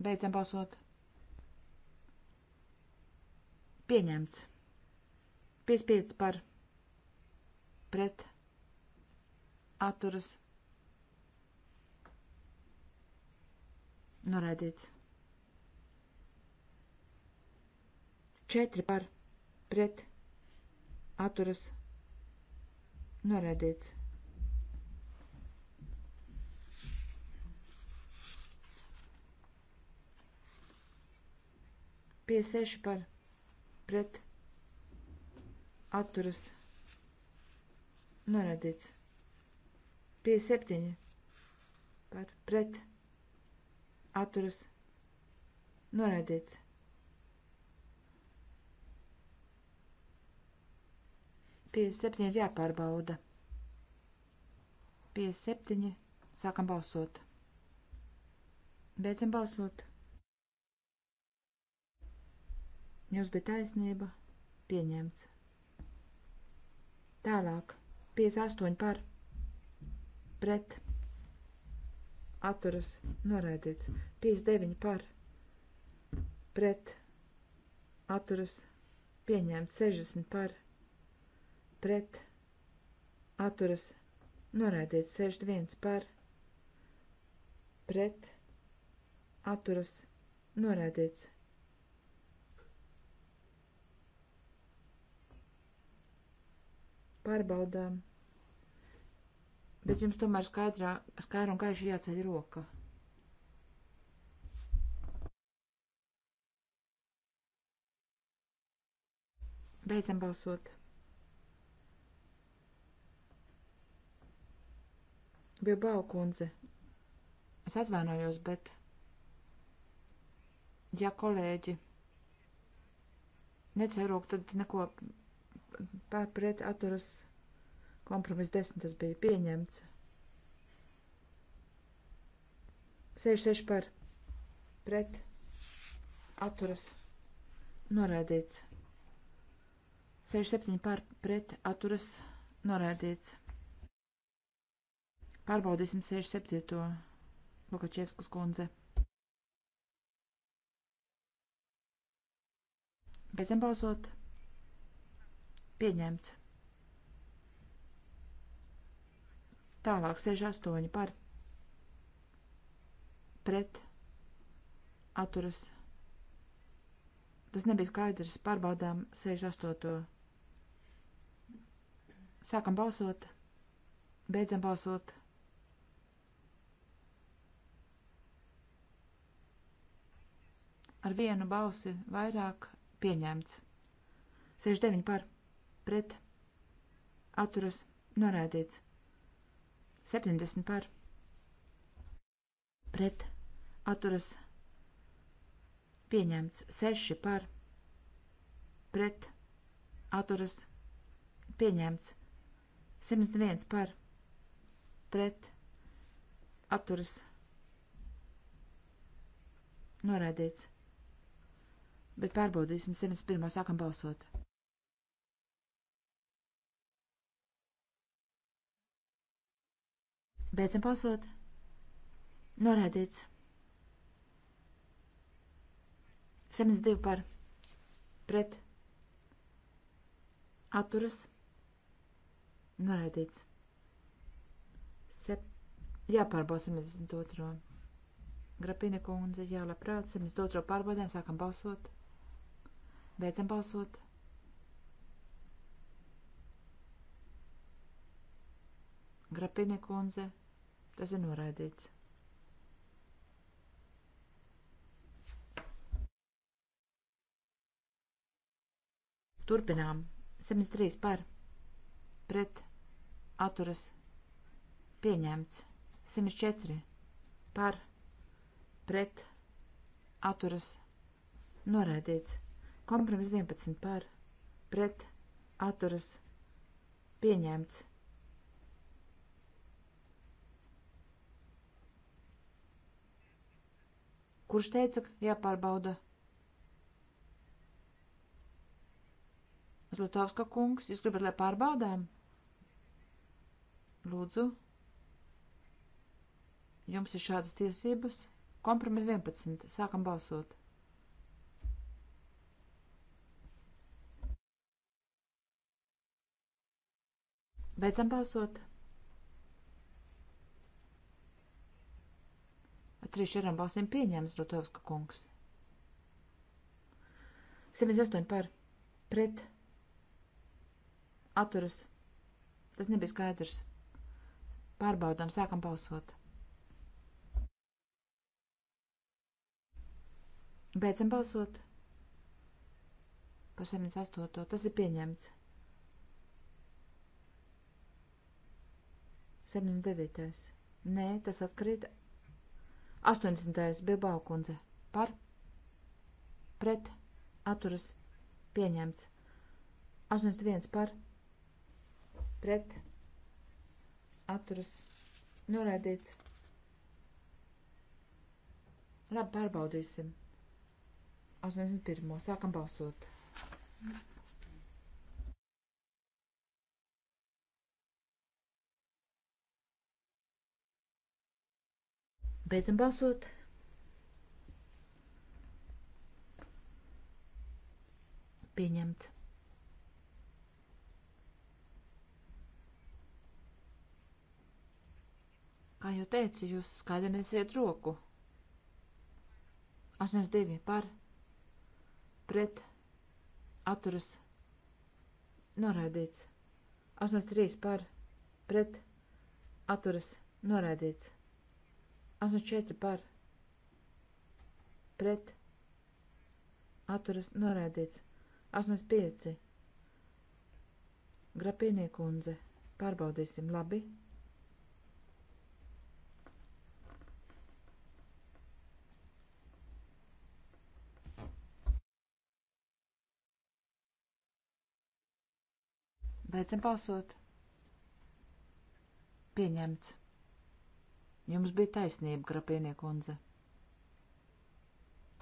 Beidzam balsot. Pieņemts. 55 par pret atturas noraidīts. 4 par pret atturas noraidīts. 56 par pret atturas norādīts. 57 par pret atturas norādīts. Pie septiņi ir jāpārbauda. Pie septiņi sākam balsot. Beidzam balsot. Jums bija taisnība. Pieņemts. Tālāk. 58 par. Pret. Atturas. Noraidīts. 59 par. Pret. Atturas. Pieņemts. 60 par. Pret. Atturas. Noraidīts. 61 par. Pret. Atturas. Noraidīts. pārbaudām. Bet jums tomēr skaidrā, skaidrā un gaiši jāceļ roka. Beidzam balsot. Bilbao kundze, es atvainojos, bet, ja kolēģi neceru, tad neko par pret atturas kompromiss 10 tas bija pieņemts. 66 par pret atturas norādīts. 67 par pret atturas norādīts. Pārbaudīsim 67. Lukačievskas kundze. Beidzam balsot. Pieņemts. Tālāk 68 par pret atturas. Tas nebija skaidrs. Pārbaudām 68. Sākam balsot. Beidzam balsot. Ar vienu balsi vairāk pieņemts. 69 par pret pret atturas norādīts. 70 par pret atturas pieņemts. 6 par pret atturas pieņemts. 101 par pret atturas norādīts. Bet pārbaudīsim 101. sākam balsot. Beidzam balsot. Norādīts. 72 par pret atturas. Norādīts. Sep... Jāpārbauda 72. Grapina kundze, jā, labprāt, 72. pārbaudēm sākam balsot. Beidzam balsot. Grapini kundze, tas ir noraidīts. Turpinām. 73 par. Pret. Atturas. Pieņemts. 104 par. Pret. Atturas. Noraidīts. Kompromis 11 par. Pret. Atturas. Pieņemts. Kurš teica, jāpārbauda? Zlatovska kungs, jūs gribat, lai pārbaudām? Lūdzu. Jums ir šādas tiesības. Kompromis 11. Sākam balsot. Beidzam balsot. par trīs četrām balsīm pieņēma Zlotovska kungs. 78 par pret atturas. Tas nebija skaidrs. Pārbaudām, sākam balsot. Beidzam balsot par 78. Tas ir pieņemts. 79. Nē, tas atkrīt 80. Bilbao kundze par pret atturas pieņemts. 81 par pret atturas norādīts. Labi, pārbaudīsim. 81. Sākam balsot. Mm. Beidzam balsot. Pieņemts. Kā jau teicu, jūs skaidri nesiet roku. 82 par pret atturas noraidīts. 83 par pret atturas noraidīts. 84 par pret atturas norēdīts 85 grapīnī kundze pārbaudīsim labi Beidzam balsot. Pieņemts. Jums bija taisnība, grapienie kundze.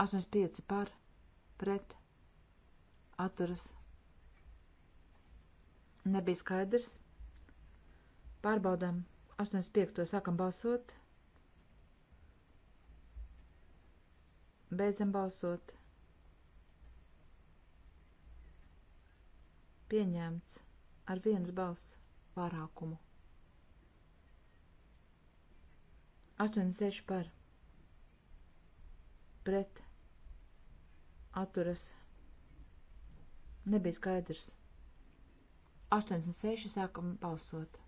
85 par, pret, atturas. Nebija skaidrs. Pārbaudām 85. sākam balsot. Beidzam balsot. Pieņemts ar vienas balss pārākumu. 86 par pret atturas nebija skaidrs. 86 sākam balsot.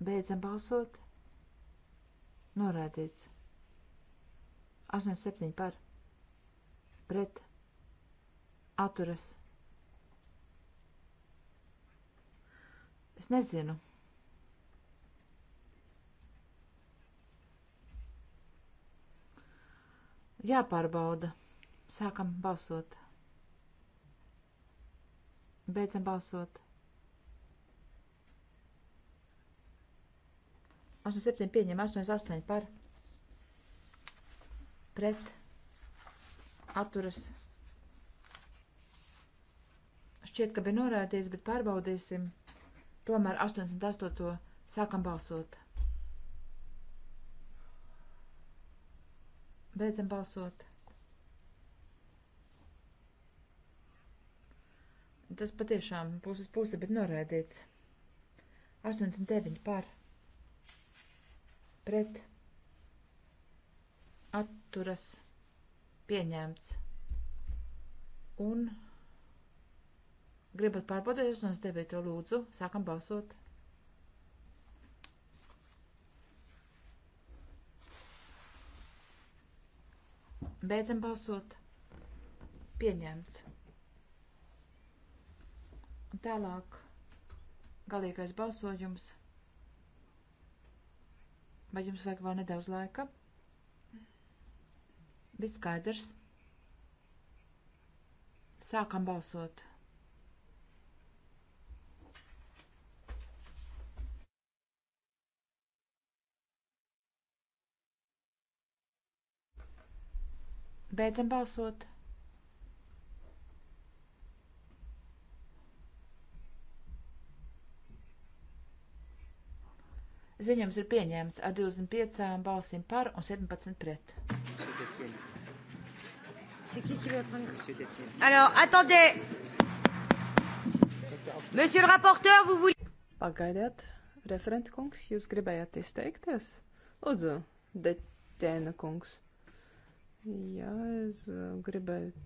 Beidzam balsot. Norādīts. 87 par pret atturas nebija. Es nezinu. Jāpārbauda. Sākam balsot. Beidzam balsot. 87 pieņem, 88 par. Pret. Atturas. Šķiet, ka bija norādīts, bet pārbaudīsim. 88. Tomēr 88. sākam balsot. Beidzam balsot. Tas patiešām puses pusi, bet noraidīts. 89 par. Pret. Atturas. Pieņemts. Un Gribat pārbaudīt 89. lūdzu, sākam balsot. Beidzam balsot. Pieņemts. Tālāk galīgais balsojums. Vai jums vajag vēl nedaudz laika? Viss skaidrs. Sākam balsot. Beidzam balsot. Ziņojums ir pieņemts ar 25 balsīm par un 17 pret. Alors, attendez. Monsieur le rapporteur, vous voulez... Pagaidiet, referenta kungs, jūs gribējāt izteikties? Lūdzu, detēna kungs. Jā, es uh, gribēju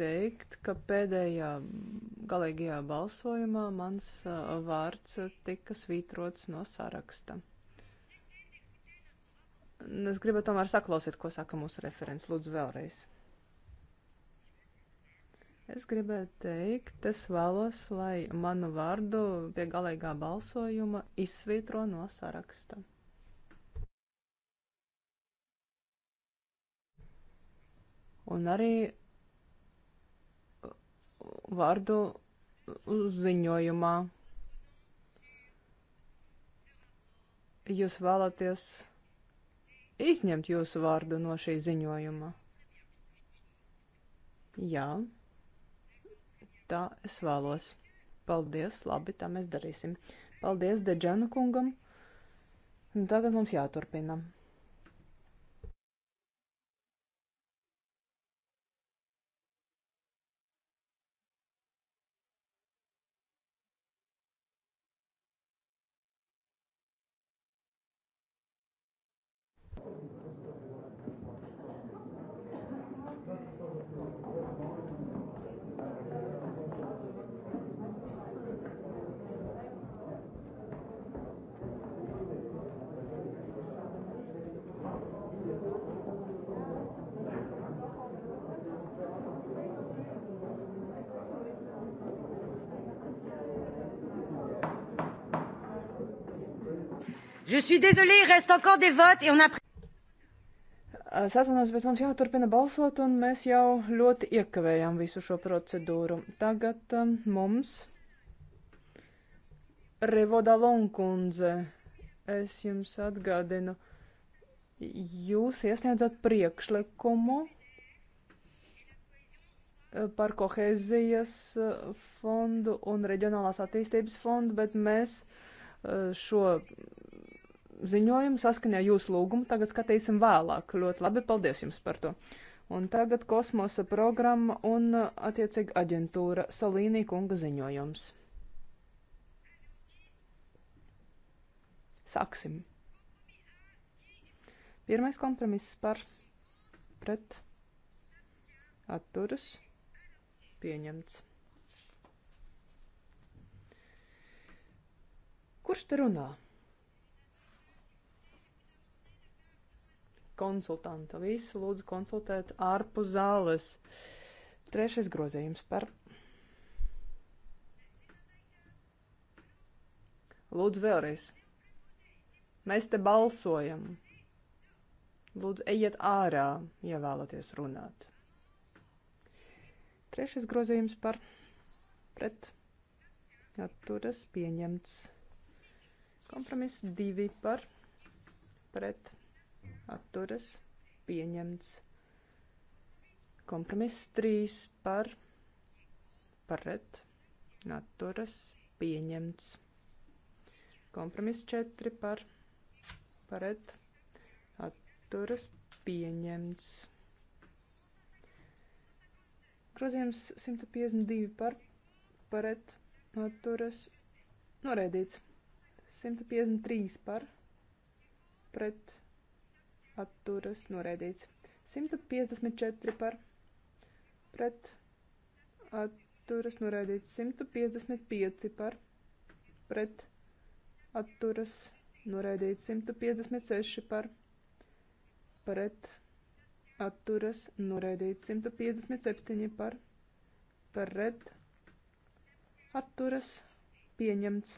teikt, ka pēdējā galīgajā balsojumā mans uh, vārds uh, tika svītrots no saraksta. Es gribu tomēr saklausīt, ko saka mūsu referents. Lūdzu, vēlreiz. Es gribēju teikt, es vēlos, lai manu vārdu pie galīgā balsojuma izsvītro no saraksta. un arī uh, vārdu ziņojumā. Jūs vēlaties izņemt jūsu vārdu no šī ziņojuma? Jā, tā es vēlos. Paldies, labi, tā mēs darīsim. Paldies Deģana kungam. Un tagad mums jāturpina. suis désolée, il reste encore des votes et on a. Es atvainojos, bet mums jāturpina balsot, un mēs jau ļoti iekavējām visu šo procedūru. Tagad um, mums Revoda Lonkundze, es jums atgādinu, jūs iesniedzat priekšlikumu uh, par kohēzijas uh, fondu un reģionālās attīstības fondu, bet mēs uh, šo ziņojumu saskaņā jūsu lūgumu tagad skatīsim vēlāk. Ļoti labi, paldies jums par to. Un tagad kosmosa programma un attiecīgi aģentūra Salīnī kunga ziņojums. Sāksim. Pirmais kompromiss par pret atturas pieņemts. Kurš te runā? konsultanta. Visu lūdzu konsultēt ārpus zāles. Trešais grozījums par. Lūdzu vēlreiz. Mēs te balsojam. Lūdzu, ejiet ārā, ja vēlaties runāt. Trešais grozījums par pret atturas pieņemts. Kompromiss divi par pret atturas pieņemts. Kompromiss 3 par paret atturas pieņemts. Kompromiss 4 par paret atturas pieņemts. Grozījums 152 par paret atturas noraidīts. 153 par pret atturas noraidīts. 154 par pret atturas noraidīts. 155 par pret atturas noraidīts. 156 par pret atturas noraidīts. 157 par pret atturas pieņemts.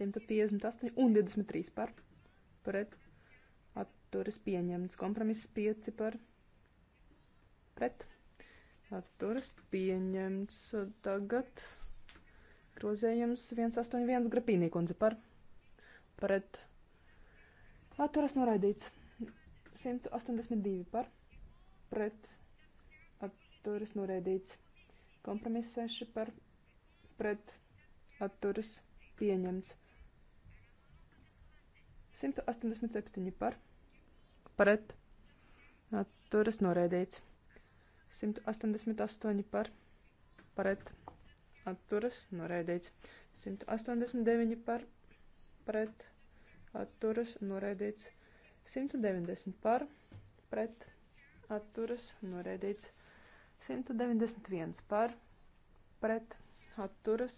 158 un 23 par pret atturas pieņemts. Kompromiss 5 par pret atturas pieņemts. Tagad grozējums 181 grapīnī kundze par pret atturas noraidīts. 182 par pret atturas noraidīts. Kompromiss 6 par pret atturas pieņemts. 187 par pret atturas noraidīts. 188 par pret atturas noraidīts. 189 par pret atturas noraidīts. 190 par pret atturas noraidīts. 191 par pret atturas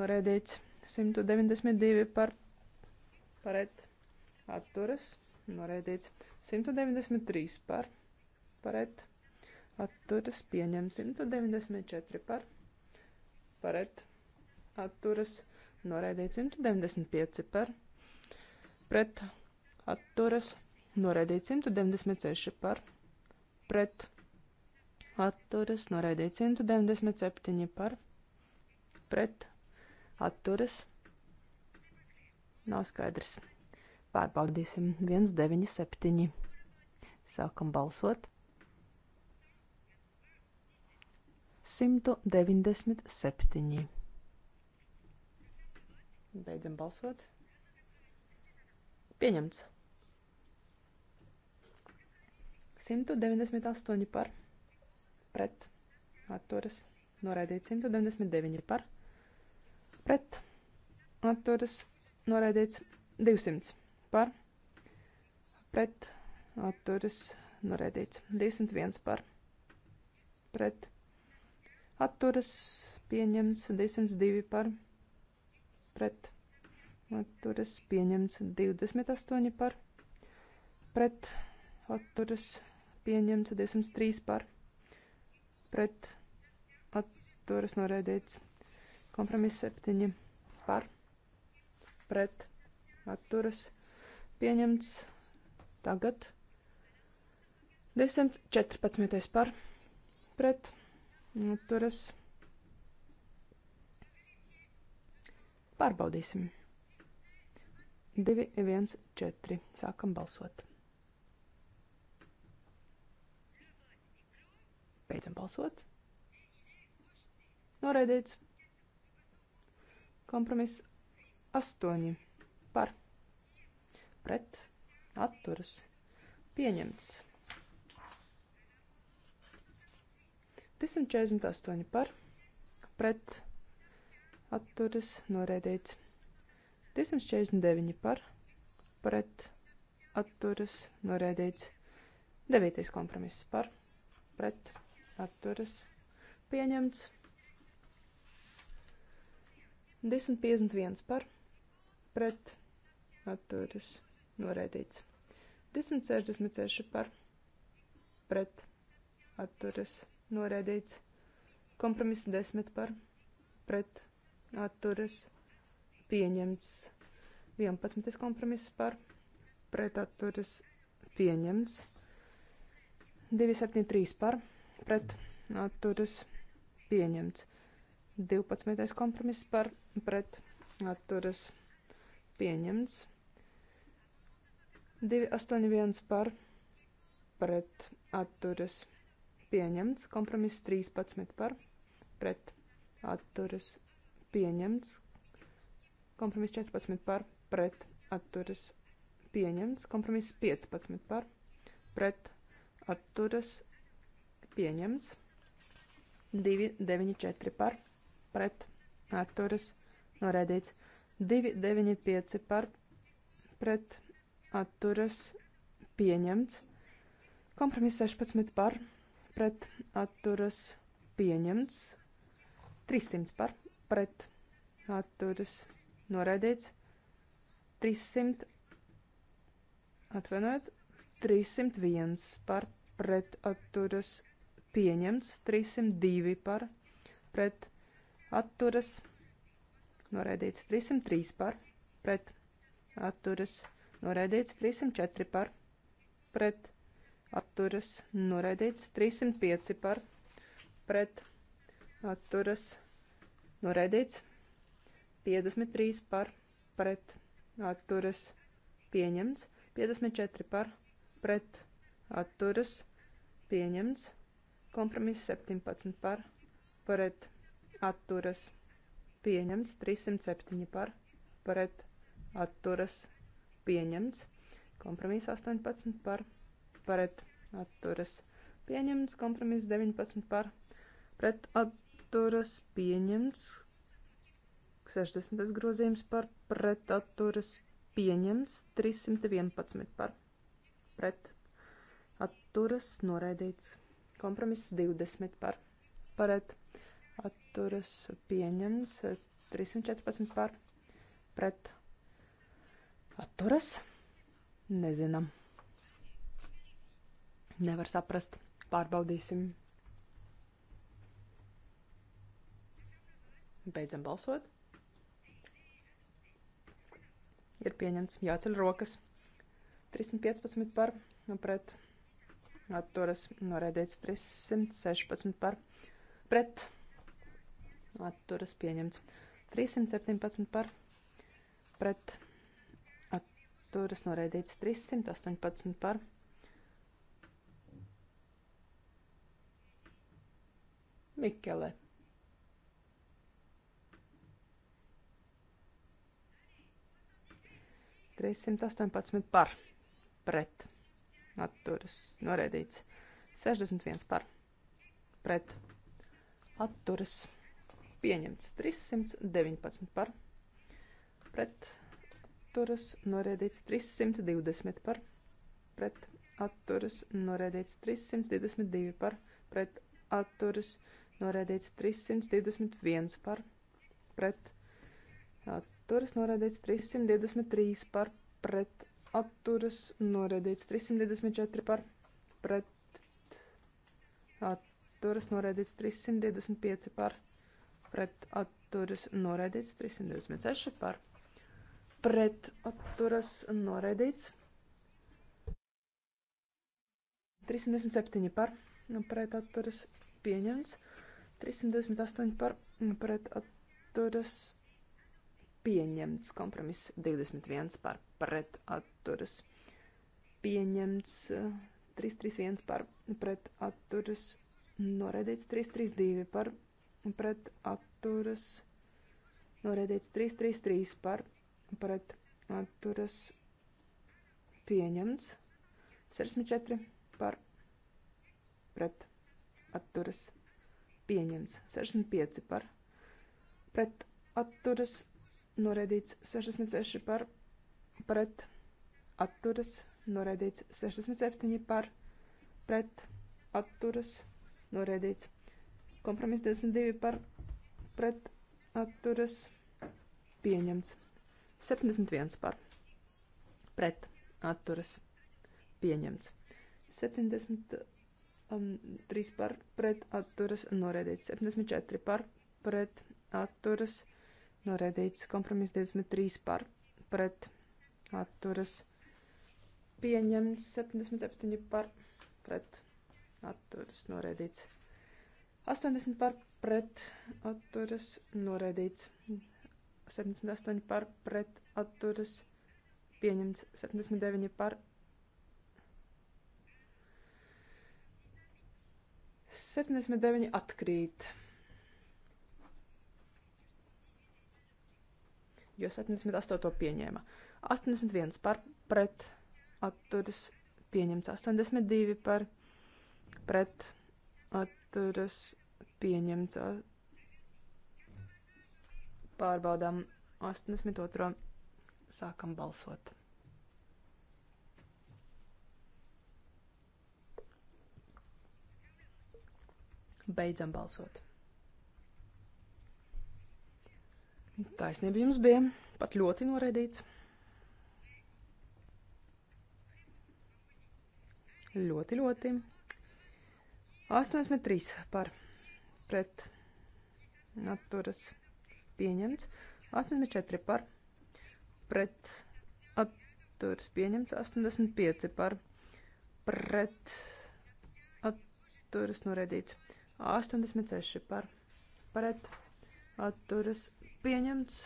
noraidīts. 192 par pret atturas noraidīts noraidīts. 193 par, pret, atturas pieņemts. 194 par, pret, atturas noraidīts. 195 par, pret, atturas noraidīts. 196 par, pret, atturas noraidīts. 197 par, pret, atturas noraidīts atturas. Nav skaidrs. Pārbaudīsim 197. Sākam balsot. 197. Beidzam balsot. Pieņemts. 198 par pret atturas. Noraidīt 199 par pret atturas. Noraidīts 200 par pret atturas norēdīts. 201 par pret atturas pieņemts. 202 par pret atturas pieņemts. 28 par pret atturas pieņemts. 203 par pret atturas norēdīts. Kompromiss 7 par pret atturas pieņemts pieņemts tagad. 214. par pret turas. Pārbaudīsim. 2, 1, 4. Sākam balsot. Beidzam balsot. Noraidīts. Kompromiss 8 par pret pret atturas pieņemts. 248 par pret atturas noraidīts. 249 par pret atturas noraidīts. 9. kompromiss par pret atturas pieņemts. 1051 par pret atturas pieņemts noraidīts. 1066 par pret atturas noraidīts. Kompromiss 10 par pret atturas pieņemts. 11. kompromiss par pret atturas pieņemts. 273 par pret atturas pieņemts. 12. kompromiss par pret atturas pieņemts. 281 par pret atturas pieņemts, kompromiss 13 par pret atturas pieņemts, kompromiss 14 par pret atturas pieņemts, kompromiss 15 par pret atturas pieņemts, 294 par pret atturas norēdīts, 295 par pret atturas atturas pieņemts. Kompromiss 16 par pret atturas pieņemts. 300 par pret atturas noraidīts. 300 atvainojiet 301 par pret atturas pieņemts. 302 par pret atturas noraidīts. 303 par pret atturas pieņemts noraidīts 304 par, pret atturas noraidīts 305 par, pret atturas noraidīts 53 par, pret atturas pieņemts 54 par, pret atturas pieņemts kompromiss 17 par, pret atturas pieņemts 307 par, pret atturas pieņemts pieņemts. Kompromiss 18 par pret atturas pieņemts. Kompromiss 19 par pret atturas pieņemts. 60. grozījums par pret atturas pieņemts. 311 par pret atturas noraidīts. Kompromiss 20 par pret atturas pieņemts. 314 par pret atturas Atturas? Nezinām. Nevar saprast. Pārbaudīsim. Beidzam balsot. Ir pieņemts. Jāceļ rokas. 315 par un nu, pret. Atturas norēdīts 316 par pret. Atturas pieņemts. 317 par pret atturas noraidīts 318 par. Mikele. Trīsimt astoņpadsmit par, pret, atturas, noraidīts, sešdesmit viens par, pret, atturas, pieņemts, trīsimt deviņpadsmit par, pret, atturas atturas norēdīts 320 par pret atturas norēdīts 322 par pret atturas norēdīts 321 par pret atturas norēdīts 323 par pret atturas norēdīts 324 par pret atturas norēdīts 325 par pret atturas norēdīts 326 par pret atturas noraidīts. 327 par pret atturas pieņemts. 328 par pret atturas pieņemts. Kompromiss 21 par pret atturas pieņemts. 331 par pret atturas noraidīts. 332 par pret atturas noraidīts. 333 par pret atturas pret atturas pieņemts. 64 par pret atturas pieņemts. 65 par pret atturas noraidīts. 66 par pret atturas noraidīts. 67 par pret atturas noraidīts. Kompromiss 22 par pret atturas pieņemts. 71 par pret atturas pieņemts. 73 um, par pret atturas norēdīts. 74 par pret atturas norēdīts. Kompromiss 23 par pret atturas pieņemts. 77 par pret atturas norēdīts. 80 par pret atturas norēdīts. 78 par pret atturas pieņemts 79 par 79 atkrīt. Jo 78 pieņēma. 81 par pret atturas pieņemts 82 par pret atturas pieņemts Pārbaudām 82. Sākam balsot. Beidzam balsot. Taisnība jums bija pat ļoti noraidīts. Ļoti, ļoti. 83 par pret atturas pieņemts. 84 par pret atturas pieņemts. 85 par pret atturas noraidīts. 86 par pret atturas pieņemts.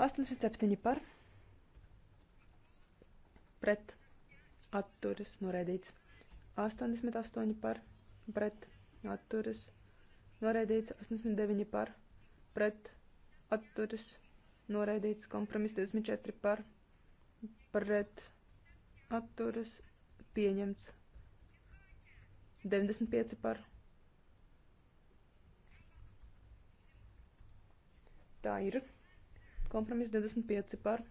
87 par pret atturas noraidīts. 88 par pret atturas pieņemts noraidīts 89 par, pret atturas noraidīts kompromiss 24 par, pret atturas pieņemts 95 par. Tā ir. Kompromiss 25 par,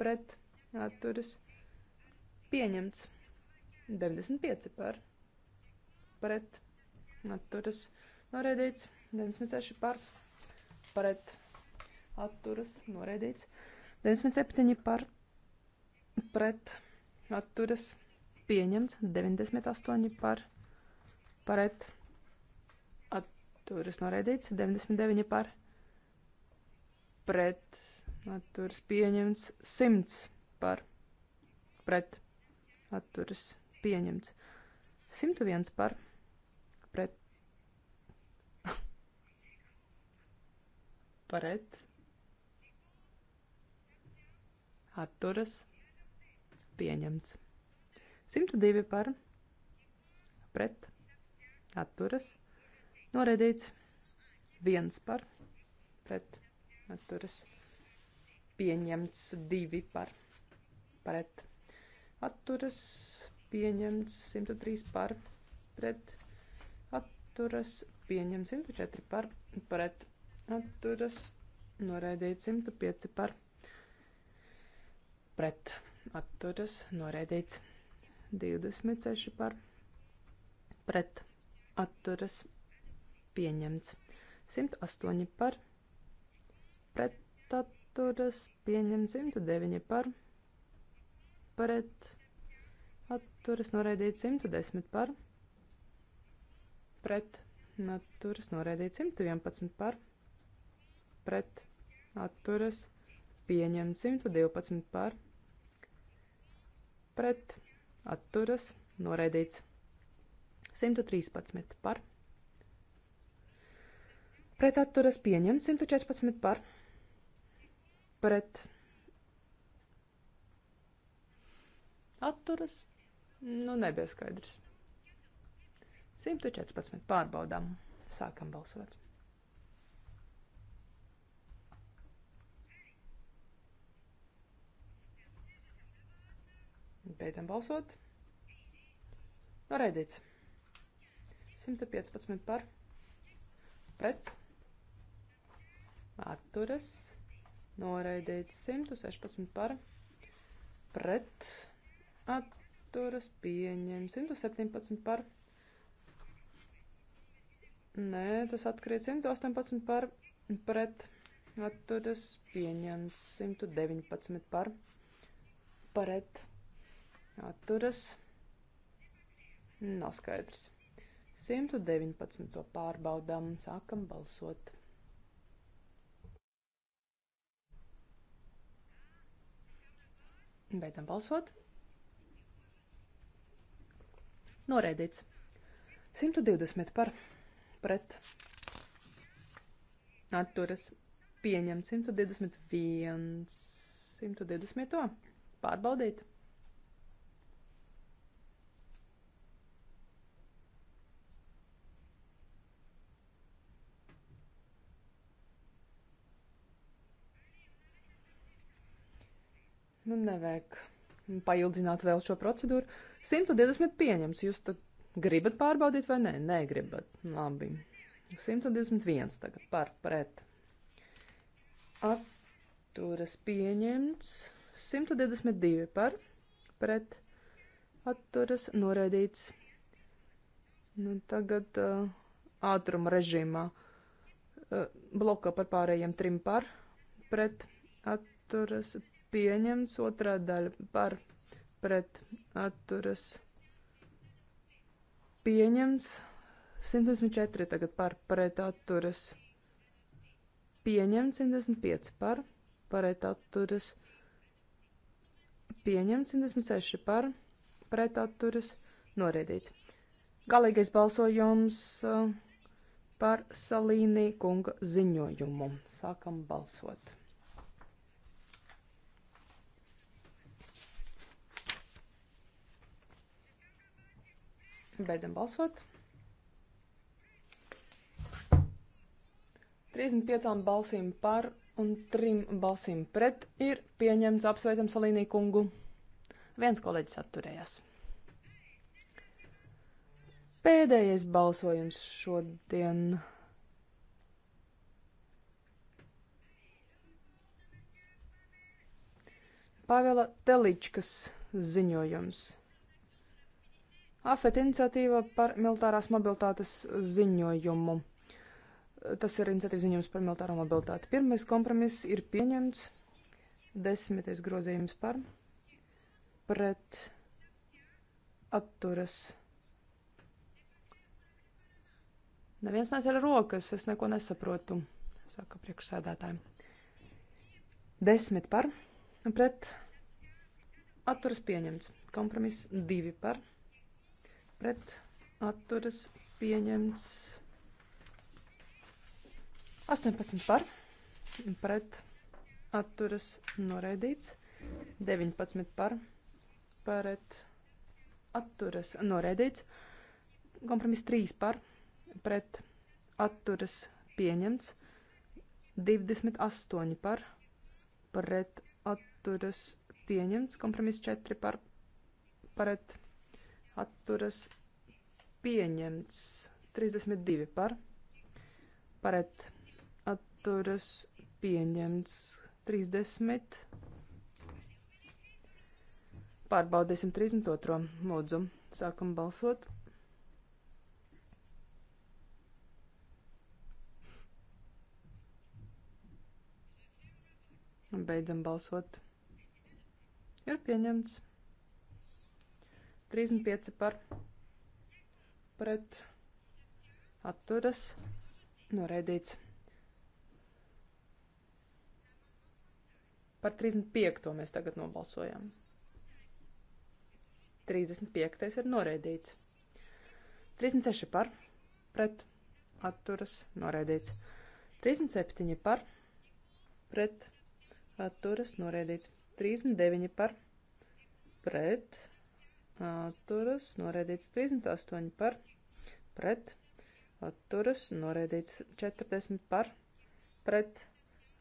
pret atturas pieņemts 95 par, pret atturas pieņemts noraidīts, 96 par pret atturas noraidīts, 97 par pret atturas pieņemts, 98 par pret atturas noraidīts, 99 par pret atturas pieņemts, 100 par pret atturas pieņemts, 101 par pret pret, atturas, pieņemts. 102 par, pret, atturas, noraidīts, 1 par, pret, atturas, pieņemts, 2 par, pret, atturas, pieņemts, 103 par, pret, atturas, pieņemts, 104 par, pret, atturas noraidīt 105 par pret atturas noraidīts 26 par pret atturas pieņemts 108 par pret atturas pieņemts 109 par pret atturas noraidīt 110 par pret atturas noraidīt 111 par pret pret atturas pieņemts 112 par pret atturas noraidīts 113 par pret atturas pieņemts 114 par pret atturas nu nebija skaidrs 114 pārbaudām sākam balsot Beidzam balsot. Noraidīts. 115 par. Pret. Atturas. Noraidīts. 116 par. Pret. Atturas. Pieņem. 117 par. Nē, tas atkrīt 118 par pret. Atturas pieņemts 119 par pret atturas nav skaidrs. 119. pārbaudām, sākam balsot. Beidzam balsot. Noreidīts. 120 par pret atturas. Pieņemt 121. 120. pārbaudīt. nevajag paildzināt vēl šo procedūru. 120 pieņems, jūs tad gribat pārbaudīt vai nē? Nē, gribat. Labi. 121 tagad par pret. Atturas pieņemts. 122 par pret. Atturas noraidīts. Nu, tagad uh, ātruma režīmā uh, blokā par pārējiem trim par pret. Atturas pieņemts, otrā daļa par pret atturas pieņemts, 104 tagad par pret atturas pieņemts, 105 par pret atturas pieņemts, 106 par pret atturas noraidīts. Galīgais balsojums uh, par Salīnī kunga ziņojumu. Sākam balsot. Beidzam balsot. 35 balsīm par un 3 balsīm pret ir pieņemts apsveicam Salīnī kungu. Viens kolēģis atturējās. Pēdējais balsojums šodien. Pāvela Teličkas ziņojums. AFET iniciatīva par militārās mobilitātes ziņojumu. Tas ir iniciatīvas ziņojums par militāro mobilitāti. Pirmais kompromiss ir pieņemts. Desmitais grozījums par pret atturas. Neviens neceļ rokas, es neko nesaprotu, saka priekšsēdētājiem. Desmit par pret atturas pieņemts. Kompromiss divi par pret pret atturas pieņemts 18 par, pret atturas noraidīts 19 par, pret atturas noraidīts, kompromiss 3 par, pret atturas pieņemts 28 par, pret atturas pieņemts kompromiss 4 par, pret atturas atturas pieņemts 32 par, pret atturas pieņemts 30. Pārbaudīsim 32. lūdzu. Sākam balsot. Beidzam balsot. Ir pieņemts. 35 par pret atturas noraidīts. Par 35 to mēs tagad nobalsojam. 35 ir noraidīts. 36 par pret atturas noraidīts. 37 par pret atturas noraidīts. 39 par pret atturas, noraidīts 38 par, pret, atturas, noraidīts 40 par, pret,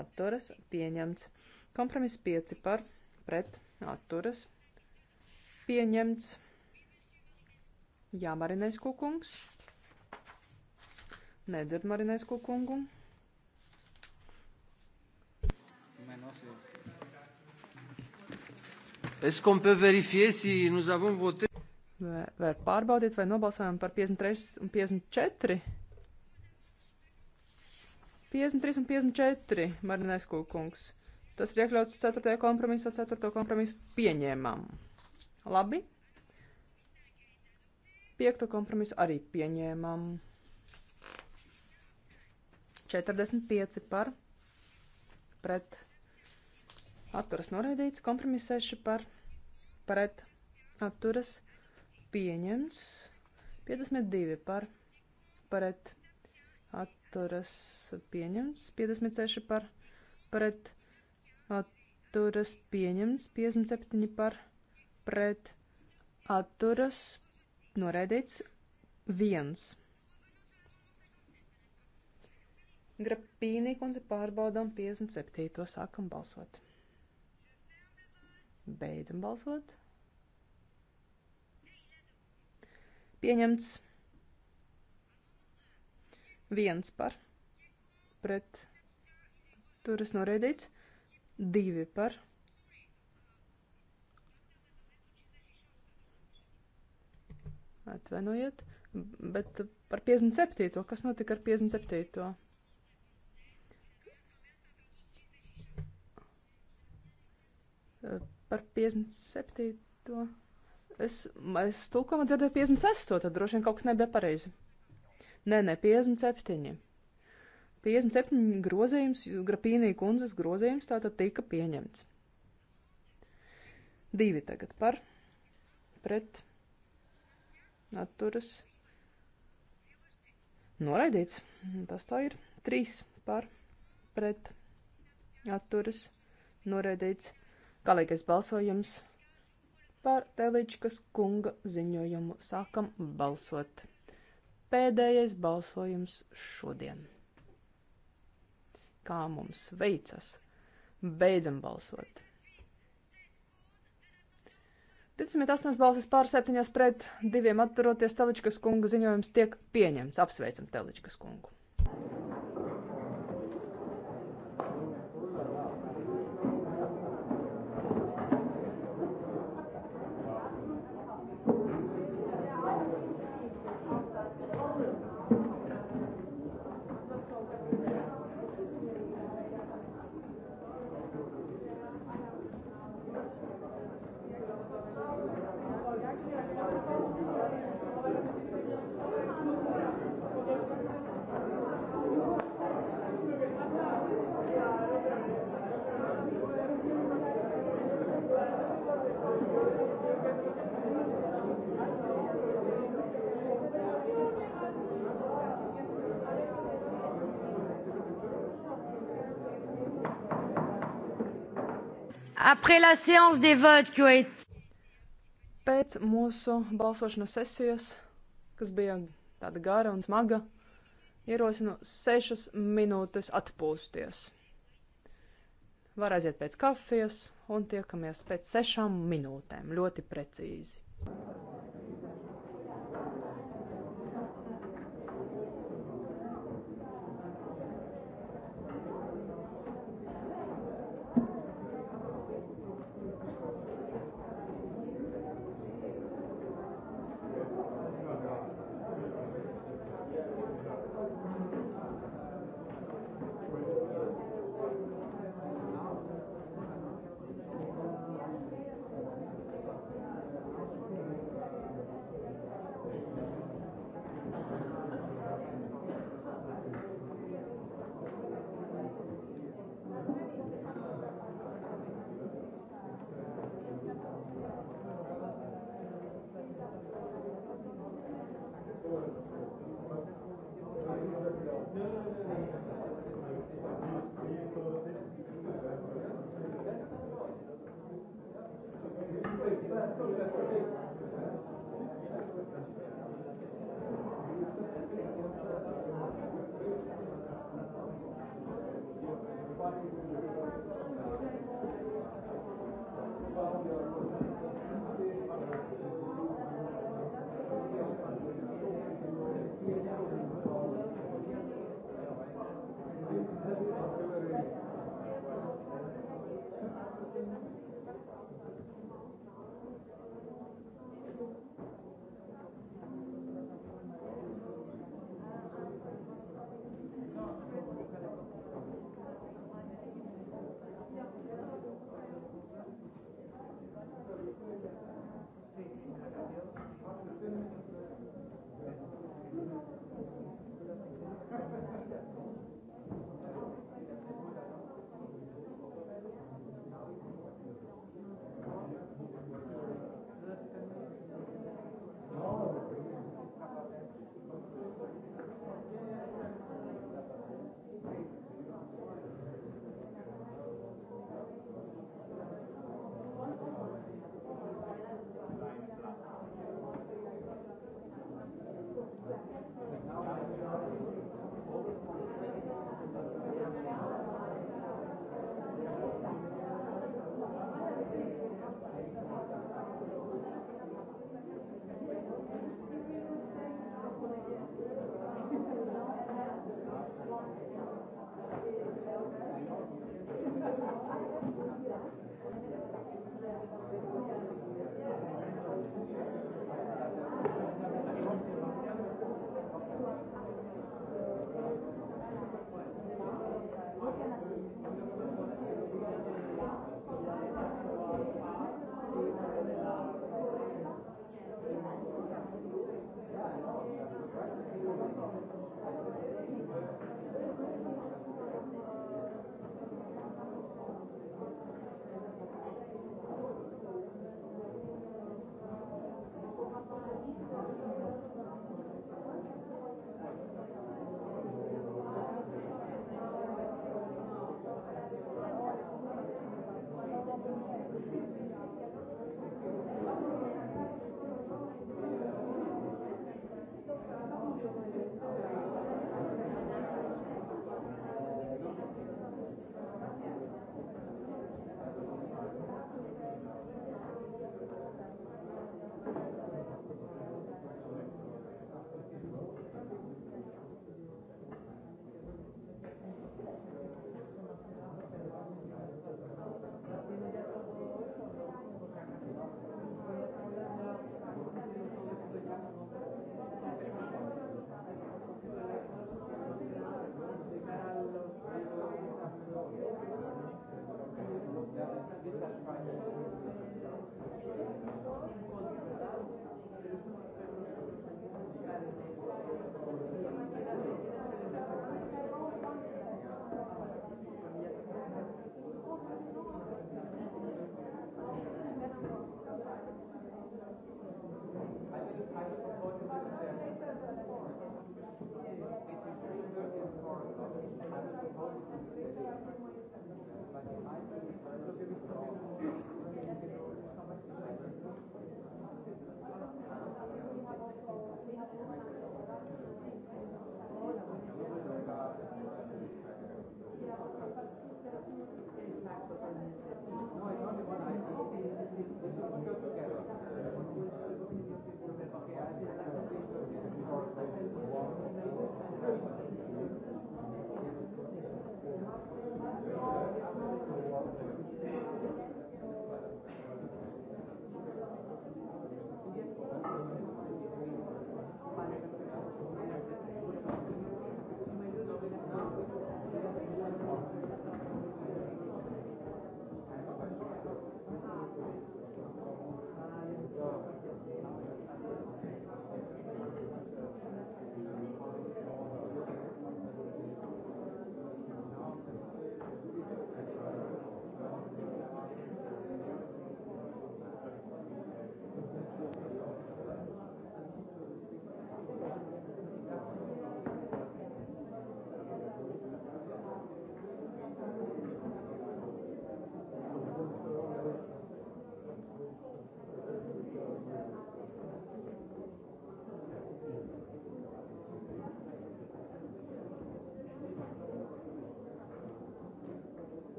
atturas, pieņemts. Kompromiss 5 par, pret, atturas, pieņemts. Jā, Marinais kukungs. Nedzird Marinais kukungu. Menos jau. Est-ce qu'on peut vérifier si nous avons voté? Vai, vai pārbaudīt, vai nobalsojām par 53 un 54? 53 un 54, Marinais Kūkungs. Tas ir iekļauts 4. kompromisā, 4. kompromisu pieņēmām. Labi. 5. kompromisu arī pieņēmām. 45 par pret atturas noraidīts, kompromiss 6 par pret atturas pieņemts, 52 par pret atturas pieņemts, 56 par pret atturas pieņemts, 57 par pret atturas noraidīts, 1. Grapīnī kundze pārbaudām 57. sākam balsot. Beidzam balsot. Pieņemts. Viens par. Pret. Turas noraidīts. Divi par. Atvainojiet. Bet par 57. Kas notika ar 57 par 57. Es, es tulkojumā dzirdēju 56. Tad droši vien kaut kas nebija pareizi. Nē, nē, 57. 57 grozījums, grapīnī kundzes grozījums tātad tika pieņemts. Divi tagad par, pret, atturas, noraidīts, tas tā ir. Trīs par, pret, atturas, noraidīts. Galīgais balsojums par Teličkas kunga ziņojumu. Sākam balsot. Pēdējais balsojums šodien. Kā mums veicas? Beidzam balsot. 28 balsis pār 7 pret 2 atturoties Teličkas kunga ziņojums tiek pieņemts. Apsveicam Teličkas kungu. Après la séance des votes, qui ont été. Pēc mūsu balsošanas sesijas, kas bija tāda gara un smaga, ierosinu sešas minūtes atpūsties. Var aiziet pēc kafijas un tiekamies pēc sešām minūtēm ļoti precīzi.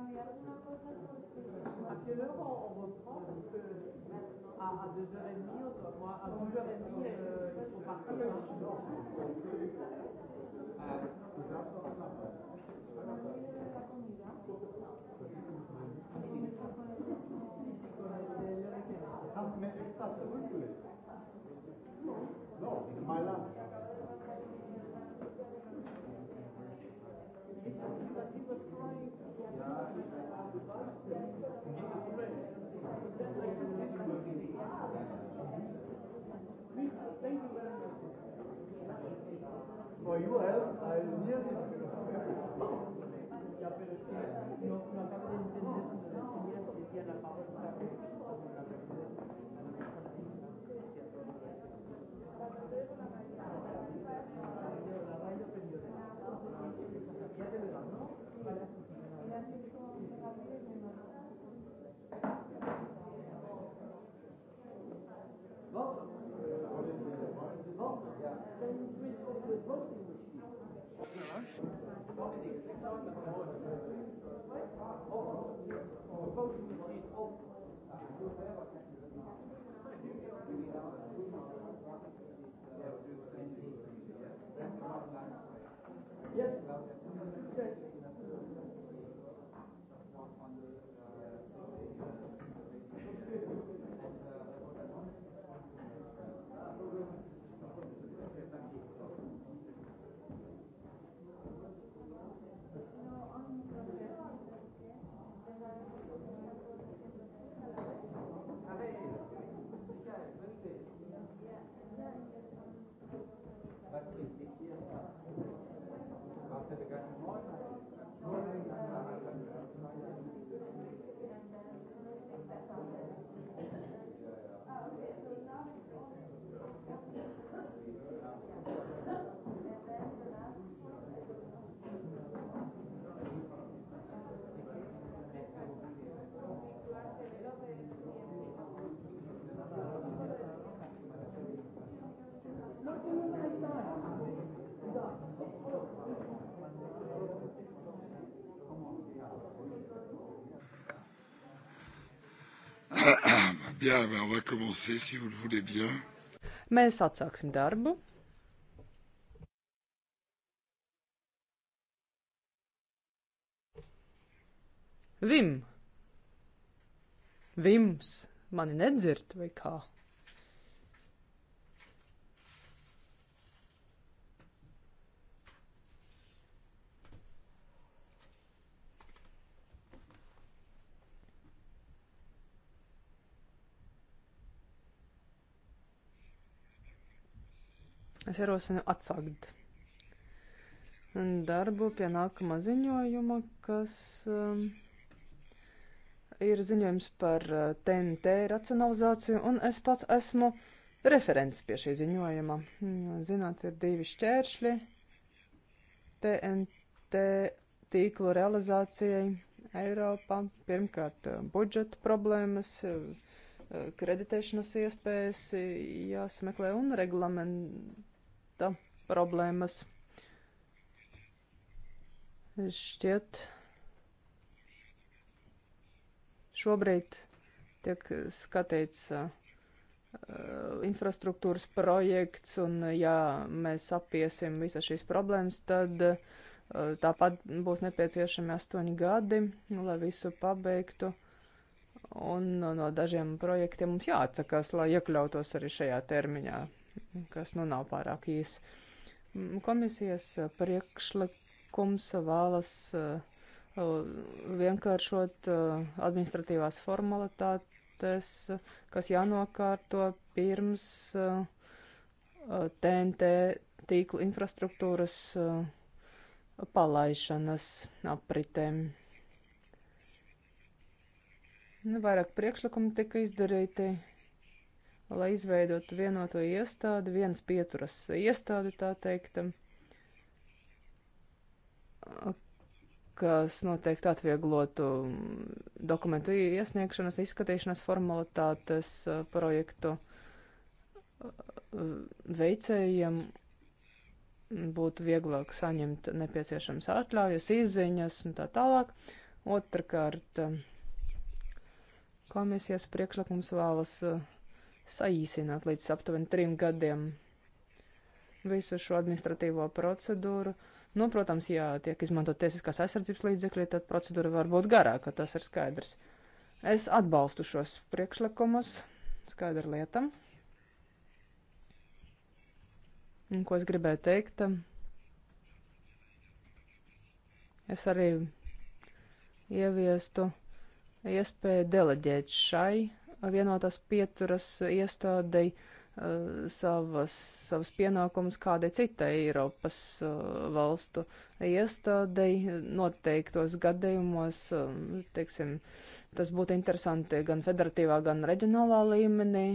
cambiar alguna cosa Parce que l'heure, on reprend parce que à, à 2h30, on doit, moi, à 2h30, euh, il faut partir. Mais está tudo isso. Não, my last. For you help, I nearly. Yes. Bien, ben on va commencer si vous le voulez bien. Mēs atsāksim darbu. Vim. Vims mani nedzird vai kā? Es ierosinu atsākt darbu pie nākamā ziņojuma, kas um, ir ziņojums par TNT uh, racionalizāciju, un es pats esmu referents pie šī ziņojuma. Zināt, ir divi šķēršļi TNT tīklu realizācijai Eiropā. Pirmkārt, uh, budžeta problēmas, uh, kreditēšanas iespējas jāsmeklē un reglamentu konflikta problēmas. Šķiet, šobrīd tiek skatīts uh, infrastruktūras projekts, un uh, ja mēs apiesim visas šīs problēmas, tad uh, tāpat būs nepieciešami astoņi gadi, lai visu pabeigtu. Un no, uh, no dažiem projektiem mums jāatsakās, lai iekļautos arī šajā termiņā kas nu nav pārāk īs. Komisijas priekšlikums vēlas uh, vienkāršot uh, administratīvās formalitātes, kas jānokārto pirms TNT uh, tīkla infrastruktūras palaišanas apritēm. Nu, vairāk priekšlikumu tika izdarīti lai izveidotu vienoto iestādi, viens pieturas iestādi, tā teikt, kas noteikti atvieglotu dokumentu iesniegšanas, izskatīšanas formalitātes eh, projektu eh, veicējiem būtu vieglāk saņemt nepieciešams atļaujas, izziņas un tā tālāk. Otrakārt, eh, komisijas priekšlikums vēlas uh, saīsināt līdz aptuveni trim gadiem visu šo administratīvo procedūru. Nu, protams, ja tiek izmantot tiesiskās aizsardzības līdzekļi, tad procedūra var būt garāka, tas ir skaidrs. Es atbalstu šos priekšlikumus, skaidru lietam. Un, ko es gribēju teikt? Es arī ieviestu iespēju deleģēt šai vienotās pieturas iestādei uh, savas, savas pienākumus kādai citai Eiropas uh, valstu iestādei noteiktos gadījumos. Um, teiksim, tas būtu interesanti gan federatīvā, gan reģionālā līmenī,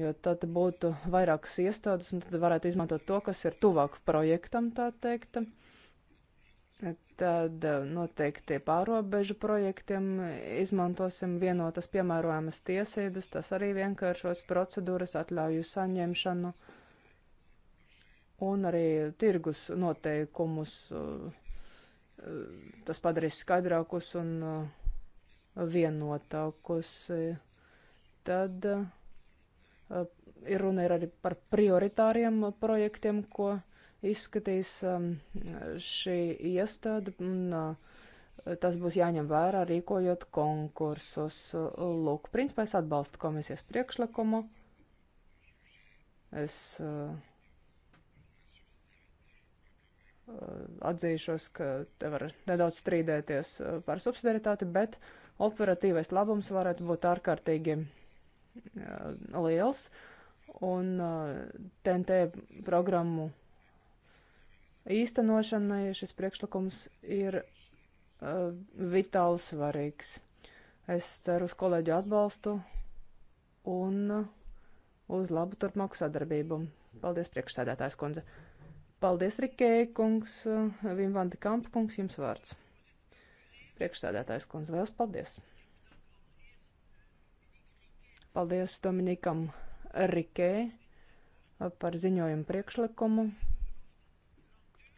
jo tad būtu vairākas iestādes un tad varētu izmantot to, kas ir tuvāk projektam, tā teikt. Uh, Tad eh, noteikti pārobežu projektiem izmantosim vienotas piemērojamas tiesības, tas arī vienkāršos procedūras atļauju saņemšanu un arī tirgus noteikumus. Eh, tas padarīs skaidrākus un eh, vienotākus. Tad ir runa ir arī par prioritāriem projektiem, ko izskatīs um, šī iestāde, un uh, tas būs jāņem vērā rīkojot konkursus. Lūk, principā es atbalstu komisijas priekšlikumu. Es uh, uh, atzīšos, ka te var nedaudz strīdēties par subsidiaritāti, bet operatīvais labums varētu būt ārkārtīgi liels. Un TNT programmu īstenošanai šis priekšlikums ir uh, vitāli svarīgs. Es ceru uz kolēģu atbalstu un uz labu turpmāku sadarbību. Paldies, priekšsēdētājs kundze. Paldies, Rikēja kungs, Vimvanti Kampa kungs, jums vārds. Priekšsēdētājs kundze, vēlas paldies. Paldies Dominikam Rikē par ziņojumu priekšlikumu.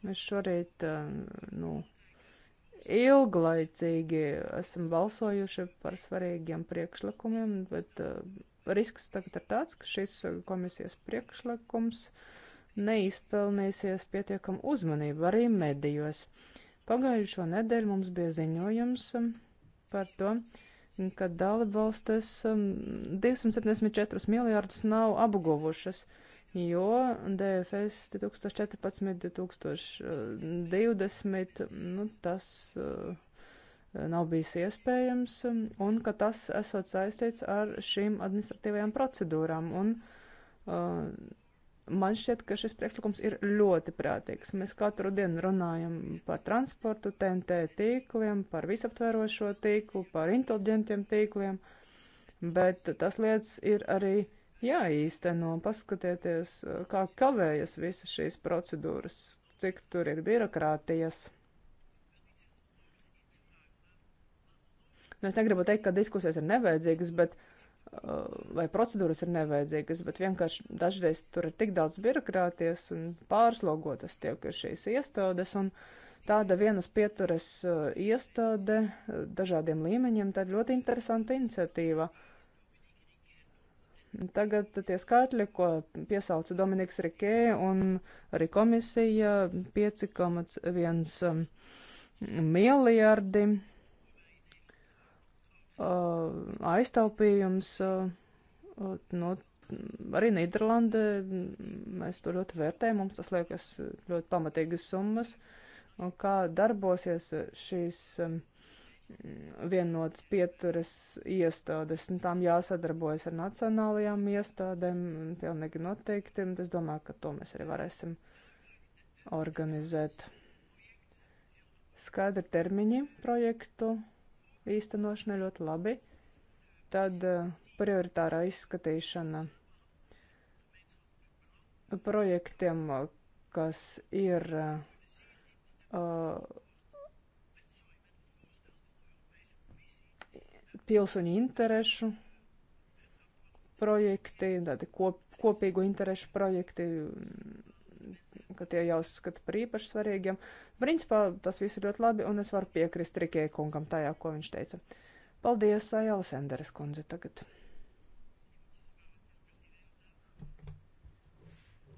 Mēs šorīt, nu, ilglaicīgi esam balsojuši par svarīgiem priekšlikumiem, bet risks tagad ir tāds, ka šis komisijas priekšlikums neizpelnīsies pietiekam uzmanību arī medijos. Pagājušo nedēļu mums bija ziņojums par to, ka dalībvalstis 274 miljārdus nav apguvušas. Uh, jo DFS 2014-2020 nu, tas eh, nav bijis iespējams un ka tas esot saistīts ar šīm administratīvajām procedūrām. Un, eh, Man šķiet, ka šis priekšlikums ir ļoti prātīgs. Mēs katru dienu runājam par transportu, TNT tīkliem, par visaptverošo tīklu, par inteliģentiem tīkliem, bet tas lietas ir arī uh, jāīsteno, paskatieties, eh, kā kavējas visas šīs procedūras, cik tur ir birokrātijas. Nu, es negribu teikt, ka diskusijas ir nevajadzīgas, bet, eh, vai procedūras ir nevajadzīgas, bet vienkārši dažreiz tur ir tik daudz birokrātijas un pārslogotas tiek šīs iestādes. Un, tāda vienas pieturas uh, iestāde dažādiem līmeņiem, tad ļoti interesanta iniciatīva. Tagad tie skaitļi, ko piesauca Dominiks Rikē un arī komisija, 5,1 um, miljardi uh, aiztaupījums. Uh, uh, nu, arī Nīderlande, mm, mēs to ļoti vērtējam, mums tas liekas ļoti pamatīgas summas. Kā darbosies šīs. Um, vienotas pieturas iestādes, un tām jāsadarbojas ar nacionālajām iestādēm, pilnīgi noteikti, un es domāju, ka to mēs arī varēsim organizēt. Skaidri termiņi projektu īstenošana ļoti labi, tad eh, prioritārā izskatīšana projektiem, eh, kas ir uh, pilsoņu interešu projekti, tādi kop, kopīgu interešu projekti, ka tie jāuzskata par īpaši svarīgiem. Principā tas viss ir ļoti labi, un es varu piekrist Rikē kungam tajā, ko viņš teica. Paldies, Ajala Senderes kundze tagad.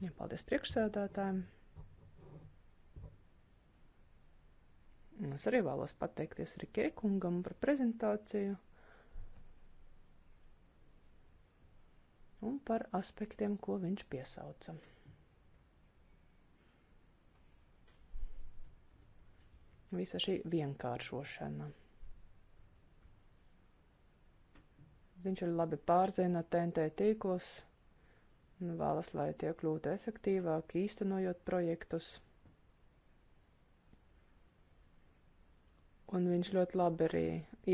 Jā, paldies priekšsēdētājiem. Es arī vēlos pateikties Rikē kungam par prezentāciju. un par aspektiem, ko viņš piesauca. Visa šī vienkāršošana. Viņš ir labi pārzina TNT tīklus, vēlas, lai tie kļūtu efektīvāki, īstenojot projektus. Un viņš ļoti labi arī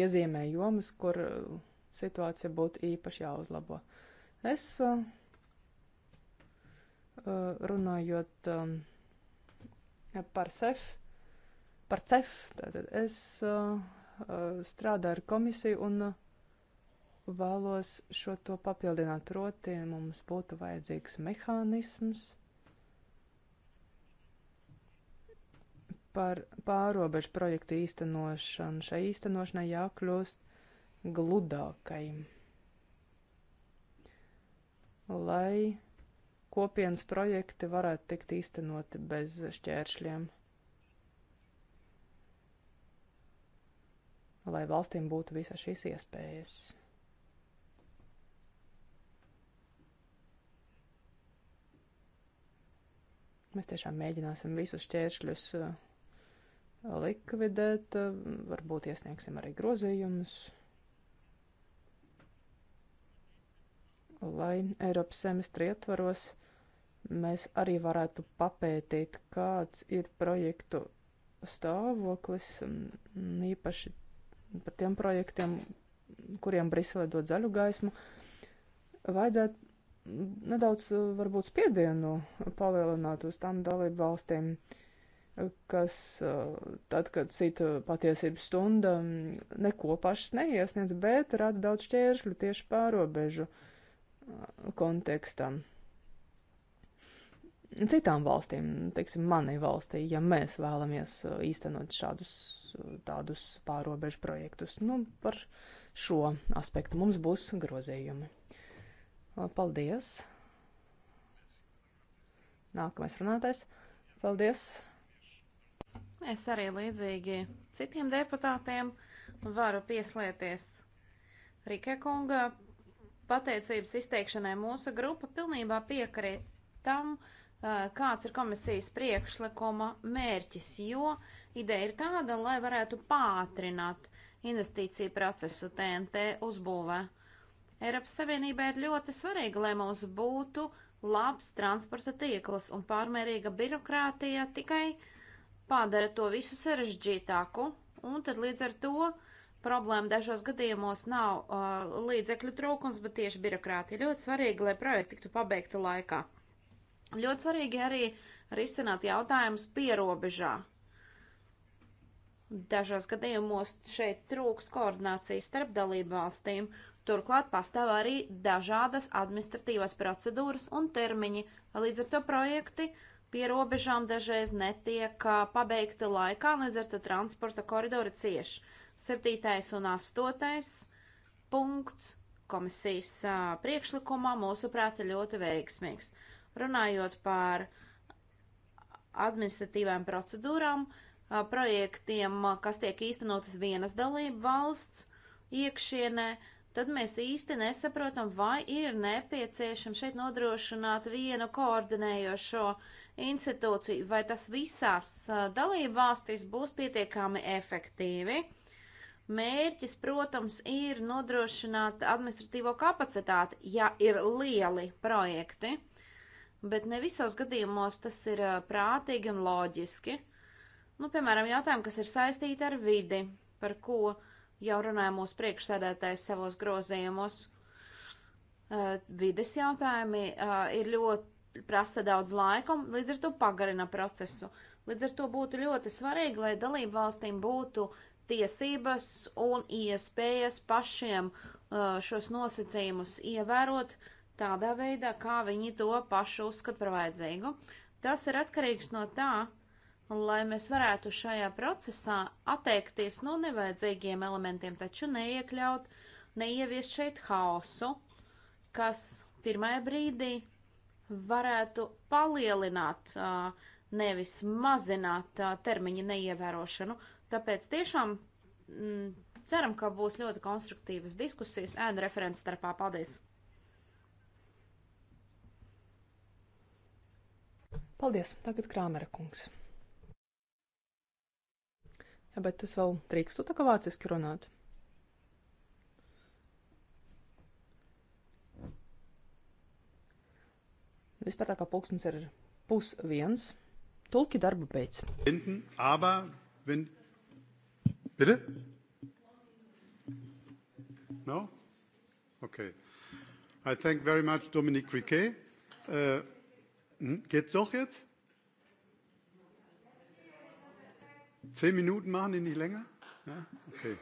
iezīmē jomas, kur uh, situācija būtu īpaši jāuzlabo. Uh, Es uh, uh, runājot um, par CEF, par CEF, tātad es uh, strādāju ar komisiju un vēlos šo to papildināt. Proti, mums būtu vajadzīgs mehānisms par pārobežu projektu īstenošanu. Šai īstenošanai jākļūst gludākai lai kopienas projekti varētu tikt īstenoti bez šķēršļiem. Lai valstīm būtu visas šīs iespējas. Mēs tiešām mēģināsim visus šķēršļus uh, likvidēt, uh, varbūt iesniegsim arī grozījumus. lai Eiropas semestri ietvaros mēs arī varētu papētīt, kāds ir projektu stāvoklis, mm, īpaši par tiem projektiem, kuriem Briselē dod zaļu gaismu. Vajadzētu mm, nedaudz, varbūt, spiedienu palielināt uz tām dalību valstīm, kas uh, tad, kad cita patiesības stunda mm, neko pašas neiesniedz, bet rada daudz šķēršļu tieši pārobežu. Uh, kontekstam. Citām valstīm, teiksim, manai valstī, ja mēs vēlamies uh, īstenot šādus uh, tādus pārobežu projektus, nu, par šo aspektu mums būs grozījumi. Uh, paldies! Nākamais runātais. Paldies! Es arī līdzīgi citiem deputātiem varu pieslieties Rikē kunga pateicības izteikšanai. Mūsu grupa pilnībā piekrīt tam, kāds ir komisijas priekšlikuma mērķis, jo ideja ir tāda, lai varētu pātrināt investīciju procesu TNT uzbūvē. Eiropas Savienībā ir ļoti svarīgi, lai mums būtu labs transporta tīkls un pārmērīga birokrātija tikai padara to visu sarežģītāku, un tad līdz ar to uh, problēma dažos gadījumos nav uh, līdzekļu trūkums, bet tieši birokrātija. Ļoti svarīgi, lai projekti tiktu pabeigti laikā. Ļoti svarīgi arī risināt jautājumus pierobežā. Dažos gadījumos šeit trūks koordinācijas starp dalību valstīm, turklāt pastāv arī dažādas administratīvas procedūras un termiņi, līdz ar to projekti pie robežām dažreiz netiek uh, pabeigti laikā, līdz ar to transporta koridori cieši. Septītais un astotais punkts komisijas priekšlikumā mūsuprāt ir ļoti veiksmīgs. Runājot par administratīvām procedūrām, projektiem, kas tiek īstenotas vienas dalību valsts iekšienē, tad mēs īsti nesaprotam, vai ir nepieciešams šeit nodrošināt vienu koordinējošo institūciju, vai tas visās dalību valstīs būs pietiekami efektīvi. Mērķis, protams, ir nodrošināt administratīvo kapacitāti, ja ir lieli projekti, bet ne visos gadījumos tas ir prātīgi un loģiski. Nu, piemēram, jautājumi, kas ir saistīti ar vidi, par ko jau runāja mūsu priekšsēdētājs savos grozījumos. Uh, vides jautājumi uh, ir ļoti prasa daudz laika, līdz ar to pagarina procesu. Līdz ar to būtu ļoti svarīgi, lai dalību valstīm būtu tiesības un iespējas pašiem uh, šos nosacījumus ievērot tādā veidā, kā viņi to pašu uzskata par vajadzīgu. Tas ir atkarīgs no tā, lai mēs varētu šajā procesā atteikties no nevajadzīgiem elementiem, taču neiekļaut, neieviest šeit haosu, kas pirmajā brīdī varētu palielināt, uh, nevis mazināt uh, termiņa neievērošanu. Tāpēc tiešām mm, ceram, ka būs ļoti konstruktīvas diskusijas ēnu referents starpā. Paldies! Paldies! Tagad Krāmera kungs. Jā, bet es vēl drīkstu tā kā vāciski runāt. Vispār tā kā pulkstens ir pus viens, tulki darbu beidz. Hinten, aber, wenn Bitte? No? Okay. I thank very much Dominique Riquet. Äh, hm, geht's doch jetzt? Zehn Minuten machen die nicht länger? Ja? Okay.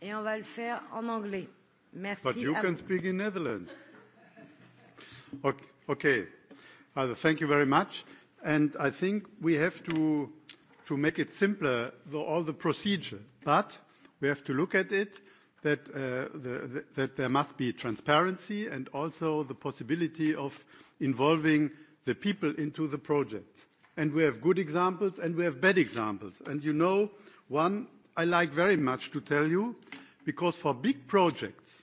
Et on va le faire en anglais. Merci. But you à can vous. speak in Netherlands. Okay. okay. Thank you very much. And I think we have to, to make it simpler, the, all the procedure. But we have to look at it that, uh, the, that there must be transparency and also the possibility of involving the people into the project. And we have good examples, and we have bad examples. And you know, one I like very much to tell you, because for big projects,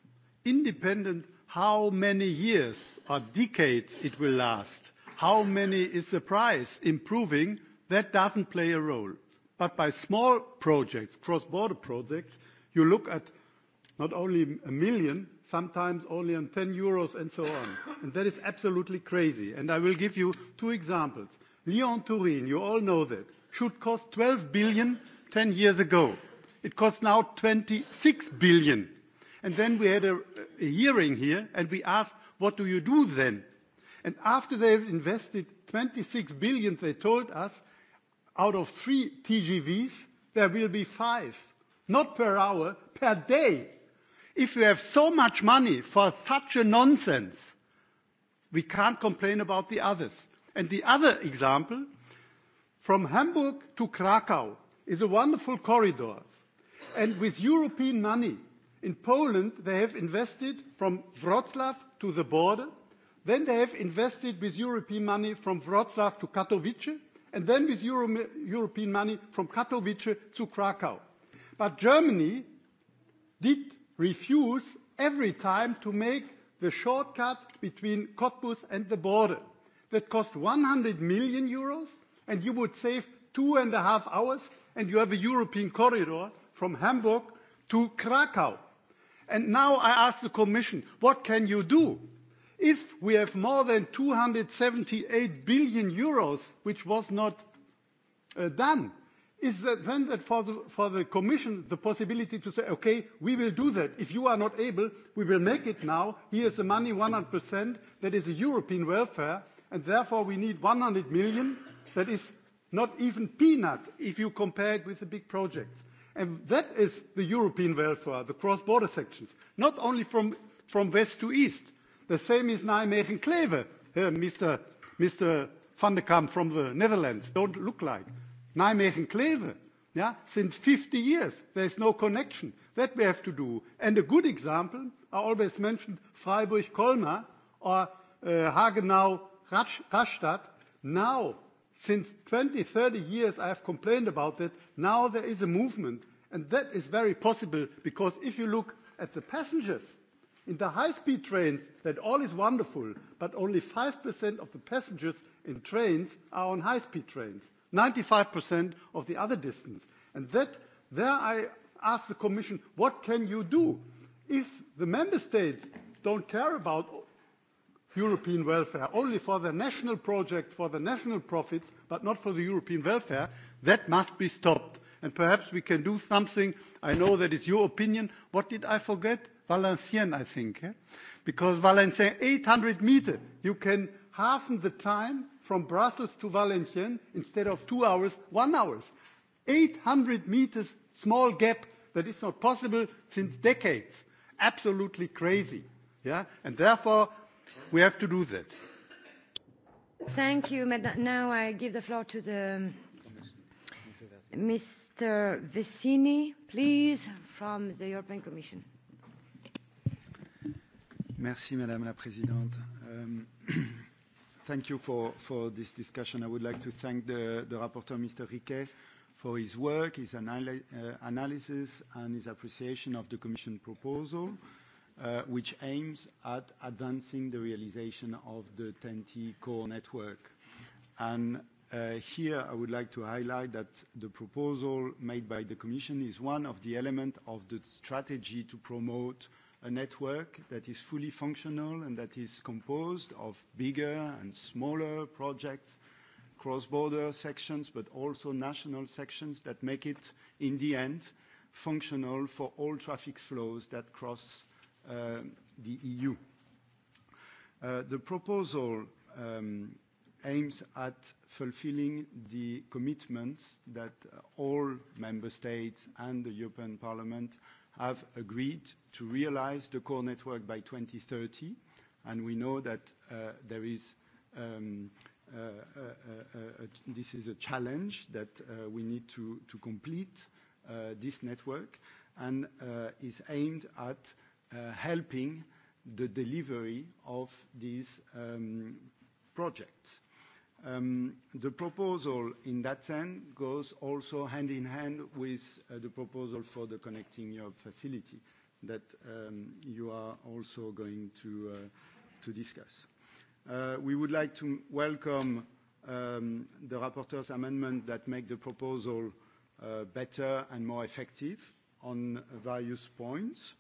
independent how many years or decades it will last, how many is the price improving, that doesn't play a role. But by small projects, cross-border projects, you look at not only 1 million, sometimes only on 10 euros and so on. And that is absolutely crazy. And I will give you two examples. Lyon-Turin, you all know that, should cost 12 billion 10 years ago. It costs now 26 billion. And then we had a, a hearing here, and we asked, "What do you do then?" And after they've invested 26 billion, they told us, out of three TGVs, there will be five, not per hour, per day. If you have so much money for such a nonsense, we can't complain about the others. And the other example, from Hamburg to Krakow, is a wonderful corridor. And with European money, in Poland, they have invested from Wrocław to the border Then they have invested with European money from Wrocław to Katowice, and then with Euro European money from Katowice to Krakow. But Germany did refuse every time to make the shortcut between Cottbus and the border. That cost 100 million euros, and you would save two and a half hours, and you have a European corridor from Hamburg to Krakow. And now I ask the Commission, what can you do? If we have more than 278 billion euros, which was not uh, done, is that then that for the, for the commission, the possibility to say, "Okay, we will do that. If you are not able, we will make it now. Here's the money, 100%. That is a European welfare, and therefore we need 100 million. That is not even peanut if you compare it with the big projects." And that is the European welfare, the cross-border sections, not only from, from west to east, The same is Nijmegen-Kleve, uh, Mr. Mr. van de Kamp from the Netherlands. Don't look like. Nijmegen-Kleve, yeah, since 50 years, there's no connection. That we have to do. And a good example, I always mentioned Freiburg-Colmar or uh, Hagenau-Rastatt. Now, since 20, 30 years, I have complained about that. Now there is a movement. And that is very possible because if you look at the passengers – In the high-speed trains, that all is wonderful, but only 5% of the passengers in trains are on high-speed trains, 95% of the other distance. And that, there I ask the Commission, what can you do? If the member states don't care about European welfare, only for the national project, for the national profits, but not for the European welfare, that must be stopped. And perhaps we can do something. I know that is your opinion. What did I forget? Valenciennes, I think. Eh? Because Valenciennes, 800 meter, you can half the time from Brussels to Valenciennes instead of two hours, one hours. 800 meters small gap that is not possible since decades. Absolutely crazy. Yeah? And therefore, we have to do that. Thank you. Now I give the floor to the Mr. Um, Vecini, please, from the European Commission. Merci, Madame la Présidente. Um, *clears throat* thank you for, for this discussion. I would like to thank the, the rapporteur, Mr. Riquet, for his work, his analy uh, analysis, and his appreciation of the Commission proposal, uh, which aims at advancing the realization of the TEN-T core network. And Uh, here, I would like to highlight that the proposal made by the Commission is one of the element of the strategy to promote a network that is fully functional and that is composed of bigger and smaller projects, cross-border sections, but also national sections that make it, in the end, functional for all traffic flows that cross uh, the EU. Uh, the proposal um, aims at fulfilling the commitments that uh, all member states and the European Parliament have agreed to realize the core network by 2030, and we know that uh, there is um, uh, uh, uh, uh this is a challenge that we need to, to complete this network and is aimed at helping the delivery of these um, projects. Um, the proposal in that sense goes also hand in hand with uh, the proposal for the Connecting Europe facility that um, you are also going to, uh, to discuss. Uh, we would like to welcome um, the rapporteur's amendment that make the proposal uh, better and more effective on various points.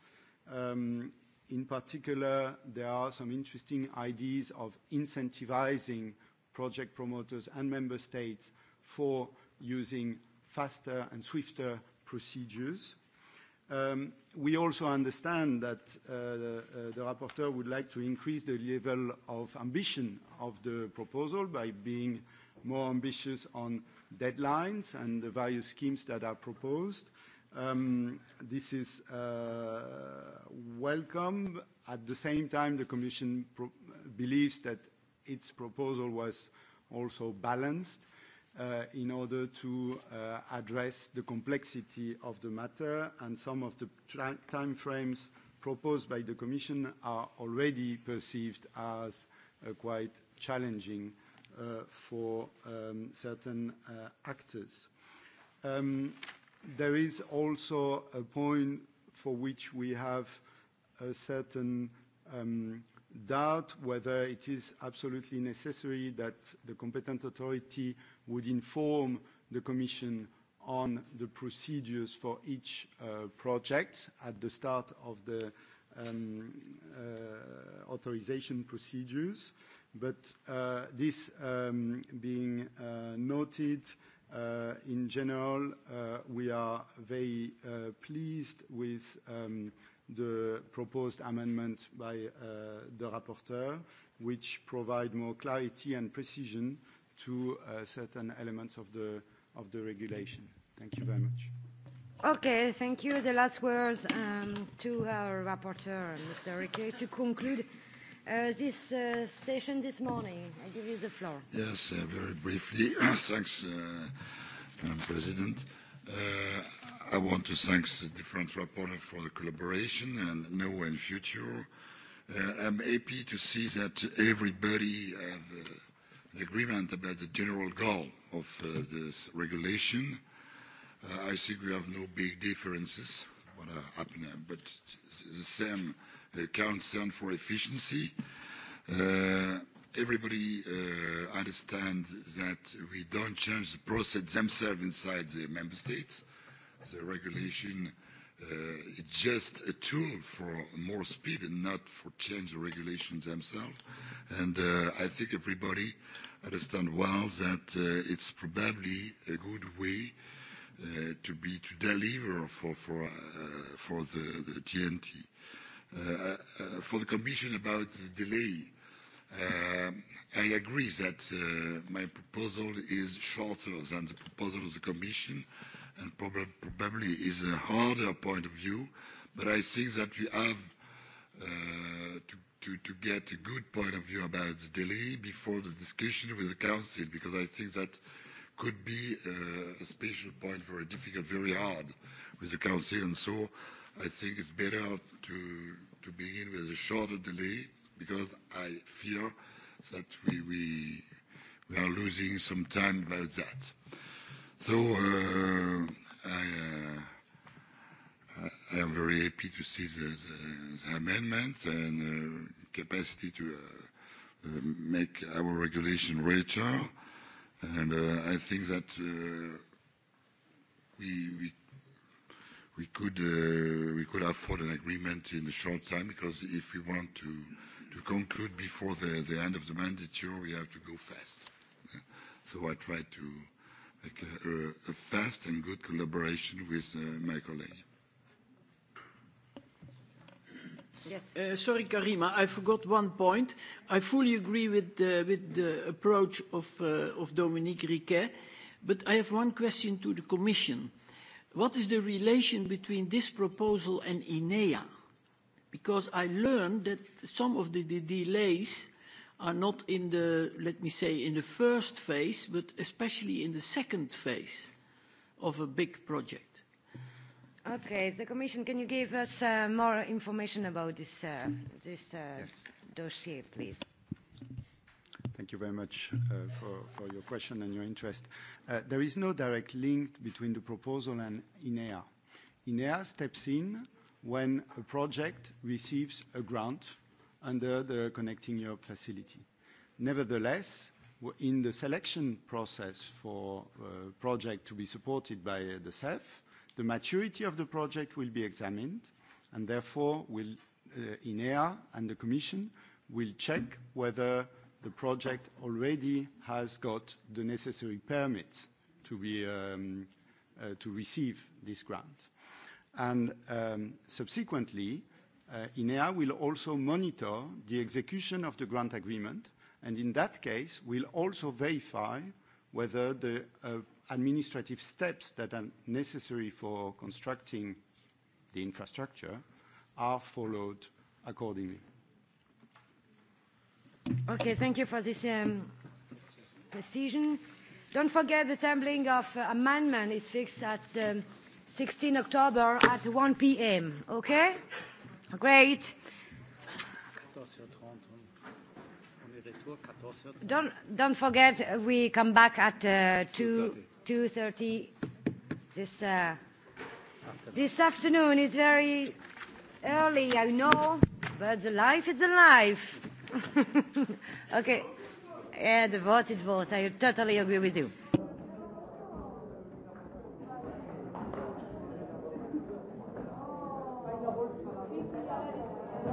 Um, in particular, there are some interesting ideas of incentivizing project promoters and member states for using faster and swifter procedures. Um, we also understand that uh, the, uh, the rapporteur would like to increase the level of ambition of the proposal by being more ambitious on deadlines and the various schemes that are proposed. Um, this is uh, welcome. At the same time, the Commission believes that its proposal was also balanced uh, in order to uh, address the complexity of the matter, and some of the time frames proposed by the Commission are already perceived as uh, quite challenging uh, for um, certain uh, actors. Um, there is also a point for which we have a certain um, doubt whether it is absolutely necessary that the competent authority would inform the Commission on the procedures for each uh, project at the start of the um, uh, authorization procedures. But uh, this um, being uh, noted, uh, in general, uh, we are very pleased with um, the proposed amendment by uh, the rapporteur, which provide more clarity and precision to uh, certain elements of the, of the regulation. Thank you very much. Okay, thank you. The last words um, to our rapporteur, Mr. Riquet, to conclude uh, this uh, session this morning. I give you the floor. Yes, uh, very briefly. *coughs* Thanks, uh, Madam President. Uh, I want to thank the different rapporteurs for the collaboration and now and future. Uh, I'm happy to see that everybody have uh, an agreement about the general goal of uh, this regulation. Uh, I think we have no big differences, what are happening, but the same uh, concern for efficiency. Uh, everybody uh, understands that we don't change the process themselves inside the member states the regulation uh, it's just a tool for more speed and not for change the regulations themselves. And uh, I think everybody understand well that uh, it's probably a good way uh, to be to deliver for for uh, for the, the TNT. Uh, uh, for the Commission about the delay, uh, I agree that uh, my proposal is shorter than the proposal of the Commission. Uh, and prob probably is a harder point of view. But I think that we have uh, to, to, to get a good point of view about the delay before the discussion with the Council, because I think that could be uh, a special point for a difficult, very hard with the Council. And so I think it's better to, to begin with a shorter delay, because I fear that we, we, we are losing some time about that. Uh, So uh, I, uh, I am very happy to see the, the, the amendments and uh, capacity to uh, uh, make our regulation richer. And uh, I think that uh, we, we, we, could, uh, we could afford an agreement in the short time because if we want to, to conclude before the, the end of the mandate, we have to go fast. So I try to like a, a fast and good collaboration with uh, my colleague. Yes. Uh, sorry, Karima, I forgot one point. I fully agree with the, with the approach of, uh, of Dominique Riquet, but I have one question to the Commission. What is the relation between this proposal and INEA? Because I learned that some of the, the delays are not in the, let me say, in the first phase, but especially in the second phase of a big project. Okay. The Commission, can you give us uh, more information about this, uh, this uh, yes. dossier, please? Thank you very much uh, for, for your question and your interest. Uh, there is no direct link between the proposal and INEA. INEA steps in when a project receives a grant under the Connecting Europe facility. Nevertheless, in the selection process for a uh, project to be supported by uh, the CEF, the maturity of the project will be examined, and therefore will uh, INEA and the Commission will check whether the project already has got the necessary permits to be um, uh, to receive this grant. And um, subsequently, Uh, INEA will also monitor the execution of the grant agreement, and in that case, will also verify whether the uh, administrative steps that are necessary for constructing the infrastructure are followed accordingly. Okay, thank you for this um, precision. Don't forget the tabling of uh, amendment is fixed at um, 16 October at 1 p.m., okay? Ah, great. Don't, don't forget, uh, we come back at uh, 2, 2.30 this, uh, this afternoon. It's very early, I know, but the life is the life. *laughs* okay. Yeah, the vote is vote. I totally agree with you.